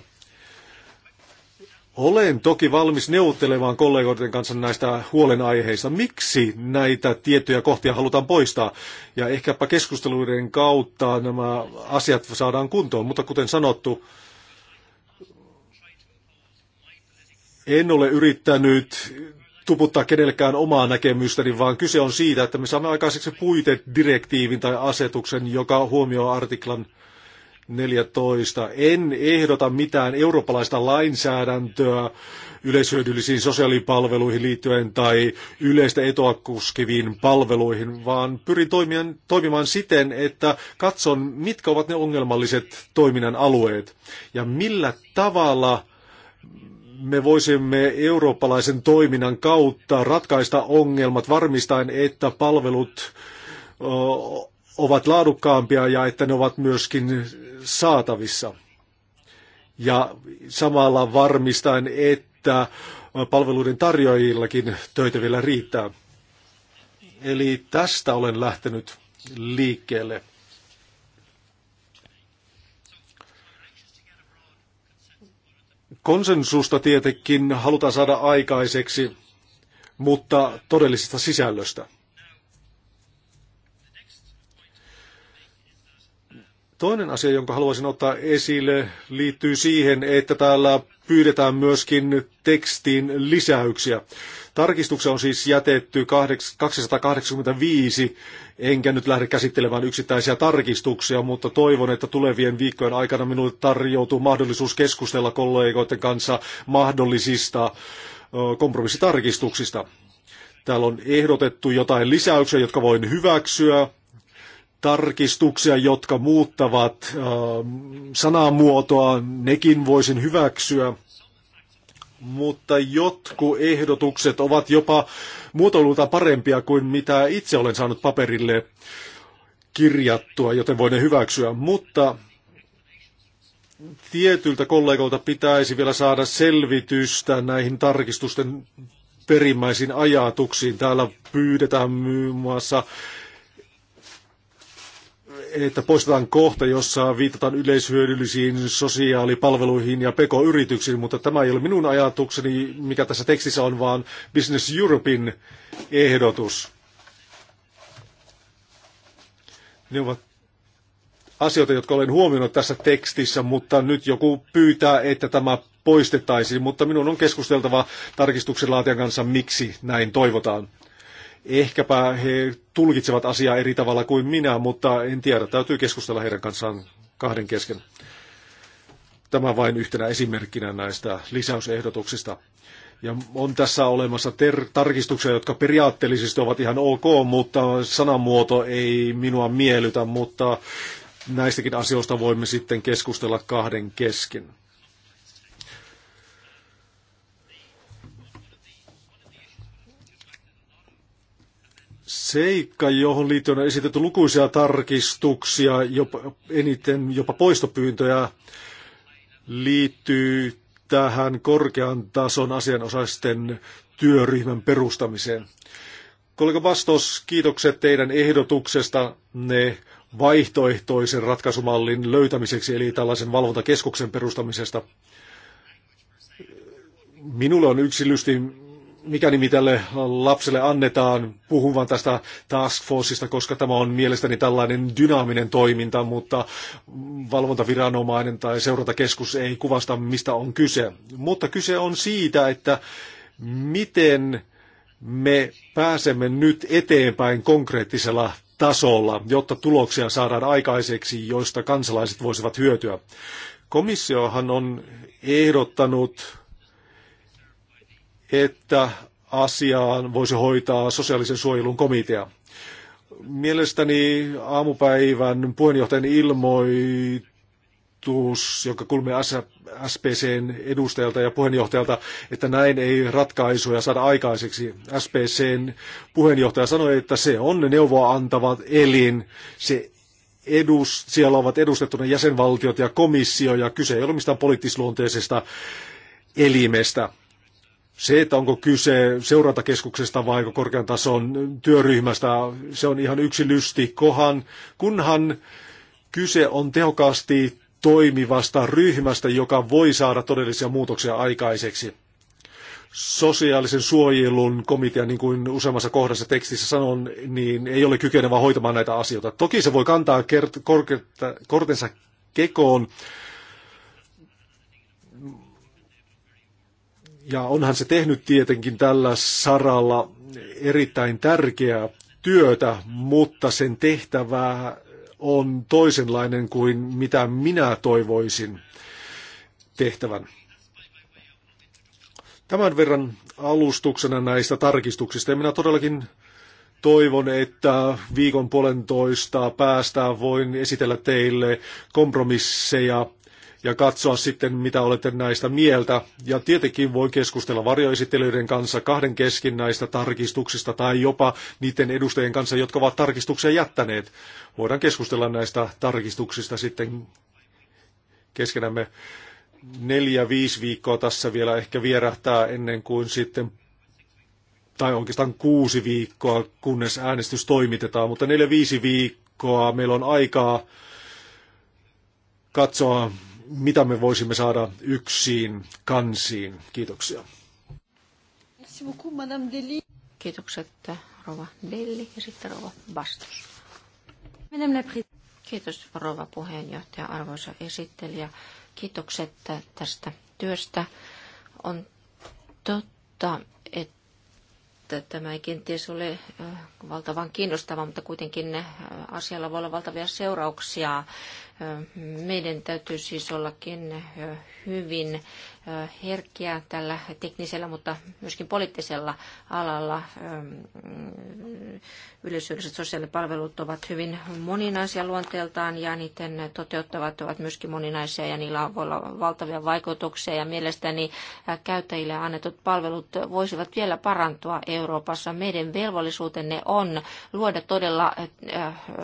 Olen toki valmis neuvottelemaan kollegoiden kanssa näistä huolenaiheista, miksi näitä tiettyjä kohtia halutaan poistaa. Ja ehkäpä keskusteluiden kautta nämä asiat saadaan kuntoon. Mutta kuten sanottu, en ole yrittänyt tuputtaa kenellekään omaa näkemystäni, vaan kyse on siitä, että me saamme aikaiseksi puitedirektiivin tai asetuksen, joka huomioi artiklan 14. En ehdota mitään eurooppalaista lainsäädäntöä yleishyödyllisiin sosiaalipalveluihin liittyen tai yleistä etoa koskeviin palveluihin, vaan pyrin toimien toimimaan siten, että katson, mitkä ovat ne ongelmalliset toiminnan alueet ja millä tavalla me voisimme eurooppalaisen toiminnan kautta ratkaista ongelmat varmistaen, että palvelut ovat laadukkaampia ja että ne ovat myöskin saatavissa. Ja samalla varmistaen, että palveluiden tarjoajillakin töitä vielä riittää. Eli tästä olen lähtenyt liikkeelle. Konsensusta tietenkin halutaan saada aikaiseksi, mutta todellisesta sisällöstä. Toinen asia, jonka haluaisin ottaa esille, liittyy siihen, että täällä pyydetään myöskin tekstin lisäyksiä. Tarkistuksia on siis jätetty 285, enkä nyt lähde käsittelemään yksittäisiä tarkistuksia, mutta toivon, että tulevien viikkojen aikana minulle tarjoutuu mahdollisuus keskustella kollegoiden kanssa mahdollisista kompromissitarkistuksista. Täällä on ehdotettu jotain lisäyksiä, jotka voin hyväksyä, tarkistuksia, jotka muuttavat äh, sanamuotoa, nekin voisin hyväksyä. Mutta jotkut ehdotukset ovat jopa muotoilulta parempia kuin mitä itse olen saanut paperille kirjattua, joten voin ne hyväksyä. Mutta tietyiltä kollegoilta pitäisi vielä saada selvitystä näihin tarkistusten perimmäisiin ajatuksiin. Täällä pyydetään muun muassa että poistetaan kohta, jossa viitataan yleishyödyllisiin sosiaalipalveluihin ja pk-yrityksiin, mutta tämä ei ole minun ajatukseni, mikä tässä tekstissä on, vaan Business Europein ehdotus. Ne ovat asioita, jotka olen huomioinut tässä tekstissä, mutta nyt joku pyytää, että tämä poistettaisiin, mutta minun on keskusteltava tarkistuksen laatijan kanssa, miksi näin toivotaan. Ehkäpä he tulkitsevat asiaa eri tavalla kuin minä, mutta en tiedä. Täytyy keskustella heidän kanssaan kahden kesken. Tämä vain yhtenä esimerkkinä näistä lisäysehdotuksista. Ja on tässä olemassa ter- tarkistuksia, jotka periaatteellisesti ovat ihan ok, mutta sanamuoto ei minua miellytä, mutta näistäkin asioista voimme sitten keskustella kahden kesken. seikka, johon liittyen on esitetty lukuisia tarkistuksia, jopa, eniten jopa poistopyyntöjä, liittyy tähän korkean tason asianosaisten työryhmän perustamiseen. Kollega Bastos, kiitokset teidän ehdotuksesta ne vaihtoehtoisen ratkaisumallin löytämiseksi, eli tällaisen valvontakeskuksen perustamisesta. Minulle on yksilysti mikä nimi tälle lapselle annetaan, puhuvan tästä task forceista, koska tämä on mielestäni tällainen dynaaminen toiminta, mutta valvontaviranomainen tai seurantakeskus ei kuvasta, mistä on kyse. Mutta kyse on siitä, että miten me pääsemme nyt eteenpäin konkreettisella tasolla, jotta tuloksia saadaan aikaiseksi, joista kansalaiset voisivat hyötyä. Komissiohan on ehdottanut että asiaan voisi hoitaa sosiaalisen suojelun komitea. Mielestäni aamupäivän puheenjohtajan ilmoitus, joka kulme SPCn edustajalta ja puheenjohtajalta, että näin ei ratkaisuja saada aikaiseksi. SPCn puheenjohtaja sanoi, että se on neuvoa antava elin. Se edus, siellä ovat edustettuna jäsenvaltiot ja komissio, ja kyse ei ole mistään poliittisluonteisesta elimestä. Se, että onko kyse seurantakeskuksesta vai korkean tason työryhmästä, se on ihan yksi lysti kohan, kunhan kyse on tehokkaasti toimivasta ryhmästä, joka voi saada todellisia muutoksia aikaiseksi. Sosiaalisen suojelun komitea, niin kuin useammassa kohdassa tekstissä sanon, niin ei ole kykenevä hoitamaan näitä asioita. Toki se voi kantaa kert- kortensa kekoon, Ja onhan se tehnyt tietenkin tällä saralla erittäin tärkeää työtä, mutta sen tehtävää on toisenlainen kuin mitä minä toivoisin tehtävän. Tämän verran alustuksena näistä tarkistuksista. Ja minä todellakin toivon, että viikon puolentoista päästään voin esitellä teille kompromisseja ja katsoa sitten, mitä olette näistä mieltä. Ja tietenkin voi keskustella varjoesittelyiden kanssa kahden kesken näistä tarkistuksista tai jopa niiden edustajien kanssa, jotka ovat tarkistuksia jättäneet. Voidaan keskustella näistä tarkistuksista sitten keskenämme neljä, viisi viikkoa tässä vielä ehkä vierähtää ennen kuin sitten tai oikeastaan kuusi viikkoa, kunnes äänestys toimitetaan, mutta neljä-viisi viikkoa meillä on aikaa katsoa, mitä me voisimme saada yksiin kansiin. Kiitoksia. Kiitokset Rova Delli ja sitten Rova Bastos. Kiitos Rova puheenjohtaja, arvoisa esittelijä. Kiitokset tästä työstä. On totta, että tämä ei kenties ole äh, valtavan kiinnostava, mutta kuitenkin äh, asialla voi olla valtavia seurauksia meidän täytyy siis ollakin hyvin herkkiä tällä teknisellä, mutta myöskin poliittisella alalla. Yleisyydelliset sosiaalipalvelut ovat hyvin moninaisia luonteeltaan ja niiden toteuttavat ovat myöskin moninaisia ja niillä voi olla valtavia vaikutuksia ja mielestäni käyttäjille annetut palvelut voisivat vielä parantua Euroopassa. Meidän velvollisuutenne on luoda todella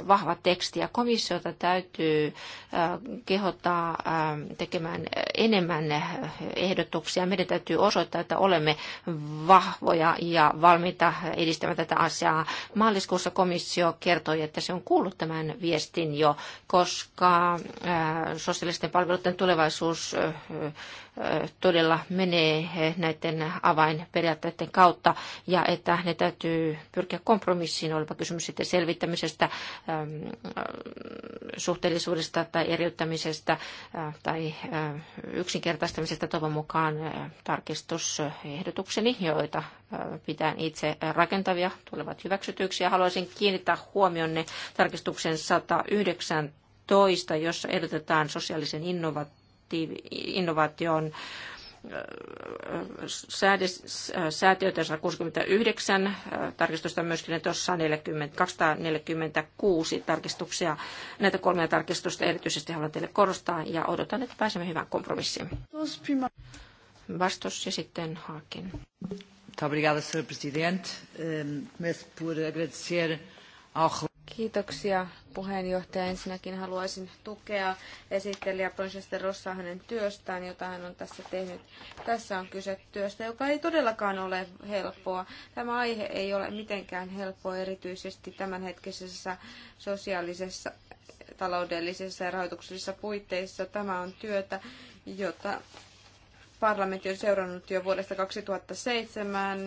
vahva teksti ja komissiota täytyy kehottaa tekemään enemmän ehdotuksia. Meidän täytyy osoittaa, että olemme vahvoja ja valmiita edistämään tätä asiaa. Maaliskuussa komissio kertoi, että se on kuullut tämän viestin jo, koska sosiaalisten palveluiden tulevaisuus todella menee näiden avainperiaatteiden kautta ja että ne täytyy pyrkiä kompromissiin, olipa kysymys sitten selvittämisestä, suhteellisuudesta tai eriyttämisestä tai yksinkertaistamisesta toivon mukaan tarkistusehdotukseni, joita pitää itse rakentavia, tulevat hyväksytyksiä. ja haluaisin kiinnittää huomionne tarkistuksen 109 jossa ehdotetaan sosiaalisen innovaatioon innovaatioon äh, äh, säätiötä 169 äh, tarkistusta myöskin, että tuossa 40, 246 tarkistuksia. Näitä kolmea tarkistusta erityisesti haluan teille korostaa ja odotan, että pääsemme hyvään kompromissiin. Vastus ja sitten Haakin. Obrigada, Sr. Presidente. Eh, começo por agradecer ao Kiitoksia puheenjohtaja. Ensinnäkin haluaisin tukea esittelijä Francesca Rossaa hänen työstään, jota hän on tässä tehnyt. Tässä on kyse työstä, joka ei todellakaan ole helppoa. Tämä aihe ei ole mitenkään helppoa, erityisesti tämänhetkisessä sosiaalisessa, taloudellisessa ja rahoituksellisessa puitteissa. Tämä on työtä, jota parlamentti on seurannut jo vuodesta 2007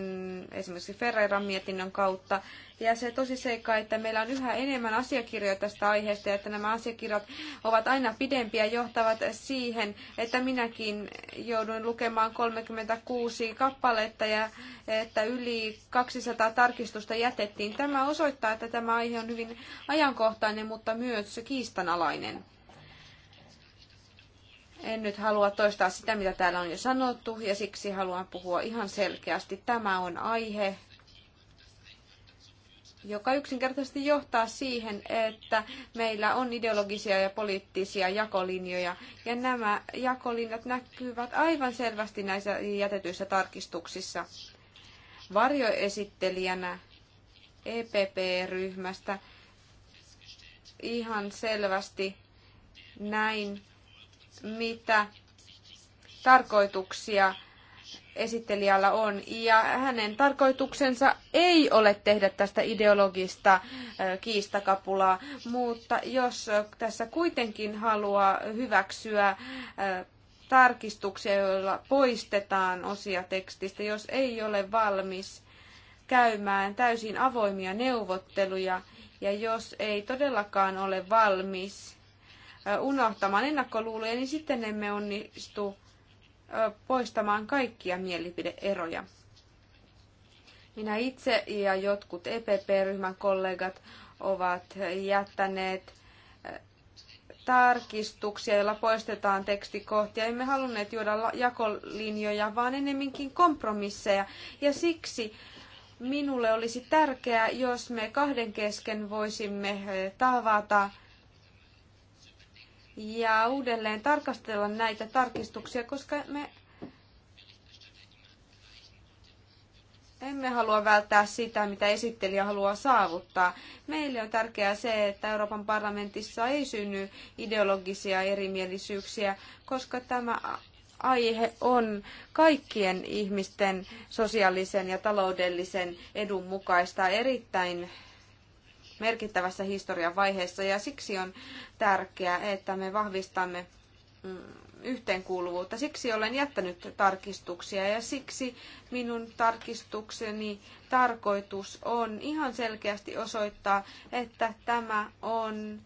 esimerkiksi Ferreiran mietinnön kautta. Ja se tosi seikka, että meillä on yhä enemmän asiakirjoja tästä aiheesta ja että nämä asiakirjat ovat aina pidempiä johtavat siihen, että minäkin jouduin lukemaan 36 kappaletta ja että yli 200 tarkistusta jätettiin. Tämä osoittaa, että tämä aihe on hyvin ajankohtainen, mutta myös kiistanalainen. En nyt halua toistaa sitä, mitä täällä on jo sanottu, ja siksi haluan puhua ihan selkeästi. Tämä on aihe, joka yksinkertaisesti johtaa siihen, että meillä on ideologisia ja poliittisia jakolinjoja, ja nämä jakolinjat näkyvät aivan selvästi näissä jätetyissä tarkistuksissa. Varjoesittelijänä EPP-ryhmästä ihan selvästi näin mitä tarkoituksia esittelijällä on. Ja hänen tarkoituksensa ei ole tehdä tästä ideologista kiistakapulaa, mutta jos tässä kuitenkin haluaa hyväksyä tarkistuksia, joilla poistetaan osia tekstistä, jos ei ole valmis käymään täysin avoimia neuvotteluja ja jos ei todellakaan ole valmis unohtamaan ennakkoluuloja, niin sitten emme onnistu poistamaan kaikkia mielipideeroja. Minä itse ja jotkut EPP-ryhmän kollegat ovat jättäneet tarkistuksia, joilla poistetaan tekstikohtia. Emme halunneet juoda jakolinjoja, vaan enemminkin kompromisseja. Ja siksi minulle olisi tärkeää, jos me kahden kesken voisimme tavata ja uudelleen tarkastella näitä tarkistuksia, koska me emme halua välttää sitä, mitä esittelijä haluaa saavuttaa. Meille on tärkeää se, että Euroopan parlamentissa ei synny ideologisia erimielisyyksiä, koska tämä aihe on kaikkien ihmisten sosiaalisen ja taloudellisen edun mukaista erittäin merkittävässä historian vaiheessa ja siksi on tärkeää, että me vahvistamme mm, yhteenkuuluvuutta. Siksi olen jättänyt tarkistuksia ja siksi minun tarkistukseni tarkoitus on ihan selkeästi osoittaa, että tämä on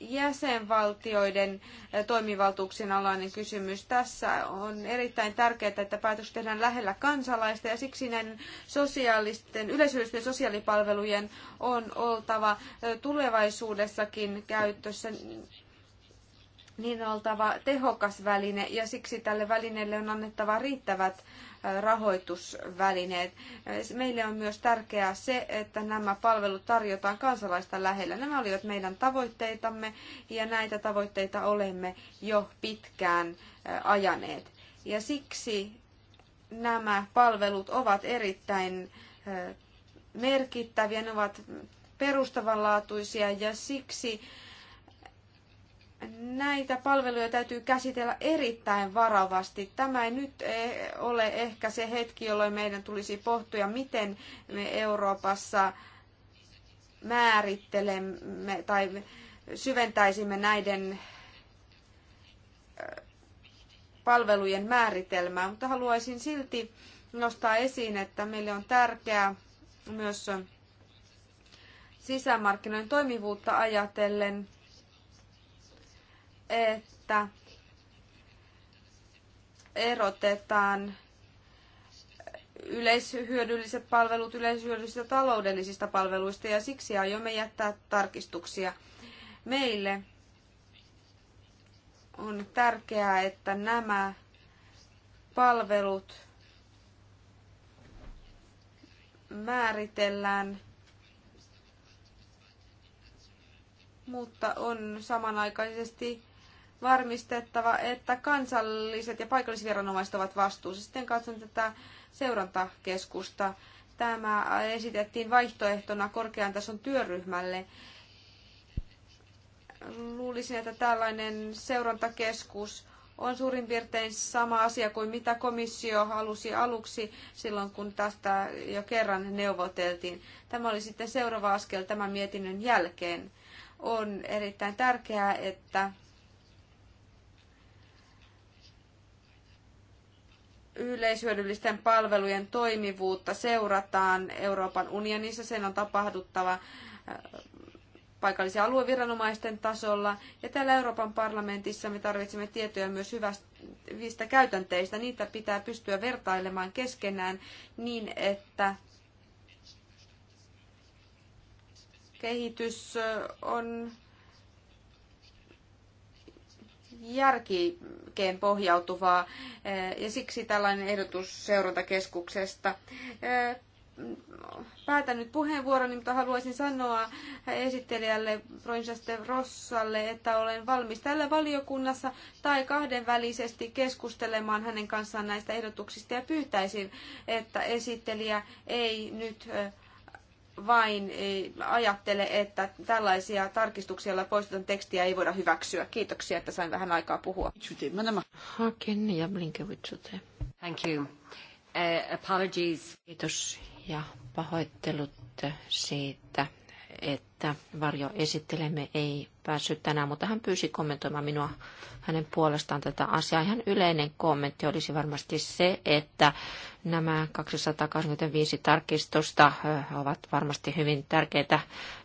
jäsenvaltioiden eh, toimivaltuuksien alainen kysymys. Tässä on erittäin tärkeää, että päätös tehdään lähellä kansalaista ja siksi näiden sosiaalisten, yleisöllisten sosiaalipalvelujen on oltava eh, tulevaisuudessakin käytössä niin oltava tehokas väline ja siksi tälle välineelle on annettava riittävät rahoitusvälineet. Meille on myös tärkeää se, että nämä palvelut tarjotaan kansalaista lähellä. Nämä olivat meidän tavoitteitamme ja näitä tavoitteita olemme jo pitkään ajaneet. Ja siksi nämä palvelut ovat erittäin merkittäviä, ne ovat perustavanlaatuisia ja siksi näitä palveluja täytyy käsitellä erittäin varovasti. Tämä ei nyt eh, ole ehkä se hetki, jolloin meidän tulisi pohtia, miten me Euroopassa määrittelemme tai syventäisimme näiden eh, palvelujen määritelmää, mutta haluaisin silti nostaa esiin, että meille on tärkeää myös sisämarkkinoiden toimivuutta ajatellen että erotetaan yleishyödylliset palvelut yleishyödyllisistä taloudellisista palveluista ja siksi aiomme jättää tarkistuksia. Meille on tärkeää, että nämä palvelut määritellään, mutta on samanaikaisesti varmistettava, että kansalliset ja paikallisviranomaiset ovat vastuussa. Sitten katson tätä seurantakeskusta. Tämä esitettiin vaihtoehtona korkean tason työryhmälle. Luulisin, että tällainen seurantakeskus on suurin piirtein sama asia kuin mitä komissio halusi aluksi silloin, kun tästä jo kerran neuvoteltiin. Tämä oli sitten seuraava askel tämän mietinnön jälkeen. On erittäin tärkeää, että yleishyödyllisten palvelujen toimivuutta seurataan Euroopan unionissa. Sen on tapahduttava äh, paikallisen alueviranomaisten tasolla. Ja täällä Euroopan parlamentissa me tarvitsemme tietoja myös hyvistä käytänteistä. Niitä pitää pystyä vertailemaan keskenään niin, että kehitys äh, on järkikeen pohjautuvaa eh, ja siksi tällainen ehdotus seurantakeskuksesta. Eh, päätän nyt puheenvuoroni, mutta haluaisin sanoa esittelijälle Proinsaste Rossalle, että olen valmis tällä valiokunnassa tai kahdenvälisesti keskustelemaan hänen kanssaan näistä ehdotuksista ja pyytäisin, että esittelijä ei nyt eh, vain ajattele, että tällaisia tarkistuksia, joilla poistetaan tekstiä, ei voida hyväksyä. Kiitoksia, että sain vähän aikaa puhua. Haken ja Blinkevitsute. Thank you. Uh, apologies. Kiitos ja pahoittelut siitä, että varjo esittelemme ei päässyt tänään, mutta hän pyysi kommentoimaan minua hänen puolestaan tätä asiaa. Ihan yleinen kommentti olisi varmasti se, että nämä 225 tarkistusta ovat varmasti hyvin tärkeitä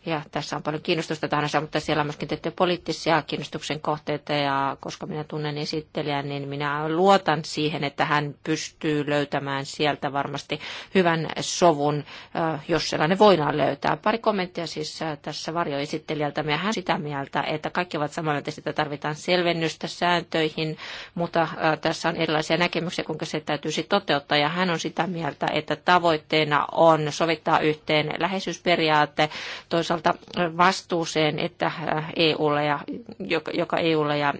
ja tässä on paljon kiinnostusta tähän asiaan, mutta siellä on myöskin tehty poliittisia kiinnostuksen kohteita ja koska minä tunnen esittelijän, niin minä luotan siihen, että hän pystyy löytämään sieltä varmasti hyvän sovun, jos sellainen voidaan löytää. Pari kommenttia siis tässä varjoesittelijältä ja hän sitä mieltä, että kaikki ovat samalla, että sitä tarvitaan selvennystä, sääntöihin, mutta äh, tässä on erilaisia näkemyksiä, kuinka se täytyisi toteuttaa. Ja hän on sitä mieltä, että tavoitteena on sovittaa yhteen läheisyysperiaate toisaalta äh, vastuuseen, että äh, EUlla ja, joka EUlla ja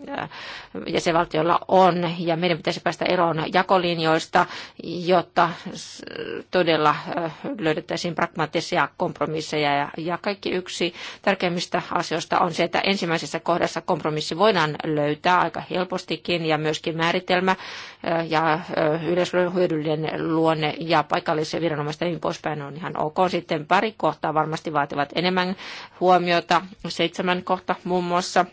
jäsenvaltiolla on. Ja meidän pitäisi päästä eroon jakolinjoista, jotta todella löydettäisiin pragmaattisia kompromisseja. Ja, ja kaikki yksi tärkeimmistä asioista on se, että ensimmäisessä kohdassa kompromissi voidaan löytää löytää aika helpostikin ja myöskin määritelmä ja yleishyödyllinen luonne ja paikallisen viranomaisten niin poispäin on ihan ok. Sitten pari kohtaa varmasti vaativat enemmän huomiota, seitsemän kohta muun muassa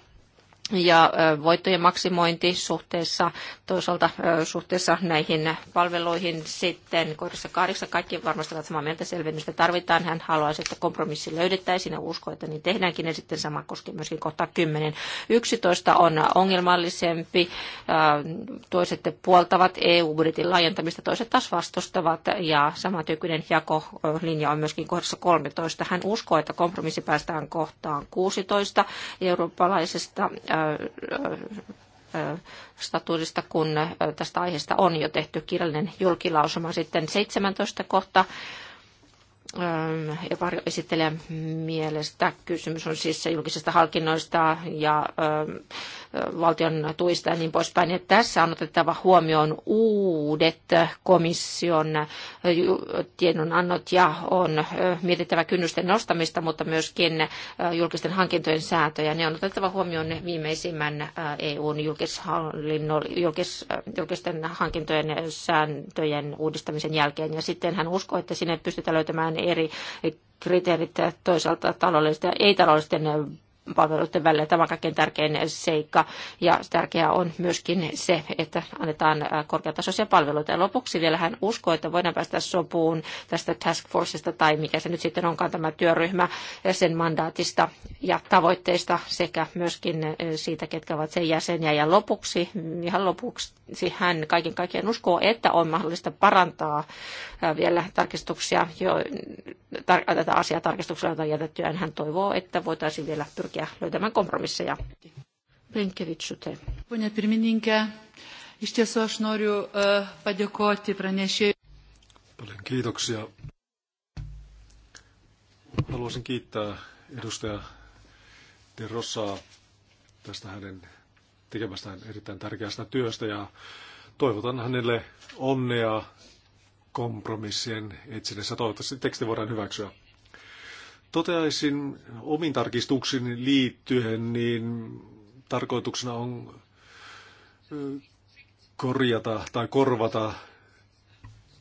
ja voittojen maksimointi suhteessa toisaalta suhteessa näihin palveluihin sitten kohdassa kahdeksan. Kaikki varmasti ovat samaa mieltä selvennystä tarvitaan. Hän haluaisi, että kompromissi löydettäisiin ja usko, että niin tehdäänkin. Ja sitten sama koskee myöskin kohtaa 10. 11 on ongelmallisempi. Toiset puoltavat EU-budjetin laajentamista, toiset taas vastustavat. Ja samantyyppinen jakolinja on myöskin kohdassa 13. Hän uskoo, että kompromissi päästään kohtaan 16 eurooppalaisesta statuudesta, kun tästä aiheesta on jo tehty kirjallinen julkilausuma. Sitten 17 kohta ja varjoesittelijän mielestä kysymys on siis julkisista halkinnoista ja valtion tuista ja niin poispäin. Ja tässä on otettava huomioon uudet komission tiedonannot ja on mietittävä kynnysten nostamista, mutta myöskin julkisten hankintojen sääntöjä. Ne on otettava huomioon viimeisimmän EUn julkisten hankintojen sääntöjen uudistamisen jälkeen. Ja sitten hän uskoo, että sinne pystytään löytämään eri kriteerit toisaalta taloudellisten ja ei-taloudellisten palveluiden välillä. Tämä on kaikkein tärkein seikka ja tärkeää on myöskin se, että annetaan korkeatasoisia palveluita. Ja lopuksi vielä hän uskoo, että voidaan päästä sopuun tästä task forcesta tai mikä se nyt sitten onkaan tämä työryhmä sen mandaatista ja tavoitteista sekä myöskin siitä, ketkä ovat sen jäseniä. Ja lopuksi, ihan lopuksi hän kaiken kaikkiaan uskoo, että on mahdollista parantaa vielä tarkistuksia, jo, tar- tätä asiaa tarkistuksella on Hän toivoo, että voitaisiin vielä pyrkiä pyrkiä löytämään kompromisseja. Blinkevičiūtė. Pone pirmininkė, iš tiesų aš noriu uh, padėkoti pranešėjai. Paljon kiitoksia. Haluaisin kiittää edustaja De Rossaa tästä hänen tekemästään erittäin tärkeästä työstä ja toivotan hänelle onnea kompromissien etsinnässä. Toivottavasti teksti voidaan hyväksyä. Toteaisin omin tarkistuksiin liittyen, niin tarkoituksena on korjata tai korvata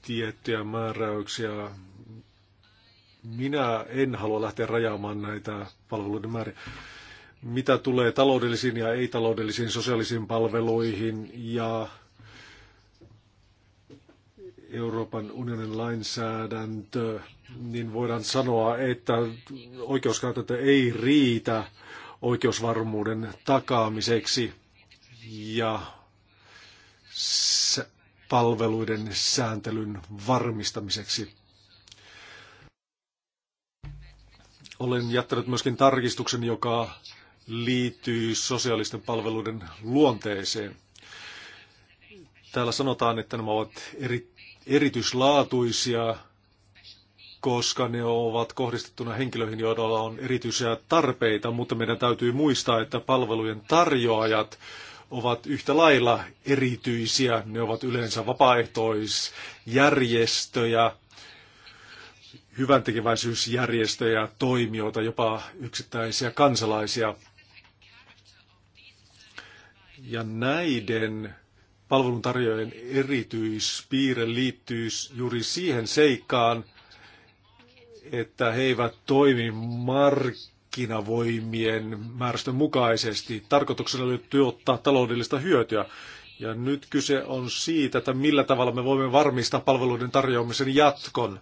tiettyjä määräyksiä. Minä en halua lähteä rajaamaan näitä palveluiden määriä. Mitä tulee taloudellisiin ja ei-taloudellisiin sosiaalisiin palveluihin ja Euroopan unionin lainsäädäntö, niin voidaan sanoa, että oikeuskäytäntö ei riitä oikeusvarmuuden takaamiseksi ja palveluiden sääntelyn varmistamiseksi. Olen jättänyt myöskin tarkistuksen, joka liittyy sosiaalisten palveluiden luonteeseen. Täällä sanotaan, että nämä ovat eri erityislaatuisia, koska ne ovat kohdistettuna henkilöihin, joilla on erityisiä tarpeita, mutta meidän täytyy muistaa, että palvelujen tarjoajat ovat yhtä lailla erityisiä. Ne ovat yleensä vapaaehtoisjärjestöjä, hyvän toimijoita, jopa yksittäisiä kansalaisia. Ja näiden palveluntarjoajien erityispiirre liittyy juuri siihen seikkaan, että he eivät toimi markkinavoimien määrästön mukaisesti. Tarkoituksena oli tuottaa taloudellista hyötyä. Ja nyt kyse on siitä, että millä tavalla me voimme varmistaa palveluiden tarjoamisen jatkon.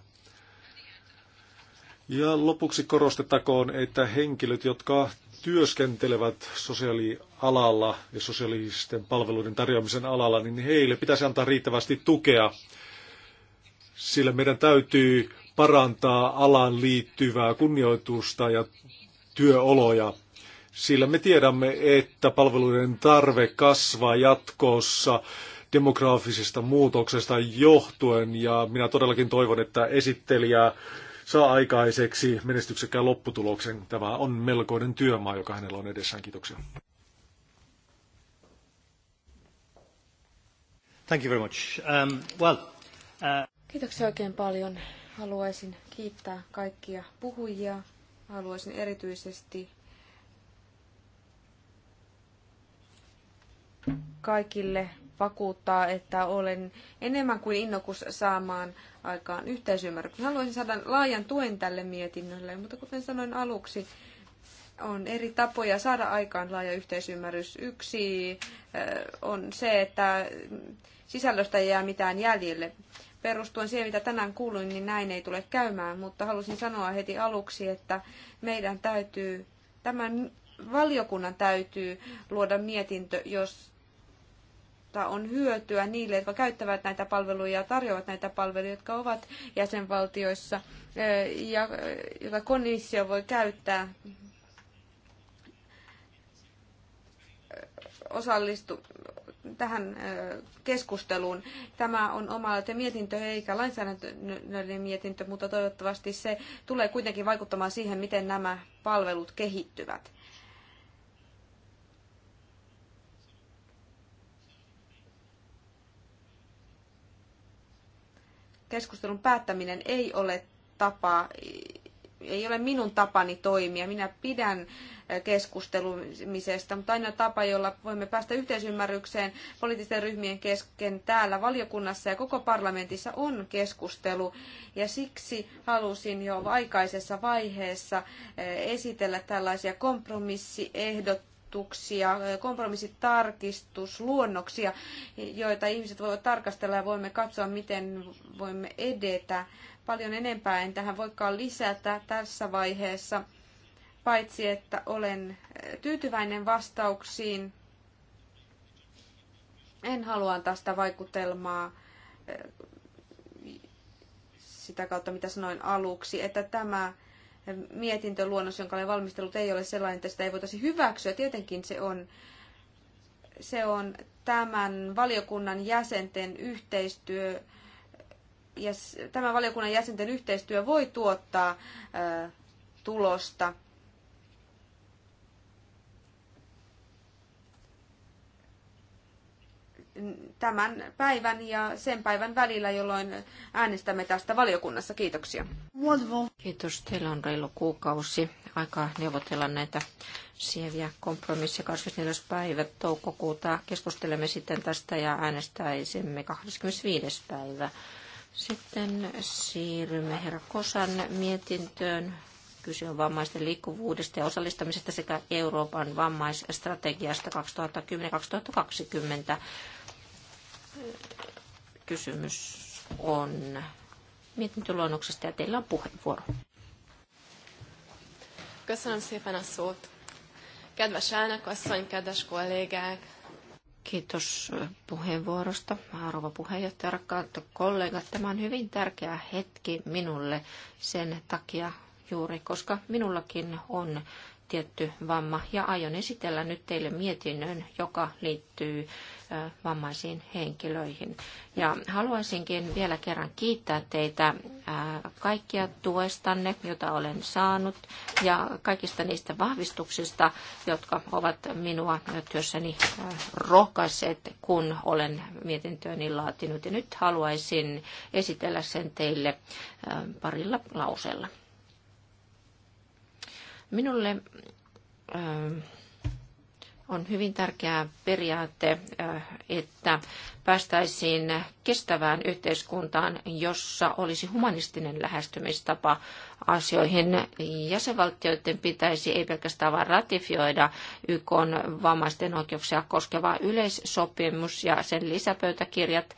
Ja lopuksi korostettakoon, että henkilöt, jotka työskentelevät sosiaalialalla ja sosiaalisten palveluiden tarjoamisen alalla, niin heille pitäisi antaa riittävästi tukea, sillä meidän täytyy parantaa alan liittyvää kunnioitusta ja työoloja, sillä me tiedämme, että palveluiden tarve kasvaa jatkossa demograafisesta muutoksesta johtuen, ja minä todellakin toivon, että esittelijä saa aikaiseksi menestyksekkään lopputuloksen. Tämä on melkoinen työmaa, joka hänellä on edessään. Kiitoksia. Thank you very much. Um, well, uh... Kiitoksia oikein paljon. Haluaisin kiittää kaikkia puhujia. Haluaisin erityisesti kaikille vakuuttaa, että olen enemmän kuin innokus saamaan aikaan yhteisymmärryksen. Haluaisin saada laajan tuen tälle mietinnölle, mutta kuten sanoin aluksi, on eri tapoja saada aikaan laaja yhteisymmärrys. Yksi eh, on se, että sisällöstä ei jää mitään jäljelle. Perustuen siihen, mitä tänään kuuluin, niin näin ei tule käymään, mutta halusin sanoa heti aluksi, että meidän täytyy, tämän valiokunnan täytyy luoda mietintö, jos jotta on hyötyä niille, jotka käyttävät näitä palveluja ja tarjoavat näitä palveluja, jotka ovat jäsenvaltioissa ja jota komissio voi käyttää osallistu tähän keskusteluun. Tämä on oma mietintö eikä lainsäädännöllinen mietintö, mutta toivottavasti se tulee kuitenkin vaikuttamaan siihen, miten nämä palvelut kehittyvät. keskustelun päättäminen ei ole tapa, ei ole minun tapani toimia. Minä pidän keskustelumisesta, mutta aina tapa, jolla voimme päästä yhteisymmärrykseen poliittisten ryhmien kesken täällä valiokunnassa ja koko parlamentissa on keskustelu. Ja siksi halusin jo aikaisessa vaiheessa eh, esitellä tällaisia kompromissiehdotuksia ehdotuksia, kompromissitarkistusluonnoksia, joita ihmiset voivat tarkastella ja voimme katsoa, miten voimme edetä. Paljon enempää en tähän voikaan lisätä tässä vaiheessa, paitsi että olen tyytyväinen vastauksiin. En halua tästä vaikutelmaa eh, sitä kautta, mitä sanoin aluksi, että tämä mietintöluonnos, jonka olen valmistellut, ei ole sellainen, että sitä ei voitaisi hyväksyä. Tietenkin se on, se on tämän valiokunnan jäsenten yhteistyö, ja tämän valiokunnan jäsenten yhteistyö voi tuottaa tulosta. tämän päivän ja sen päivän välillä, jolloin äänestämme tästä valiokunnassa. Kiitoksia. Kiitos. Teillä on reilu kuukausi aikaa neuvotella näitä sieviä kompromisseja. 24. päivä toukokuuta keskustelemme sitten tästä ja äänestäisimme 25. päivä. Sitten siirrymme herra Kosan mietintöön. Kyse on vammaisten liikkuvuudesta ja osallistamisesta sekä Euroopan vammaisstrategiasta 2010-2020 kysymys on mietintöluonnoksesta ja teillä on puheenvuoro. Köszönöm szépen a szót. Kedves elnökasszony, kedves kollégák! Kiitos puheenvuorosta, arvo puheenjohtaja, rakkaat kollegat. Tämä on hyvin tärkeä hetki minulle sen takia juuri, koska minullakin on tietty vamma. Ja aion esitellä nyt teille mietinnön, joka liittyy vammaisiin henkilöihin. Ja haluaisinkin vielä kerran kiittää teitä kaikkia tuestanne, jota olen saanut, ja kaikista niistä vahvistuksista, jotka ovat minua työssäni rohkaisseet, kun olen mietintöäni laatinut. Ja nyt haluaisin esitellä sen teille parilla lauseella. Minulle ähm, on hyvin tärkeä periaate, äh, että päästäisiin kestävään yhteiskuntaan, jossa olisi humanistinen lähestymistapa asioihin. Jäsenvaltioiden pitäisi ei pelkästään vain ratifioida YK vammaisten oikeuksia koskeva yleissopimus ja sen lisäpöytäkirjat,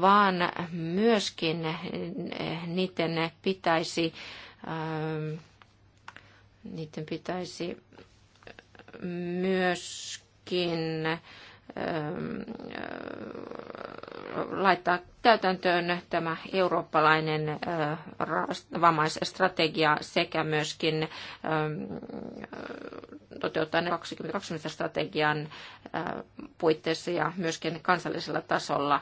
vaan myöskin niiden pitäisi ähm, niiden pitäisi myöskin ähm, äh, laittaa täytäntöön tämä eurooppalainen vammaisstrategia sekä myöskin toteuttaa 2020 strategian puitteissa ja myöskin kansallisella tasolla.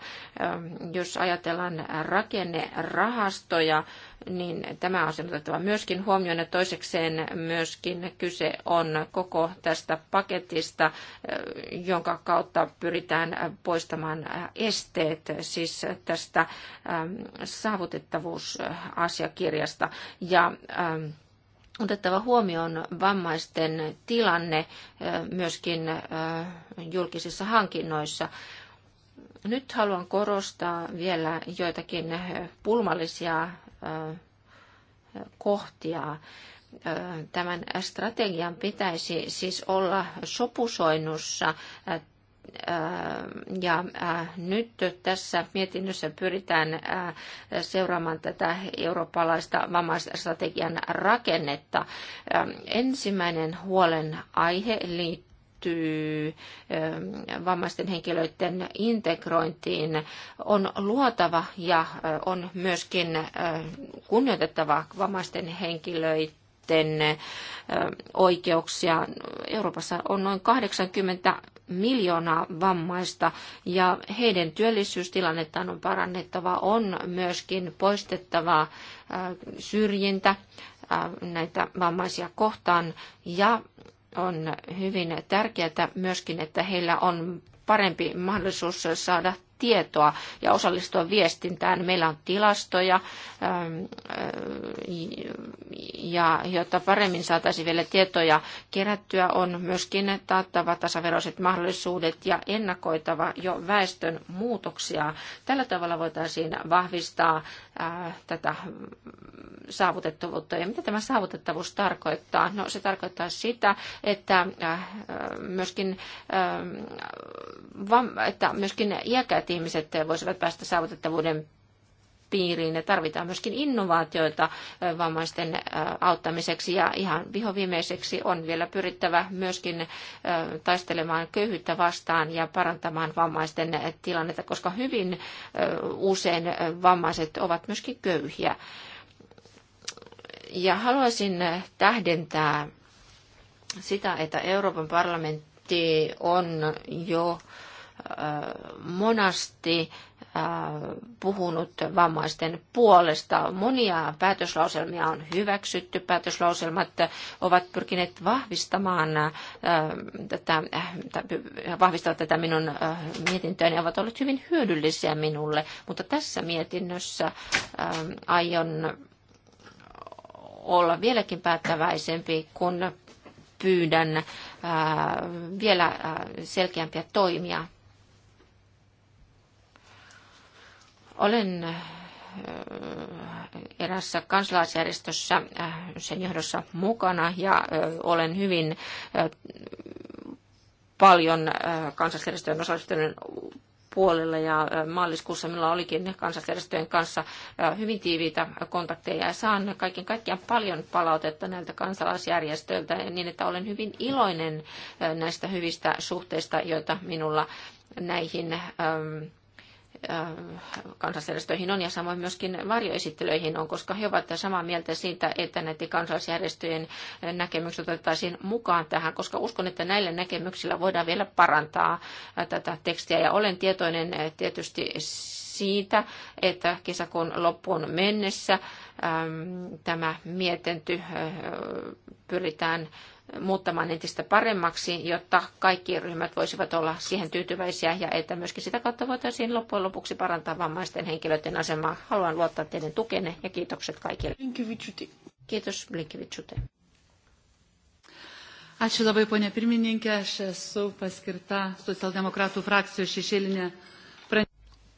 Jos ajatellaan rakennerahastoja, niin tämä on otettava myöskin huomioon ja toisekseen myöskin kyse on koko tästä paketista, jonka kautta pyritään poistamaan esteet, siis tästä ähm, saavutettavuusasiakirjasta ja ähm, otettava huomioon vammaisten tilanne äh, myöskin äh, julkisissa hankinnoissa. Nyt haluan korostaa vielä joitakin äh, pulmallisia kohtia. Tämän strategian pitäisi siis olla sopusoinnussa ja nyt tässä mietinnössä pyritään seuraamaan tätä eurooppalaista vammaisstrategian rakennetta. Ensimmäinen huolen aihe liittyy liittyy vammaisten henkilöiden integrointiin, on luotava ja on myöskin kunnioitettava vammaisten henkilöitä sitten oikeuksia. Euroopassa on noin 80 miljoonaa vammaista ja heidän työllisyystilannettaan on parannettava, on myöskin poistettava syrjintä näitä vammaisia kohtaan ja on hyvin tärkeää myöskin, että heillä on parempi mahdollisuus saada tietoa ja osallistua viestintään. Meillä on tilastoja, ähm, äh, ja jotta paremmin saataisiin vielä tietoja kerättyä, on myöskin taattava tasaveroiset mahdollisuudet ja ennakoitava jo väestön muutoksia. Tällä tavalla voitaisiin vahvistaa äh, tätä saavutettavuutta. Ja mitä tämä saavutettavuus tarkoittaa? No se tarkoittaa sitä, että äh, myöskin, ähm, että myöskin iäkäät että ihmiset voisivat päästä saavutettavuuden piiriin ja tarvitaan myöskin innovaatioita vammaisten auttamiseksi ja ihan vihoviimeiseksi on vielä pyrittävä myöskin taistelemaan köyhyyttä vastaan ja parantamaan vammaisten tilannetta, koska hyvin usein vammaiset ovat myöskin köyhiä. Ja haluaisin tähdentää sitä, että Euroopan parlamentti on jo äh, monasti äh, puhunut vammaisten puolesta. Monia päätöslauselmia on hyväksytty. Päätöslauselmat ovat pyrkineet vahvistamaan äh, tätä, äh, vahvistaa tätä minun mietintöäni ja ovat olleet hyvin hyödyllisiä minulle. Mutta tässä mietinnössä aion olla vieläkin päättäväisempi, kun pyydän vielä selkeämpiä toimia Olen erässä kansalaisjärjestössä sen johdossa mukana ja olen hyvin paljon kansalaisjärjestöjen osallistuneen puolella ja maaliskuussa minulla olikin kansalaisjärjestöjen kanssa hyvin tiiviitä kontakteja ja saan kaiken kaikkiaan paljon palautetta näiltä kansalaisjärjestöiltä niin, että olen hyvin iloinen näistä hyvistä suhteista, joita minulla näihin ähm, kansalaisjärjestöihin on ja samoin myöskin varjoesittelyihin on, koska he ovat samaa mieltä siitä, että näiden kansalaisjärjestöjen näkemykset otettaisiin mukaan tähän, koska uskon, että näillä näkemyksillä voidaan vielä parantaa tätä tekstiä ja olen tietoinen tietysti siitä, että kesäkuun loppuun mennessä tämä mietintö pyritään muuttamaan entistä paremmaksi, jotta kaikki ryhmät voisivat olla siihen tyytyväisiä ja että myöskin sitä kautta voitaisiin loppujen lopuksi parantaa vammaisten henkilöiden asemaa. Haluan luottaa teidän tukenne ja kiitokset kaikille. Kiitos Blinkivitsute. Ačiū labai, ponia pirmininkė. Aš esu paskirta socialdemokratų frakcijos šešėlinė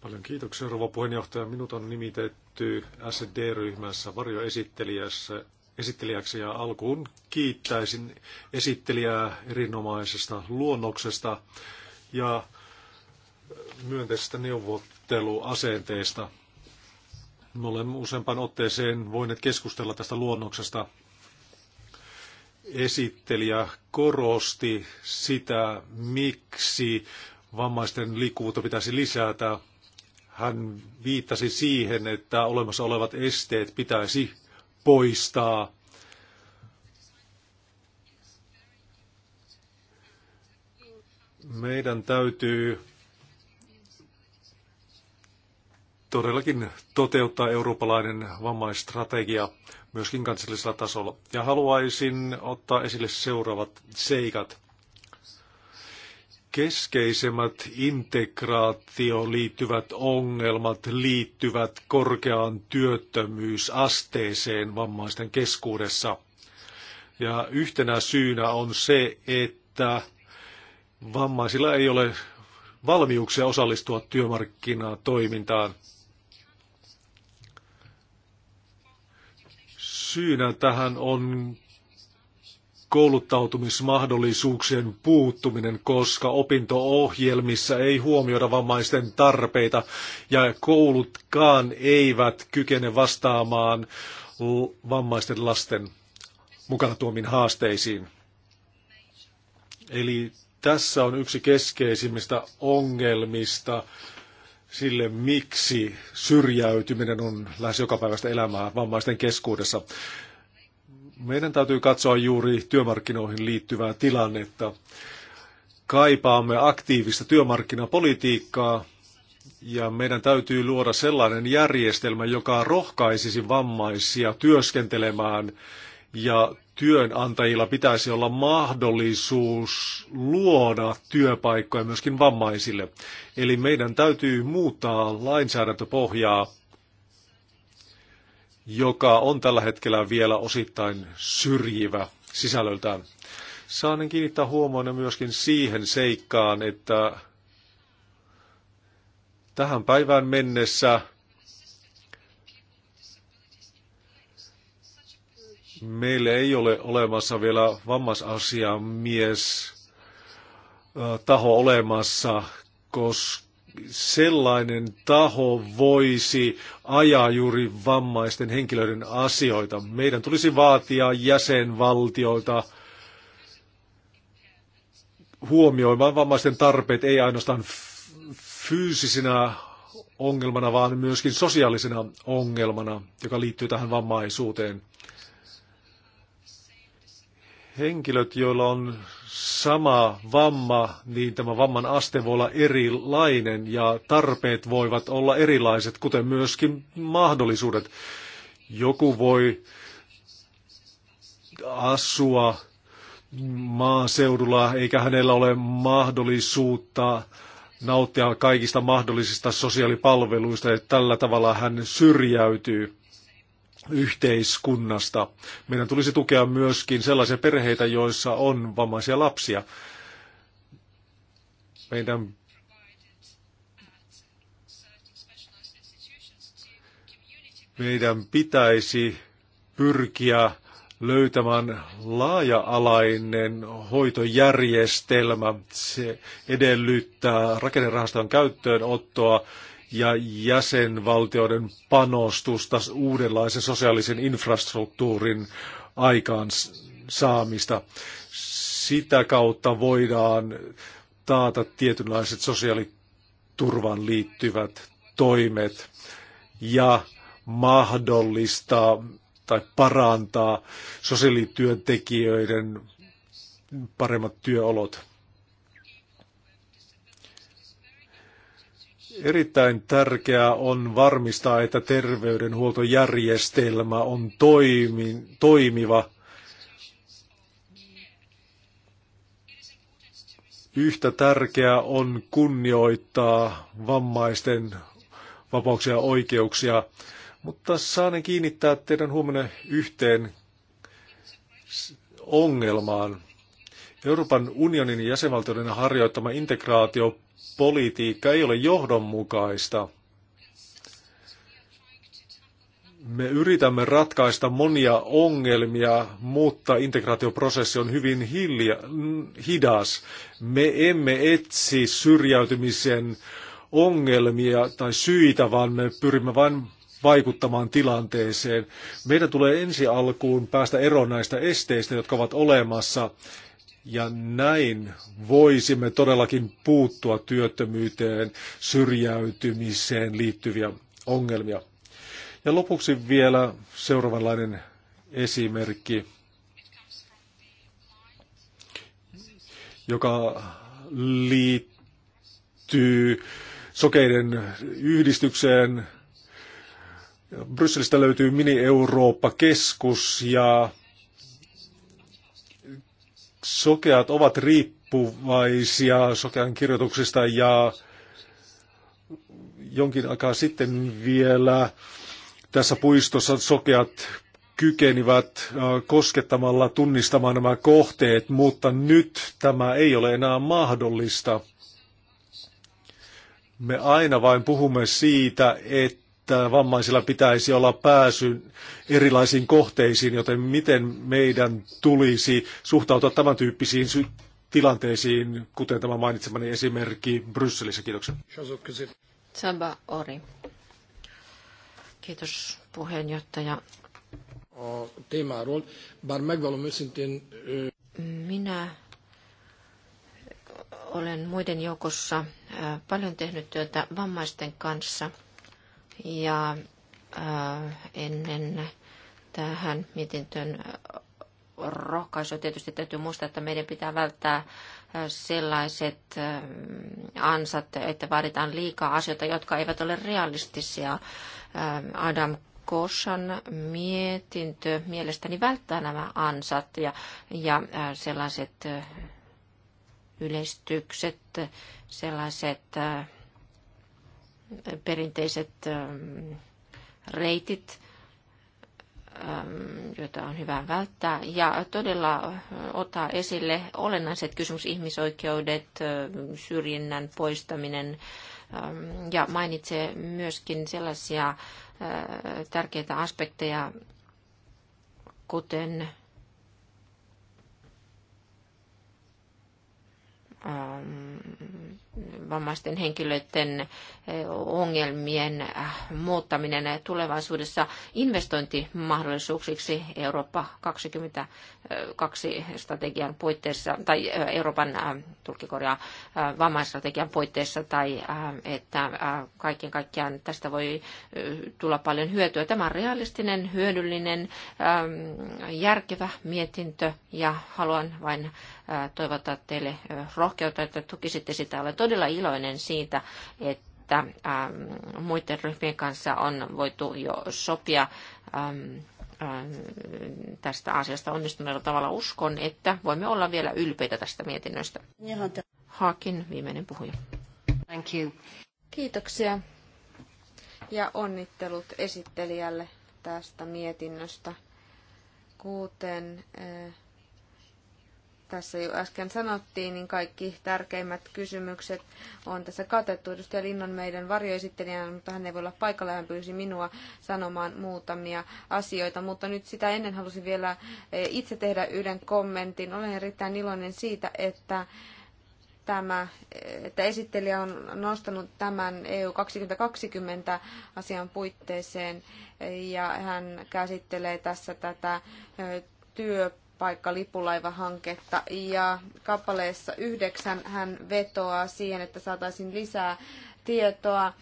Paljon kiitoksia, rouva puheenjohtaja. Minut on nimitetty SD-ryhmässä varjoesittelijässä esittelijäksi ja alkuun kiittäisin esittelijää erinomaisesta luonnoksesta ja myönteisestä neuvotteluasenteesta. Me olemme useampaan otteeseen voineet keskustella tästä luonnoksesta. Esittelijä korosti sitä, miksi vammaisten liikkuvuutta pitäisi lisätä. Hän viittasi siihen, että olemassa olevat esteet pitäisi poistaa. Meidän täytyy todellakin toteuttaa eurooppalainen vammaistrategia myöskin kansallisella tasolla. Ja haluaisin ottaa esille seuraavat seikat keskeisemmät integraatioon liittyvät ongelmat liittyvät korkeaan työttömyysasteeseen vammaisten keskuudessa. Ja yhtenä syynä on se, että vammaisilla ei ole valmiuksia osallistua työmarkkinatoimintaan. Syynä tähän on kouluttautumismahdollisuuksien puuttuminen, koska opinto-ohjelmissa ei huomioida vammaisten tarpeita ja koulutkaan eivät kykene vastaamaan vammaisten lasten mukana tuomiin haasteisiin. Eli tässä on yksi keskeisimmistä ongelmista sille, miksi syrjäytyminen on lähes jokapäiväistä elämää vammaisten keskuudessa. Meidän täytyy katsoa juuri työmarkkinoihin liittyvää tilannetta. Kaipaamme aktiivista työmarkkinapolitiikkaa ja meidän täytyy luoda sellainen järjestelmä, joka rohkaisisi vammaisia työskentelemään ja työnantajilla pitäisi olla mahdollisuus luoda työpaikkoja myöskin vammaisille. Eli meidän täytyy muuttaa lainsäädäntöpohjaa joka on tällä hetkellä vielä osittain syrjivä sisällöltään. Saan kiinnittää huomioon myöskin siihen seikkaan, että tähän päivään mennessä meillä ei ole olemassa vielä vammaisasiamies taho olemassa, koska sellainen taho voisi ajaa juuri vammaisten henkilöiden asioita. Meidän tulisi vaatia jäsenvaltioita huomioimaan vammaisten tarpeet ei ainoastaan fyysisinä ongelmana, vaan myöskin sosiaalisena ongelmana, joka liittyy tähän vammaisuuteen. Henkilöt, joilla on sama vamma, niin tämä vamman aste voi olla erilainen ja tarpeet voivat olla erilaiset, kuten myöskin mahdollisuudet. Joku voi asua maaseudulla, eikä hänellä ole mahdollisuutta nauttia kaikista mahdollisista sosiaalipalveluista, että tällä tavalla hän syrjäytyy yhteiskunnasta. Meidän tulisi tukea myöskin sellaisia perheitä, joissa on vammaisia lapsia. Meidän meidän pitäisi pyrkiä löytämään laaja-alainen hoitojärjestelmä. Se edellyttää rakennerahaston käyttöönottoa ja jäsenvaltioiden panostusta uudenlaisen sosiaalisen infrastruktuurin aikaan saamista. Sitä kautta voidaan taata tietynlaiset sosiaaliturvan liittyvät toimet ja mahdollistaa tai parantaa sosiaalityöntekijöiden paremmat työolot. Erittäin tärkeää on varmistaa, että terveydenhuoltojärjestelmä on toimi, toimiva. Yhtä tärkeää on kunnioittaa vammaisten vapauksia ja oikeuksia. Mutta saanen kiinnittää teidän huomenna yhteen ongelmaan. Euroopan unionin jäsenvaltioiden harjoittama integraatio politiikka ei ole johdonmukaista. Me yritämme ratkaista monia ongelmia, mutta integraatioprosessi on hyvin hilja, hidas. Me emme etsi syrjäytymisen ongelmia tai syitä, vaan me pyrimme vain vaikuttamaan tilanteeseen. Meidän tulee ensi alkuun päästä eroon näistä esteistä, jotka ovat olemassa. Ja näin voisimme todellakin puuttua työttömyyteen, syrjäytymiseen liittyviä ongelmia. Ja lopuksi vielä seuraavanlainen esimerkki, joka liittyy sokeiden yhdistykseen. Brysselistä löytyy Mini-Eurooppa-keskus ja sokeat ovat riippuvaisia sokean kirjoituksista ja jonkin aikaa sitten vielä tässä puistossa sokeat kykenivät äh, koskettamalla tunnistamaan nämä kohteet, mutta nyt tämä ei ole enää mahdollista. Me aina vain puhumme siitä, että että vammaisilla pitäisi olla pääsy erilaisiin kohteisiin, joten miten meidän tulisi suhtautua tämän tyyppisiin tilanteisiin, kuten tämä mainitsemani esimerkki Brysselissä. Kiitoksia. Saba Ori. Kiitos puheenjohtaja. Minä olen muiden joukossa paljon tehnyt työtä vammaisten kanssa – ja äh, ennen tähän mietintöön äh, rohkaisua tietysti täytyy muistaa, että meidän pitää välttää äh, sellaiset ansat, että vaaditaan liikaa asioita, jotka eivät ole realistisia. Adam Kosan mietintö mielestäni välttää nämä ansat ja, ja sellaiset yleistykset, sellaiset perinteiset ähm, reitit, ähm, joita on hyvä välttää, ja todella äh, ottaa esille olennaiset kysymykset, ihmisoikeudet, äh, syrjinnän poistaminen, ähm, ja mainitsee myöskin sellaisia äh, tärkeitä aspekteja, kuten Ähm, vammaisten henkilöiden eh, ongelmien äh, muuttaminen tulevaisuudessa investointimahdollisuuksiksi Eurooppa 22 strategian puitteissa tai äh, Euroopan äh, tulkikorja vammaistrategian puitteissa tai että kaiken kaikkiaan tästä voi tulla paljon hyötyä. Tämä on realistinen, hyödyllinen, ähm, järkevä mietintö ja haluan vain toivottaa teille rohkeutta, että tukisitte sitä. Olen todella iloinen siitä, että muiden ryhmien kanssa on voitu jo sopia tästä asiasta onnistuneella tavalla. Uskon, että voimme olla vielä ylpeitä tästä mietinnöstä. Haakin, viimeinen puhuja. Thank you. Kiitoksia ja onnittelut esittelijälle tästä mietinnöstä. Kuten tässä jo äsken sanottiin, niin kaikki tärkeimmät kysymykset on tässä katettu. Edustaja Linnon meidän varjoesittelijänä, mutta hän ei voi olla paikalla. Hän pyysi minua sanomaan muutamia asioita, mutta nyt sitä ennen halusin vielä eh, itse tehdä yhden kommentin. Olen erittäin iloinen siitä, että tämä, eh, että esittelijä on nostanut tämän EU 2020 asian puitteeseen eh, ja hän käsittelee tässä tätä työ paikka paikkalippulaivahanketta ja kappaleessa yhdeksän hän vetoaa siihen, että saataisiin lisää tietoa äh,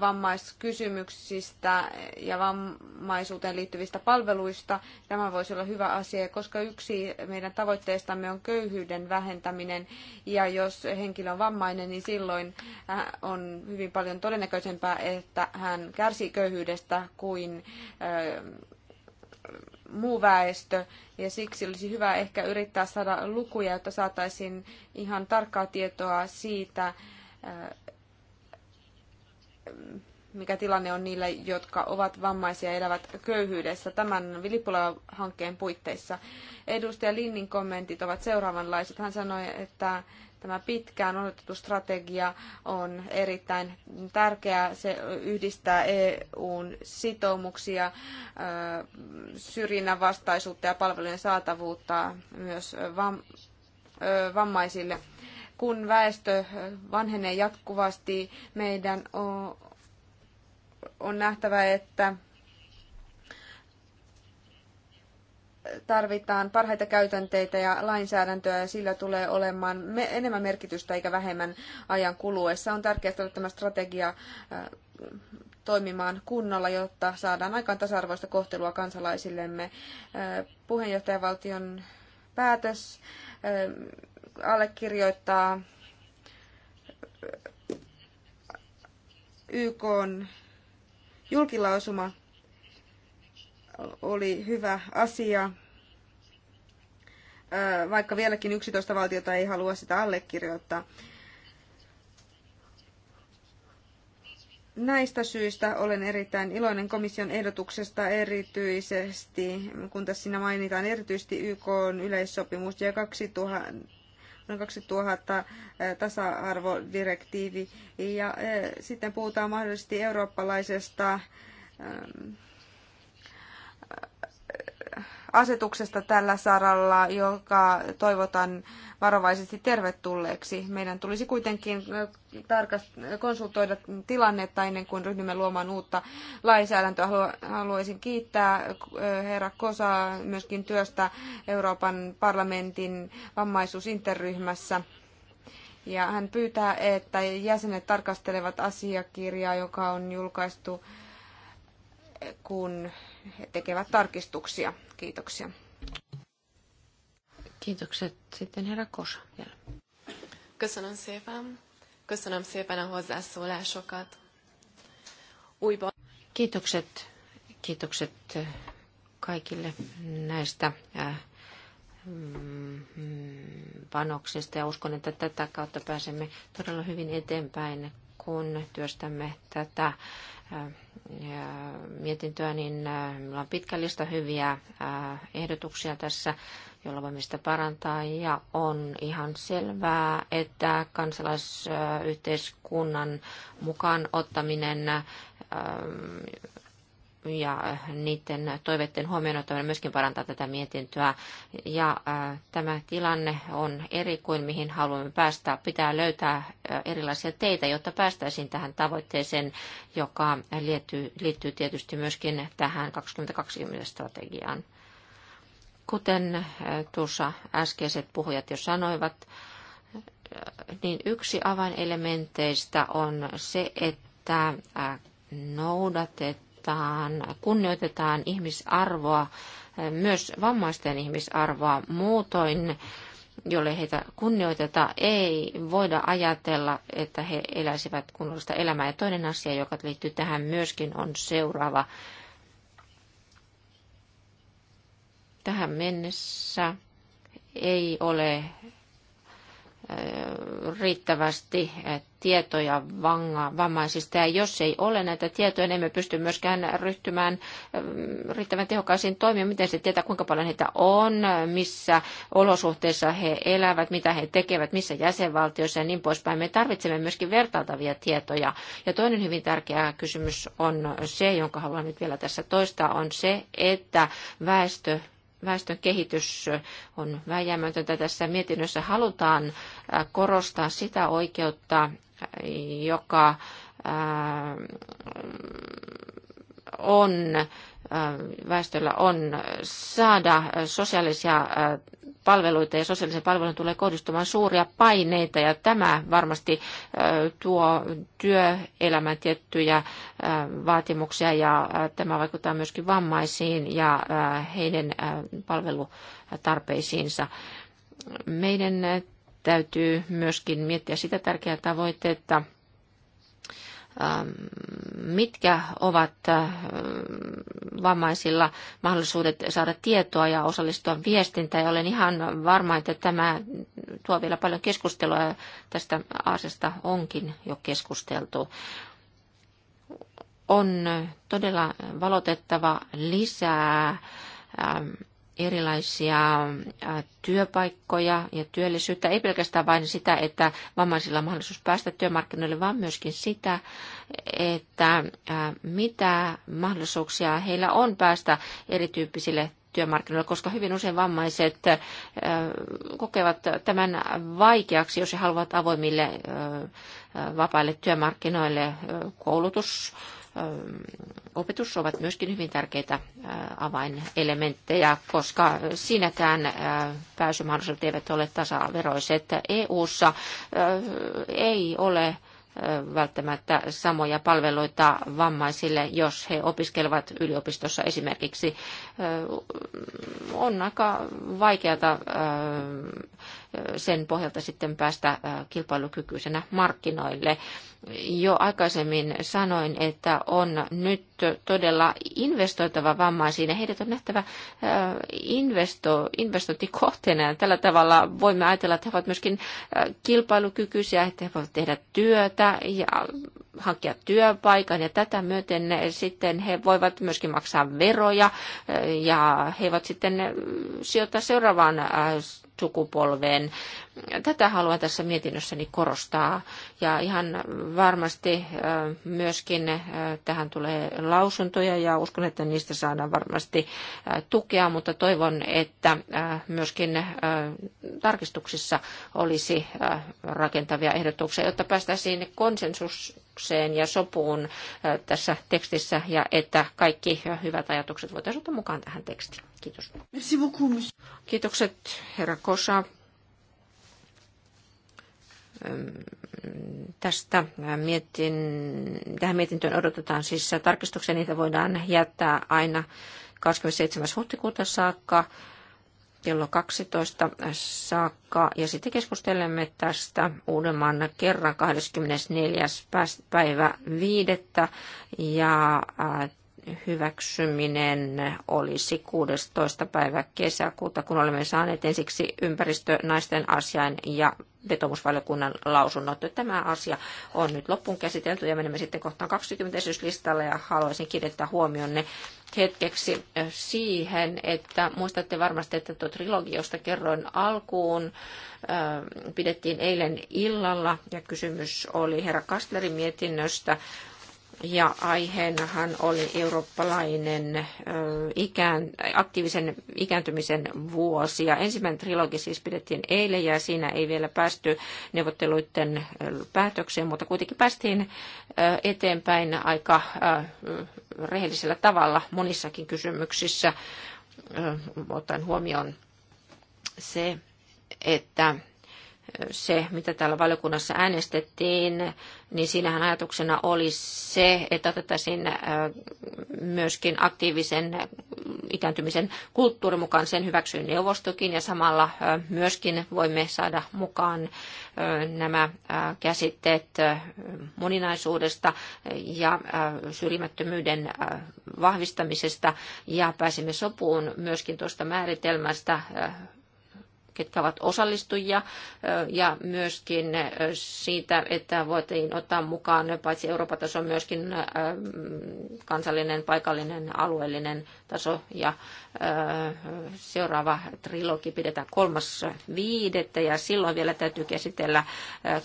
vammaiskysymyksistä ja vammaisuuteen liittyvistä palveluista. Tämä voisi olla hyvä asia, koska yksi meidän tavoitteistamme on köyhyyden vähentäminen. Ja jos henkilö on vammainen, niin silloin äh, on hyvin paljon todennäköisempää, että hän kärsii köyhyydestä kuin äh, muu väestö, ja siksi olisi hyvä ehkä yrittää saada lukuja, jotta saataisiin ihan tarkkaa tietoa siitä, äh, mikä tilanne on niillä, jotka ovat vammaisia ja elävät köyhyydessä tämän Vilipula-hankkeen puitteissa. Edustaja Linnin kommentit ovat seuraavanlaiset. Hän sanoi, että Tämä pitkään odotettu strategia on erittäin tärkeä. Se yhdistää EUn sitoumuksia, syrjinnän vastaisuutta ja palvelujen saatavuutta myös vammaisille. Kun väestö vanhenee jatkuvasti, meidän on nähtävä, että tarvitaan parhaita käytänteitä ja lainsäädäntöä ja sillä tulee olemaan me, enemmän merkitystä eikä vähemmän ajan kuluessa. On tärkeää saada tämä strategia äh, toimimaan kunnolla, jotta saadaan aikaan tasa-arvoista kohtelua kansalaisillemme. Äh, puheenjohtajavaltion päätös äh, allekirjoittaa YK julkilausuma oli hyvä asia, vaikka vieläkin 11 valtiota ei halua sitä allekirjoittaa. Näistä syistä olen erittäin iloinen komission ehdotuksesta erityisesti, kun tässä siinä mainitaan erityisesti YK yleissopimus ja 2000, 2000 tasa-arvodirektiivi. Ja sitten puhutaan mahdollisesti eurooppalaisesta asetuksesta tällä saralla, joka toivotan varovaisesti tervetulleeksi. Meidän tulisi kuitenkin tarkast- konsultoida tilannetta ennen kuin ryhdymme luomaan uutta lainsäädäntöä. Haluaisin kiittää herra Kosa myöskin työstä Euroopan parlamentin vammaisuusinterryhmässä. Ja hän pyytää, että jäsenet tarkastelevat asiakirjaa, joka on julkaistu kun he tekevät tarkistuksia. Kiitoksia. Kiitokset. Sitten herra Kosa vielä. Köszönöm szépen. Köszönöm szépen a hozzászólásokat. Újba. Kiitokset. Kiitokset kaikille näistä mm, panoksista ja uskon, että tätä kautta pääsemme todella hyvin eteenpäin, kun työstämme tätä mietintöä, niin äh, meillä on pitkä lista hyviä äh, ehdotuksia tässä, joilla voimme sitä parantaa. Ja on ihan selvää, että kansalaisyhteiskunnan mukaan ottaminen ähm, ja äh, niiden toiveiden huomioon ottaminen myöskin parantaa tätä mietintöä. Ja äh, tämä tilanne on eri kuin mihin haluamme päästä. Pitää löytää äh, erilaisia teitä, jotta päästäisiin tähän tavoitteeseen, joka liittyy, liittyy tietysti myöskin tähän 2020-strategiaan. Kuten tuossa äskeiset puhujat jo sanoivat, niin yksi avainelementeistä on se, että noudatet arvostetaan, kunnioitetaan ihmisarvoa, myös vammaisten ihmisarvoa. Muutoin, jolle heitä kunnioiteta, ei voida ajatella, että he eläisivät kunnollista elämää. Ja toinen asia, joka liittyy tähän myöskin, on seuraava. Tähän mennessä ei ole riittävästi tietoja vammaisista. Ja jos ei ole näitä tietoja, niin emme pysty myöskään ryhtymään ähm, riittävän tehokkaisiin toimiin. Miten se tietää, kuinka paljon heitä on, missä olosuhteissa he elävät, mitä he tekevät, missä jäsenvaltioissa ja niin poispäin. Me tarvitsemme myöskin vertailtavia tietoja. Ja toinen hyvin tärkeä kysymys on se, jonka haluan nyt vielä tässä toistaa, on se, että väestö väestön kehitys on väijämätöntä. Tässä mietinnössä halutaan korostaa sitä oikeutta, joka on, väestöllä on saada sosiaalisia palveluita ja sosiaalisen palvelun tulee kohdistumaan suuria paineita ja tämä varmasti tuo työelämän tiettyjä vaatimuksia ja tämä vaikuttaa myöskin vammaisiin ja heidän palvelutarpeisiinsa. Meidän täytyy myöskin miettiä sitä tärkeää tavoitetta, Ähm, mitkä ovat äh, vammaisilla mahdollisuudet saada tietoa ja osallistua viestintään. Ja olen ihan varma, että tämä tuo vielä paljon keskustelua ja tästä asiasta onkin jo keskusteltu. On todella valotettava lisää ähm, erilaisia työpaikkoja ja työllisyyttä, ei pelkästään vain sitä, että vammaisilla on mahdollisuus päästä työmarkkinoille, vaan myöskin sitä, että mitä mahdollisuuksia heillä on päästä erityyppisille työmarkkinoille, koska hyvin usein vammaiset kokevat tämän vaikeaksi, jos he haluavat avoimille vapaille työmarkkinoille koulutus opetus ovat myöskin hyvin tärkeitä avainelementtejä, koska siinäkään pääsymahdollisuudet eivät ole tasaveroiset. EU-ssa ei ole välttämättä samoja palveluita vammaisille, jos he opiskelevat yliopistossa esimerkiksi on aika vaikeata sen pohjalta sitten päästä kilpailukykyisenä markkinoille. Jo aikaisemmin sanoin, että on nyt todella investoitava vammaisiin ja heidät on nähtävä investo, investointikohteena. Tällä tavalla voimme ajatella, että he ovat myöskin kilpailukykyisiä, että he voivat tehdä työtä ja hakea työpaikan ja tätä myöten sitten he voivat myöskin maksaa veroja ja he voivat sitten sijoittaa seuraavaan äh, sukupolveen. Tätä haluan tässä mietinnössäni korostaa ja ihan varmasti äh, myöskin äh, tähän tulee lausuntoja ja uskon, että niistä saadaan varmasti äh, tukea, mutta toivon, että myöskin tarkistuksissa olisi rakentavia ehdotuksia, jotta päästäisiin konsensukseen ja sopuun tässä tekstissä ja että kaikki hyvät ajatukset voitaisiin ottaa mukaan tähän tekstiin. Kiitos. Kiitokset herra Kosa tästä mietin, tähän mietintöön odotetaan siis tarkistuksia. Niitä voidaan jättää aina 27. huhtikuuta saakka kello 12 saakka. Ja sitten keskustelemme tästä uudemman kerran 24. päivä 5. Ja äh, hyväksyminen olisi 16. päivä kesäkuuta, kun olemme saaneet ensiksi ympäristö, naisten asiain ja vetomusvaliokunnan lausunnot. Tämä asia on nyt loppuun käsitelty ja menemme sitten kohtaan 20 esityslistalle ja haluaisin kiinnittää huomionne hetkeksi siihen, että muistatte varmasti, että tuo trilogi, josta kerroin alkuun, pidettiin eilen illalla ja kysymys oli herra Kastlerin mietinnöstä ja aiheenahan oli eurooppalainen ikään, aktiivisen ikääntymisen vuosi. Ja ensimmäinen trilogi siis pidettiin eilen ja siinä ei vielä päästy neuvotteluiden päätökseen, mutta kuitenkin päästiin eteenpäin aika rehellisellä tavalla monissakin kysymyksissä, ottaen huomioon se, että se, mitä täällä valiokunnassa äänestettiin, niin siinähän ajatuksena oli se, että otettaisiin äh, myöskin aktiivisen äh, ikääntymisen kulttuurin mukaan sen hyväksyy neuvostokin ja samalla äh, myöskin voimme saada mukaan nämä käsitteet moninaisuudesta ja syrjimättömyyden vahvistamisesta ja pääsimme sopuun myöskin tuosta määritelmästä ketkä ovat osallistujia ja myöskin siitä, että voitiin ottaa mukaan paitsi Euroopan taso myöskin kansallinen, paikallinen, alueellinen taso ja seuraava trilogi pidetään kolmas viidettä ja silloin vielä täytyy käsitellä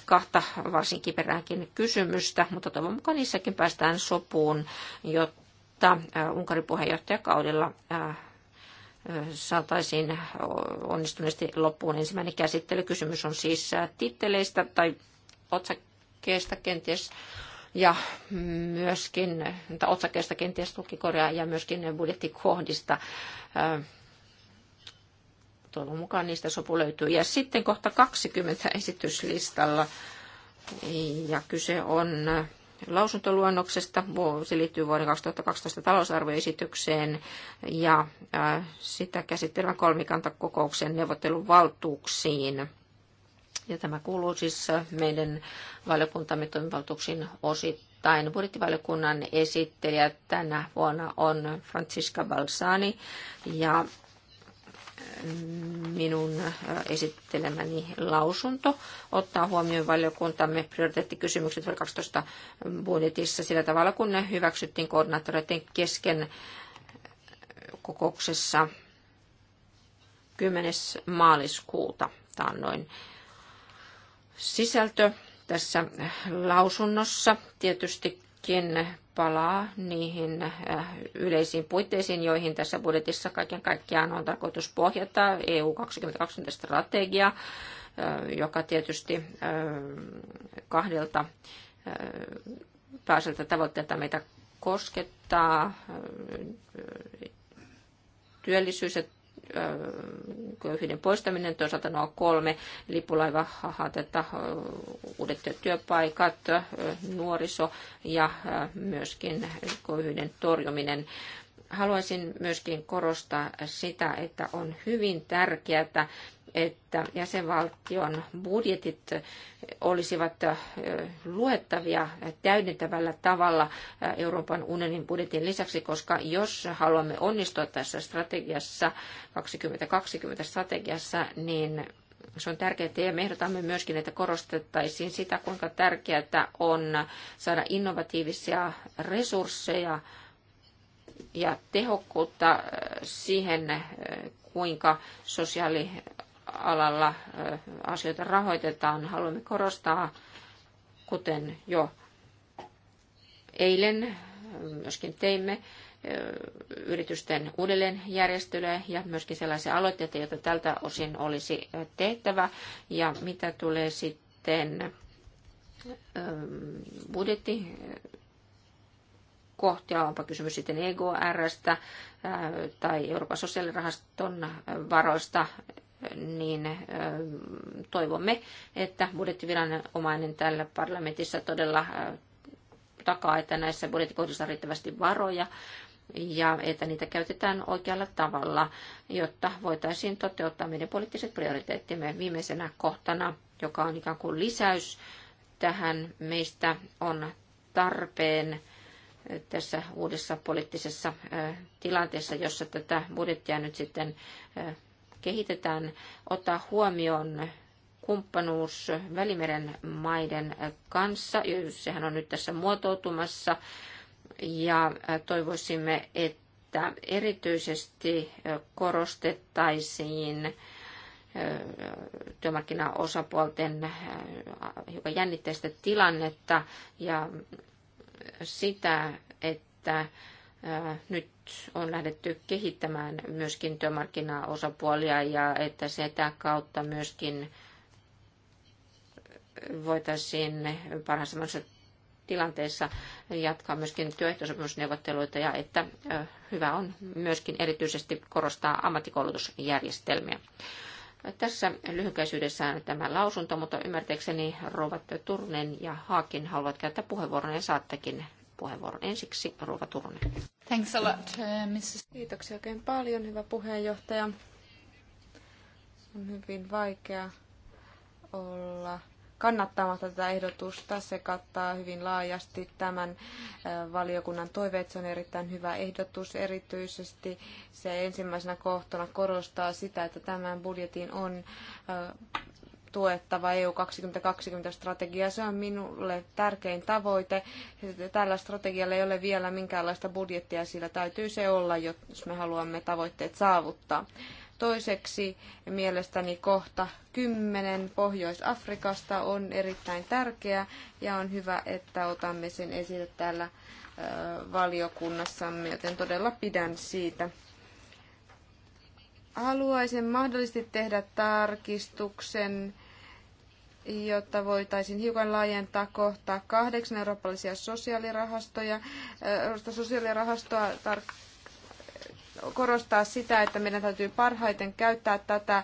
kahta varsin kiperäänkin kysymystä, mutta toivon mukaan niissäkin päästään sopuun, jotta Unkarin puheenjohtajakaudella saataisiin onnistuneesti loppuun ensimmäinen käsittely. Kysymys on siis titteleistä tai otsakkeesta kenties ja myöskin tai otsakkeesta kenties tukikorjaa ja myöskin budjettikohdista. Toivon mukaan niistä sopu löytyy. Ja sitten kohta 20 esityslistalla ja kyse on lausuntoluonnoksesta. Se liittyy vuoden 2012 talousarvioesitykseen ja äh, sitä käsittelevän kolmikantakokouksen neuvotteluvaltuuksiin. Ja tämä kuuluu siis meidän valiokuntamme toimivaltuuksiin osittain. Budjettivaliokunnan esittelijä tänä vuonna on Francisca Balsani ja minun äh, esittelemäni lausunto ottaa huomioon valiokuntamme prioriteettikysymykset vuoden 12 budjetissa sillä tavalla, kun ne hyväksyttiin koordinaattoreiden kesken kokouksessa 10. maaliskuuta taannoin. Sisältö tässä lausunnossa tietysti myöskin palaa niihin äh, yleisiin puitteisiin, joihin tässä budjetissa kaiken kaikkiaan on tarkoitus pohjata EU 2020 strategia, äh, joka tietysti äh, kahdelta pääseltä tavoitteelta meitä koskettaa. Työllisyys ja köyhyyden poistaminen, toisaalta nuo kolme lipulaivahaatetta, uudet työpaikat, nuoriso ja myöskin köyhyyden torjuminen haluaisin myöskin korostaa sitä, että on hyvin tärkeää että jäsenvaltion budjetit olisivat luettavia täydentävällä tavalla Euroopan unionin budjetin lisäksi, koska jos haluamme onnistua tässä strategiassa, 2020 strategiassa, niin se on tärkeää ja me ehdotamme myöskin, että korostettaisiin sitä, kuinka tärkeää on saada innovatiivisia resursseja ja tehokkuutta siihen, kuinka sosiaali- alalla asioita rahoitetaan. Haluamme korostaa, kuten jo eilen myöskin teimme, yritysten uudelleenjärjestelyä ja myöskin sellaisia aloitteita, joita tältä osin olisi tehtävä. Ja mitä tulee sitten budjetti kohtia, onpa kysymys sitten EGRstä tai Euroopan sosiaalirahaston varoista, niin toivomme, että budjettiviranomainen tällä parlamentissa todella takaa, että näissä budjettikohdissa on riittävästi varoja ja että niitä käytetään oikealla tavalla, jotta voitaisiin toteuttaa meidän poliittiset prioriteettimme viimeisenä kohtana, joka on ikään kuin lisäys tähän meistä on tarpeen tässä uudessa poliittisessa tilanteessa, jossa tätä budjettia nyt sitten kehitetään, ottaa huomioon kumppanuus Välimeren maiden kanssa. Sehän on nyt tässä muotoutumassa ja toivoisimme, että erityisesti korostettaisiin työmarkkinaosapuolten hiukan jännitteistä tilannetta ja sitä, että Äh, nyt on lähdetty kehittämään myöskin työmarkkinaosapuolia ja että sitä kautta myöskin voitaisiin parhaassa tilanteessa jatkaa myöskin työehtosopimusneuvotteluita ja että äh, hyvä on myöskin erityisesti korostaa ammattikoulutusjärjestelmiä. Tässä lyhykäisyydessään tämä lausunto, mutta ymmärtääkseni rouvat Turnen ja Haakin haluavat käyttää puheenvuoron ja saattekin puheenvuoron ensiksi Ruva Turunen. Thanks a lot, uh, Mrs. Kiitoksia oikein paljon, hyvä puheenjohtaja. On hyvin vaikea olla kannattamatta tätä ehdotusta. Se kattaa hyvin laajasti tämän valiokunnan toiveet. Se on erittäin hyvä ehdotus. Erityisesti se ensimmäisenä kohtana korostaa sitä, että tämän budjetin on tuettava EU 2020-strategia. Se on minulle tärkein tavoite. Tällä strategialla ei ole vielä minkäänlaista budjettia, sillä täytyy se olla, jos me haluamme tavoitteet saavuttaa. Toiseksi mielestäni kohta 10 Pohjois-Afrikasta on erittäin tärkeä ja on hyvä, että otamme sen esille täällä valiokunnassamme, joten todella pidän siitä. Haluaisin mahdollisesti tehdä tarkistuksen jotta voitaisiin hiukan laajentaa kohtaa kahdeksan eurooppalaisia sosiaalirahastoja, sosiaalirahastoa tar- korostaa sitä, että meidän täytyy parhaiten käyttää tätä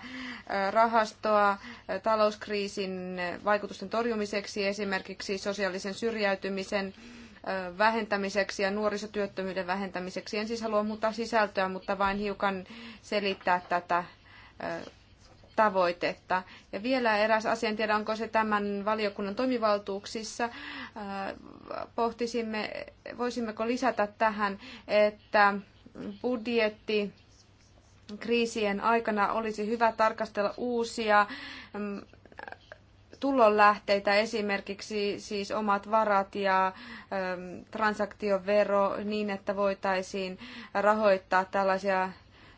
rahastoa talouskriisin vaikutusten torjumiseksi, esimerkiksi sosiaalisen syrjäytymisen vähentämiseksi ja nuorisotyöttömyyden vähentämiseksi. En siis halua muuttaa sisältöä, mutta vain hiukan selittää tätä tavoitetta. Ja vielä eräs asia, en tiedä onko se tämän valiokunnan toimivaltuuksissa, äh, pohtisimme, voisimmeko lisätä tähän, että budjetti kriisien aikana olisi hyvä tarkastella uusia mm, tulonlähteitä, esimerkiksi siis omat varat ja ähm, transaktiovero niin, että voitaisiin rahoittaa tällaisia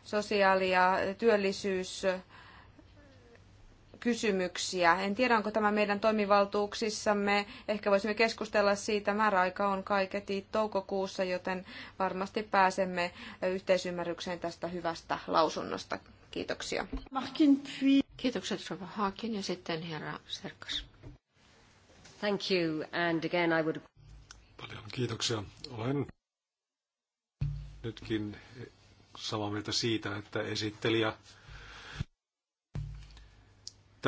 sosiaali- ja työllisyys- kysymyksiä. En tiedä, onko tämä meidän toimivaltuuksissamme. Ehkä voisimme keskustella siitä. Määräaika on kaiketi toukokuussa, joten varmasti pääsemme yhteisymmärrykseen tästä hyvästä lausunnosta. Kiitoksia. Kiitokset Rova Haakin ja sitten herra Serkas. Thank you, and again I would... Paljon kiitoksia. Olen nytkin samaa mieltä siitä, että esittelijä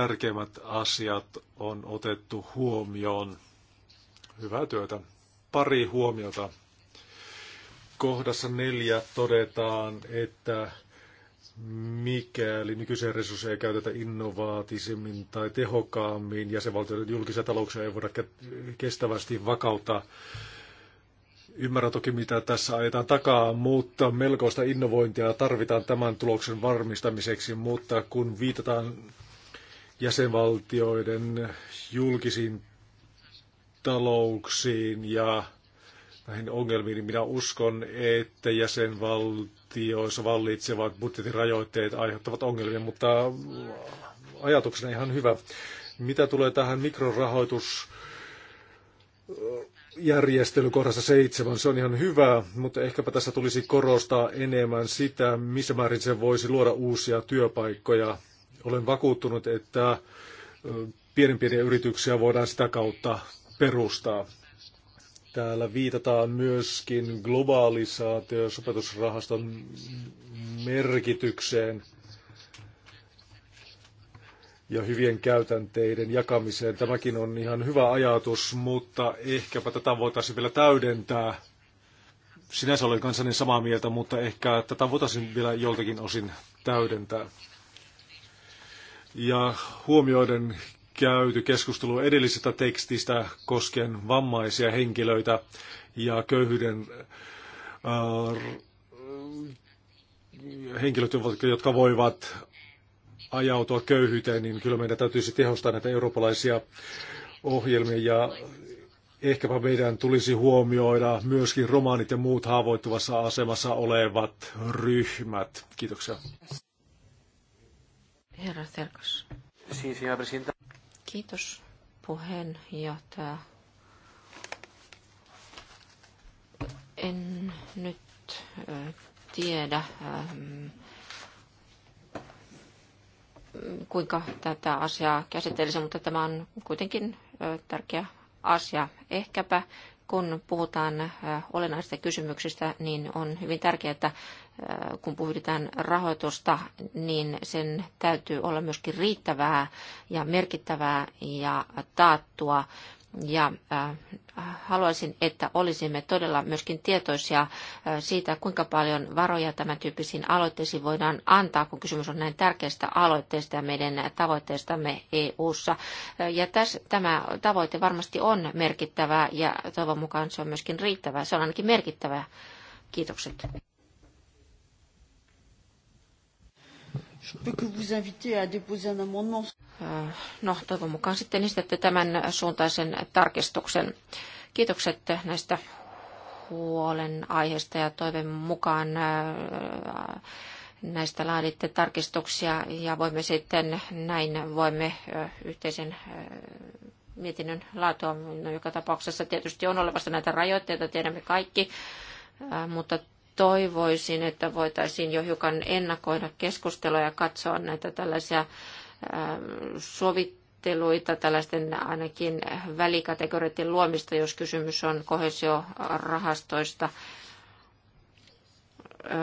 tärkeimmät asiat on otettu huomioon. Hyvää työtä. Pari huomiota. Kohdassa neljä todetaan, että mikäli nykyisiä resursseja ei käytetä innovaatisemmin tai tehokkaammin, jäsenvaltioiden julkisia talouksia ei voida kestävästi vakauttaa. Ymmärrän toki, mitä tässä ajetaan takaa, mutta melkoista innovointia tarvitaan tämän tuloksen varmistamiseksi, mutta kun viitataan jäsenvaltioiden julkisiin talouksiin ja näihin ongelmiin, niin minä uskon, että jäsenvaltioissa vallitsevat budjetin rajoitteet aiheuttavat ongelmia, mutta ajatuksena ihan hyvä. Mitä tulee tähän mikrorahoitus järjestely kohdassa seitsemän, se on ihan hyvä, mutta ehkäpä tässä tulisi korostaa enemmän sitä, missä määrin se voisi luoda uusia työpaikkoja olen vakuuttunut, että pienempiä yrityksiä voidaan sitä kautta perustaa. Täällä viitataan myöskin globaalisaatio- ja sopetusrahaston merkitykseen ja hyvien käytänteiden jakamiseen. Tämäkin on ihan hyvä ajatus, mutta ehkäpä tätä voitaisiin vielä täydentää. Sinänsä olen kanssani samaa mieltä, mutta ehkä tätä voitaisiin vielä joltakin osin täydentää ja huomioiden käyty keskustelu edellisestä tekstistä koskien vammaisia henkilöitä ja köyhyyden äh, henkilöt, jotka voivat ajautua köyhyyteen, niin kyllä meidän täytyisi tehostaa näitä eurooppalaisia ohjelmia ja ehkäpä meidän tulisi huomioida myöskin romaanit ja muut haavoittuvassa asemassa olevat ryhmät. Kiitoksia. Herra Selkos. Kiitos puheenjohtaja. En nyt tiedä, kuinka tätä asiaa käsittelisi, mutta tämä on kuitenkin tärkeä asia. Ehkäpä kun puhutaan olennaisista kysymyksistä, niin on hyvin tärkeää, että Äh, kun puhutaan rahoitusta, niin sen täytyy olla myöskin riittävää ja merkittävää ja taattua. Ja äh, haluaisin, että olisimme todella myöskin tietoisia äh, siitä, kuinka paljon varoja tämän tyyppisiin aloitteisiin voidaan antaa, kun kysymys on näin tärkeästä aloitteesta ja meidän tavoitteestamme EU-ssa. Ja täs, tämä tavoite varmasti on merkittävä ja toivon mukaan se on myöskin riittävä. Se on ainakin merkittävä. Kiitokset. Äh, no, toivon mukaan sitten esitätte tämän suuntaisen tarkistuksen. Kiitokset näistä huolen aiheesta ja toivon mukaan äh, näistä laaditte tarkistuksia ja voimme sitten näin voimme äh, yhteisen mietinnön laatua. No, joka tapauksessa tietysti on olemassa näitä rajoitteita, tiedämme kaikki, mutta toivoisin, että voitaisiin jo hiukan ennakoida keskustelua ja katsoa näitä tällaisia ähm, sovitteluita, tällaisten ainakin välikategorioiden luomista, jos kysymys on kohesiorahastoista ähm,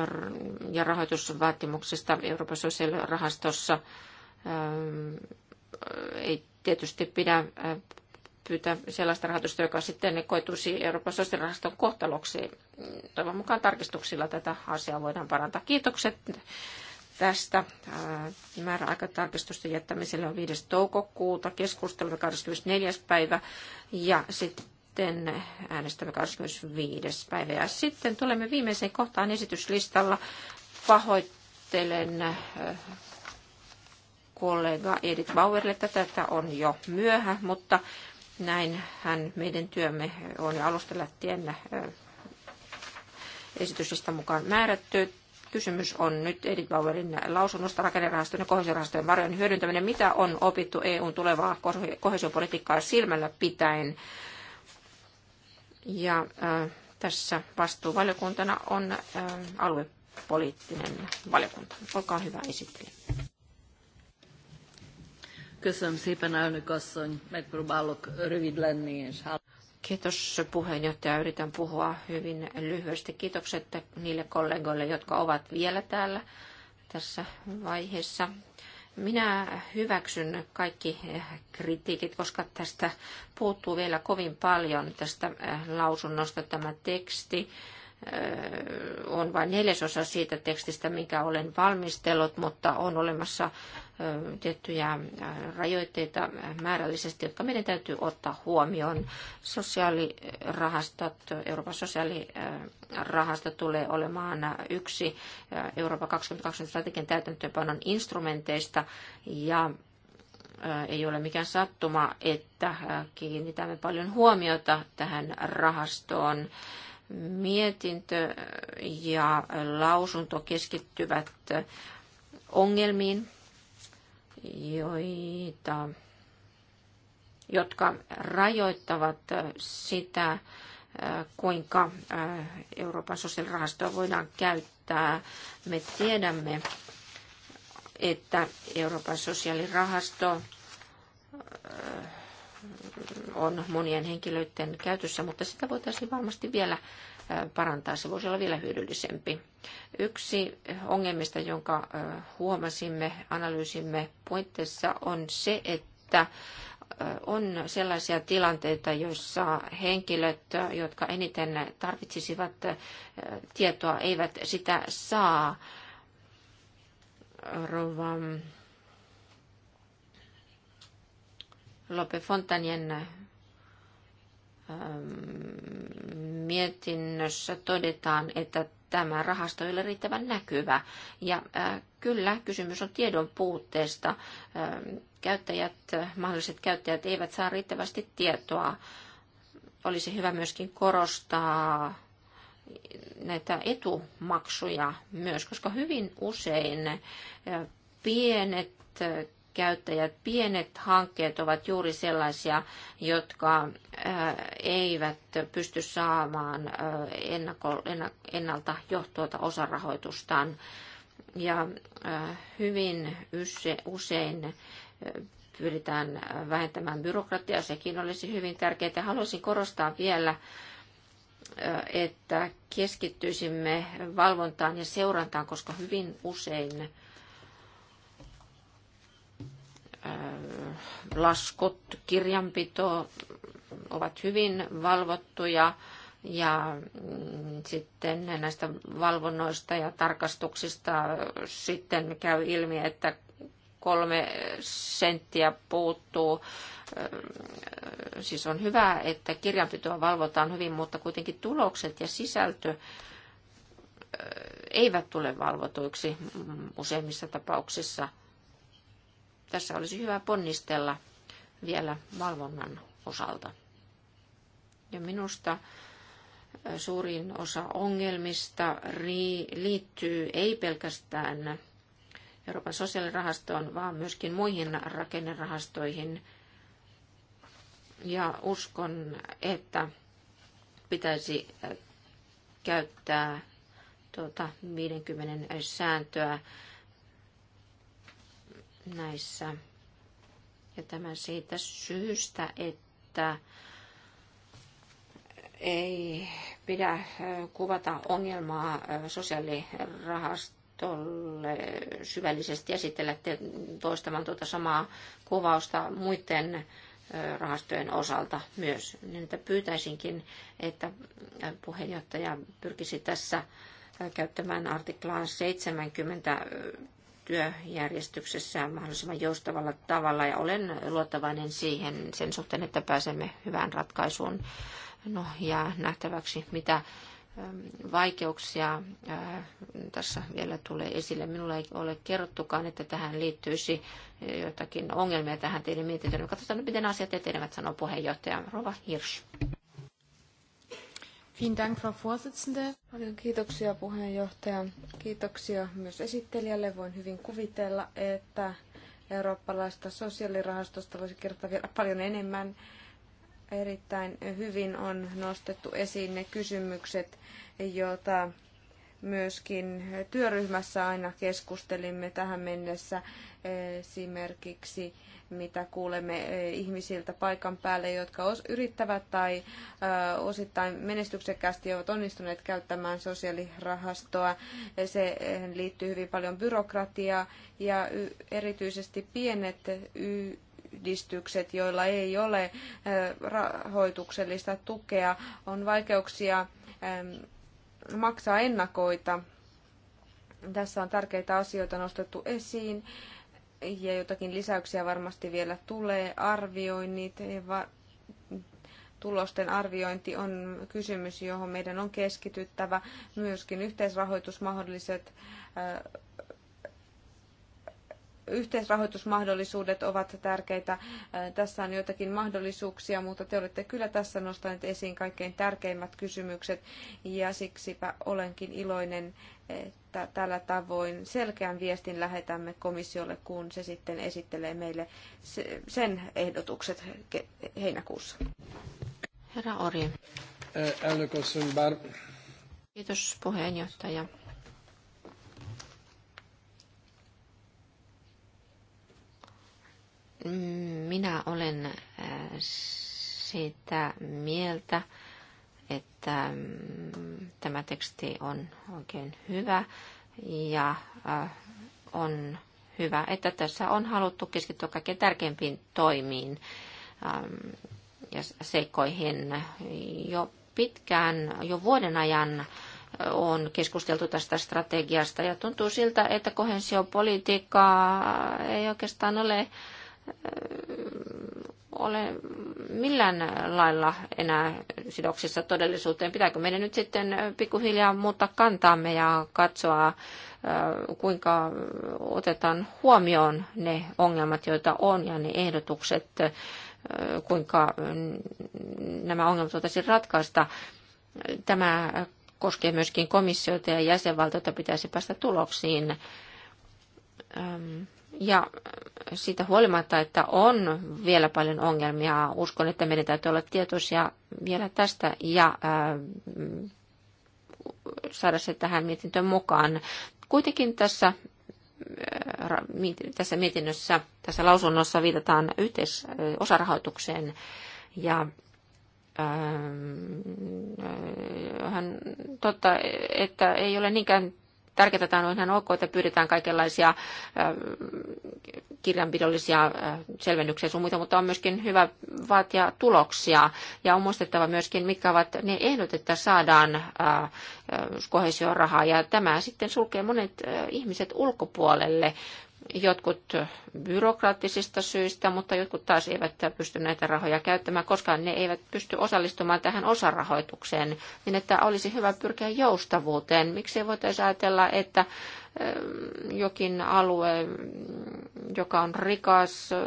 ja rahoitusvaatimuksista Euroopan sosiaalirahastossa. Ähm, ei tietysti pidä äh, pyytää sellaista rahoitusta, joka sitten koituisi Euroopan sosiaalirahaston kohtaloksi. Toivon mukaan tarkistuksilla tätä asiaa voidaan parantaa. Kiitokset tästä. Määräaikatarkistusten jättämiselle on 5. toukokuuta, keskustelu 24. päivä ja sitten äänestämme 25. päivä. Ja sitten tulemme viimeiseen kohtaan esityslistalla. Pahoittelen kollega Edith Bauerille tätä, että on jo myöhä, mutta näin hän meidän työmme on jo alusta lähtien esityslistan mukaan määrätty. Kysymys on nyt Edith Bauerin lausunnosta rakennerahaston ja kohesiorahastojen varojen hyödyntäminen. Mitä on opittu EUn tulevaa kohesiopolitiikkaa silmällä pitäen? Ja äh, tässä vastuuvaliokuntana on äh, aluepoliittinen valiokunta. Olkaa hyvä esittely. Köszönöm szépen, elnök asszony. Megpróbálok rövid lenni, és Kiitos puheenjohtaja. Yritän puhua hyvin lyhyesti. Kiitokset niille kollegoille, jotka ovat vielä täällä tässä vaiheessa. Minä hyväksyn kaikki eh, kritiikit, koska tästä puuttuu vielä kovin paljon tästä eh, lausunnosta tämä teksti on vain neljäsosa siitä tekstistä, minkä olen valmistellut, mutta on olemassa tiettyjä rajoitteita määrällisesti, jotka meidän täytyy ottaa huomioon. Sosiaalirahastot, Euroopan sosiaalirahasto tulee olemaan yksi Euroopan 2020 strategian täytäntöönpanon instrumenteista ja ei ole mikään sattuma, että kiinnitämme paljon huomiota tähän rahastoon mietintö ja lausunto keskittyvät ongelmiin, joita, jotka rajoittavat sitä, kuinka Euroopan sosiaalirahastoa voidaan käyttää. Me tiedämme, että Euroopan sosiaalirahasto on monien henkilöiden käytössä, mutta sitä voitaisiin varmasti vielä parantaa. Se voisi olla vielä hyödyllisempi. Yksi ongelmista, jonka huomasimme analyysimme puitteissa, on se, että on sellaisia tilanteita, joissa henkilöt, jotka eniten tarvitsisivat tietoa, eivät sitä saa. Rova Lope Fontanien ähm, mietinnössä todetaan, että tämä rahasto ei ole riittävän näkyvä. Ja äh, kyllä, kysymys on tiedon puutteesta. Ähm, käyttäjät, mahdolliset käyttäjät eivät saa riittävästi tietoa. Olisi hyvä myöskin korostaa näitä etumaksuja myös, koska hyvin usein äh, pienet käyttäjät. Pienet hankkeet ovat juuri sellaisia, jotka äh, eivät pysty saamaan äh, ennakko, ennalta johtuota osarahoitustaan. Ja äh, hyvin usein pyritään vähentämään byrokratiaa, sekin olisi hyvin tärkeää. Haluaisin korostaa vielä, että keskittyisimme valvontaan ja seurantaan, koska hyvin usein laskut, kirjanpito ovat hyvin valvottuja ja mm, sitten näistä valvonnoista ja tarkastuksista sitten käy ilmi, että kolme senttiä puuttuu. Siis on hyvä, että kirjanpitoa valvotaan hyvin, mutta kuitenkin tulokset ja sisältö eivät tule valvotuiksi useimmissa tapauksissa – tässä olisi hyvä ponnistella vielä valvonnan osalta. Ja minusta suurin osa ongelmista liittyy ei pelkästään Euroopan sosiaalirahastoon, vaan myöskin muihin rakennerahastoihin. Ja uskon, että pitäisi käyttää tuota 50 sääntöä näissä. Ja tämä siitä syystä, että ei pidä äh, kuvata ongelmaa äh, sosiaalirahastolle syvällisesti ja sitten toistamaan tuota samaa kuvausta muiden äh, rahastojen osalta myös. Niin että pyytäisinkin, että puheenjohtaja pyrkisi tässä käyttämään artiklaan 70 työjärjestyksessä mahdollisimman joustavalla tavalla ja olen luottavainen siihen sen suhteen, että pääsemme hyvään ratkaisuun. No ja nähtäväksi, mitä ähm, vaikeuksia äh, tässä vielä tulee esille. Minulla ei ole kerrottukaan, että tähän liittyisi jotakin ongelmia tähän teidän mietintöön. Katsotaan miten asiat etenevät, sanoo puheenjohtaja Rova Hirsch. Paljon kiitoksia puheenjohtaja. Kiitoksia myös esittelijälle. Voin hyvin kuvitella, että eurooppalaista sosiaalirahastosta voisi kertoa vielä paljon enemmän. Erittäin hyvin on nostettu esiin ne kysymykset, joita myöskin työryhmässä aina keskustelimme tähän mennessä esimerkiksi, mitä kuulemme ihmisiltä paikan päälle, jotka yrittävät tai osittain menestyksekkäästi ovat onnistuneet käyttämään sosiaalirahastoa. Se eh, liittyy hyvin paljon byrokratiaa ja erityisesti pienet y- yhdistykset, joilla ei ole eh, rahoituksellista tukea, on vaikeuksia maksaa ennakoita. Tässä on tärkeitä asioita nostettu esiin ja jotakin lisäyksiä varmasti vielä tulee. Arvioinnit, tulosten arviointi on kysymys, johon meidän on keskityttävä. Myöskin yhteisrahoitusmahdolliset yhteisrahoitusmahdollisuudet ovat tärkeitä. Äh, tässä on joitakin mahdollisuuksia, mutta te olette kyllä tässä nostaneet esiin kaikkein tärkeimmät kysymykset ja siksipä olenkin iloinen, että tällä tavoin selkeän viestin lähetämme komissiolle, kun se sitten esittelee meille sen ehdotukset heinäkuussa. Herra Ori. Kiitos puheenjohtaja. Minä olen äh, sitä mieltä, että mm, tämä teksti on oikein hyvä ja äh, on hyvä, että tässä on haluttu keskittyä kaikkein tärkeimpiin toimiin ähm, ja seikkoihin. Jo pitkään, jo vuoden ajan äh, on keskusteltu tästä strategiasta ja tuntuu siltä, että kohensiopolitiikkaa ei oikeastaan ole Öö, ole millään lailla enää sidoksissa todellisuuteen. Pitääkö meidän nyt sitten pikkuhiljaa muuttaa kantaamme ja katsoa, öö, kuinka otetaan huomioon ne ongelmat, joita on ja ne ehdotukset, öö, kuinka nämä ongelmat voitaisiin ratkaista. Tämä koskee myöskin komissiota ja jäsenvaltioita pitäisi päästä tuloksiin. Ja äh, siitä huolimatta, että on vielä paljon ongelmia, uskon, että meidän täytyy olla tietoisia vielä tästä ja ää, äh, saada se tähän mietintöön mukaan. Kuitenkin tässä, ää, äh, tässä mietinnössä, tässä lausunnossa viitataan yhteisosarahoitukseen osarahoitukseen ja ähm, hän, totta, että ei ole niinkään Tärkeintä on ihan ok, että pyydetään kaikenlaisia kirjanpidollisia selvennyksiä sun muita, mutta on myöskin hyvä vaatia tuloksia. Ja on muistettava myöskin, mitkä ovat ne ehdot, että saadaan kohesiorahaa. Ja tämä sitten sulkee monet ihmiset ulkopuolelle jotkut byrokraattisista syistä, mutta jotkut taas eivät pysty näitä rahoja käyttämään, koska ne eivät pysty osallistumaan tähän osarahoitukseen, niin että olisi hyvä pyrkiä joustavuuteen. Miksi voitaisiin ajatella, että eh, jokin alue, joka on rikas, eh,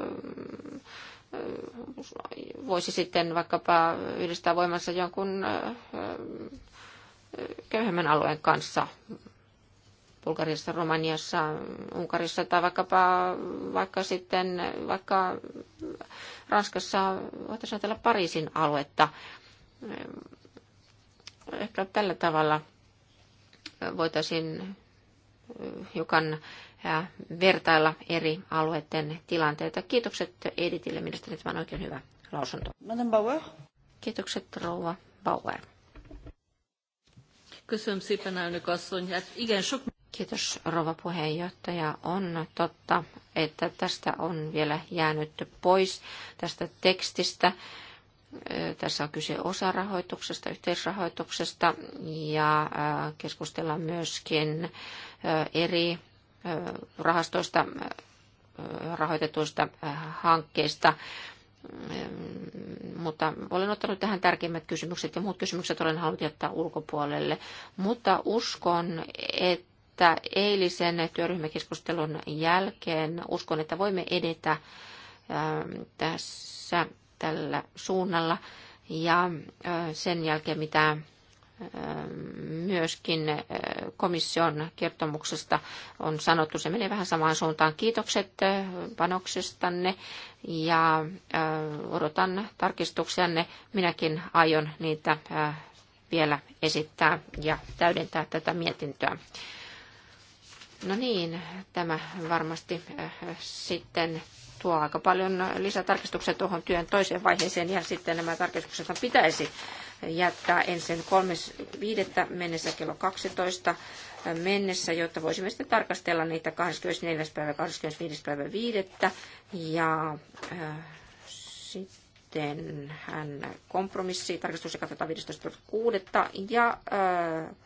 voisi sitten vaikkapa yhdistää voimansa jonkun eh, köyhemmän alueen kanssa Bulgariassa, Romaniassa, Unkarissa tai vaikkapa vaikka sitten vaikka Ranskassa voitaisiin ajatella Pariisin aluetta. Ehkä tällä tavalla voitaisiin hiukan vertailla eri alueiden tilanteita. Kiitokset Editille, mielestäni tämä on oikein hyvä lausunto. Bauer. Kiitokset rouva Bauer. Köszönöm szépen, elnök asszony. Hát igen, sok... Kiitos rouva puheenjohtaja. On totta, että tästä on vielä jäänyt pois tästä tekstistä. Tässä on kyse osarahoituksesta, yhteisrahoituksesta ja keskustellaan myöskin eri rahastoista rahoitetuista hankkeista. Mutta olen ottanut tähän tärkeimmät kysymykset ja muut kysymykset olen halunnut jättää ulkopuolelle. Mutta uskon, että että eilisen työryhmäkeskustelun jälkeen uskon, että voimme edetä ähm, tässä tällä suunnalla. Ja äh, sen jälkeen, mitä äh, myöskin äh, komission kertomuksesta on sanottu, se menee vähän samaan suuntaan. Kiitokset panoksestanne ja odotan tarkistuksianne. Minäkin aion niitä vielä esittää ja täydentää tätä mietintöä. No niin, tämä varmasti äh, sitten tuo aika paljon lisätarkistuksia tuohon työn toiseen vaiheeseen ja sitten nämä tarkistukset pitäisi jättää ensin 3.5. mennessä kello 12 mennessä, jotta voisimme sitten tarkastella niitä 24. päivä 25. päivä 5. ja äh, sitten sitten hän kompromissi tarkistus ja katsotaan 15.6. ja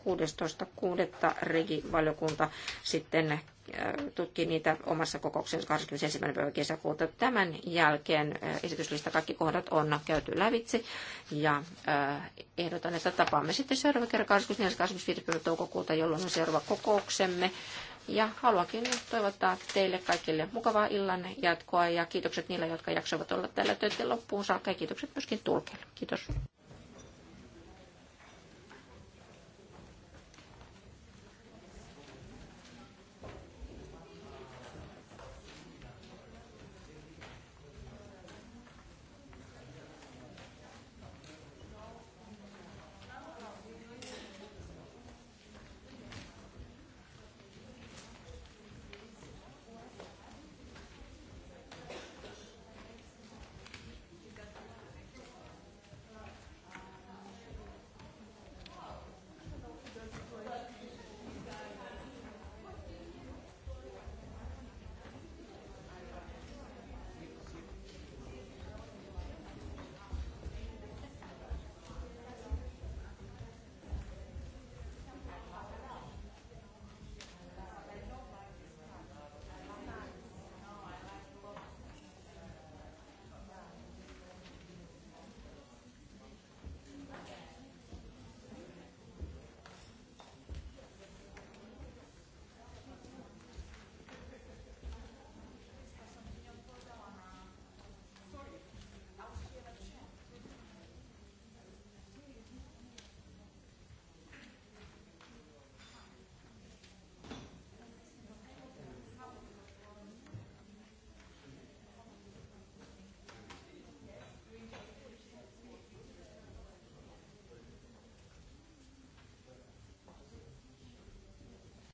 16.6. regivaliokunta sitten äh, tutkii niitä omassa kokouksensa 21. päivä kesäkuuta. Tämän jälkeen äh, esityslista kaikki kohdat on käyty lävitse ja äh, ehdotan, että tapaamme sitten seuraava kerran 24.25. toukokuuta, jolloin on seuraava kokouksemme. Ja haluankin toivottaa teille kaikille mukavaa illan jatkoa ja kiitokset niille, jotka jaksoivat olla tällä töiden loppuun saakka ja kiitokset myöskin tulkille. Kiitos.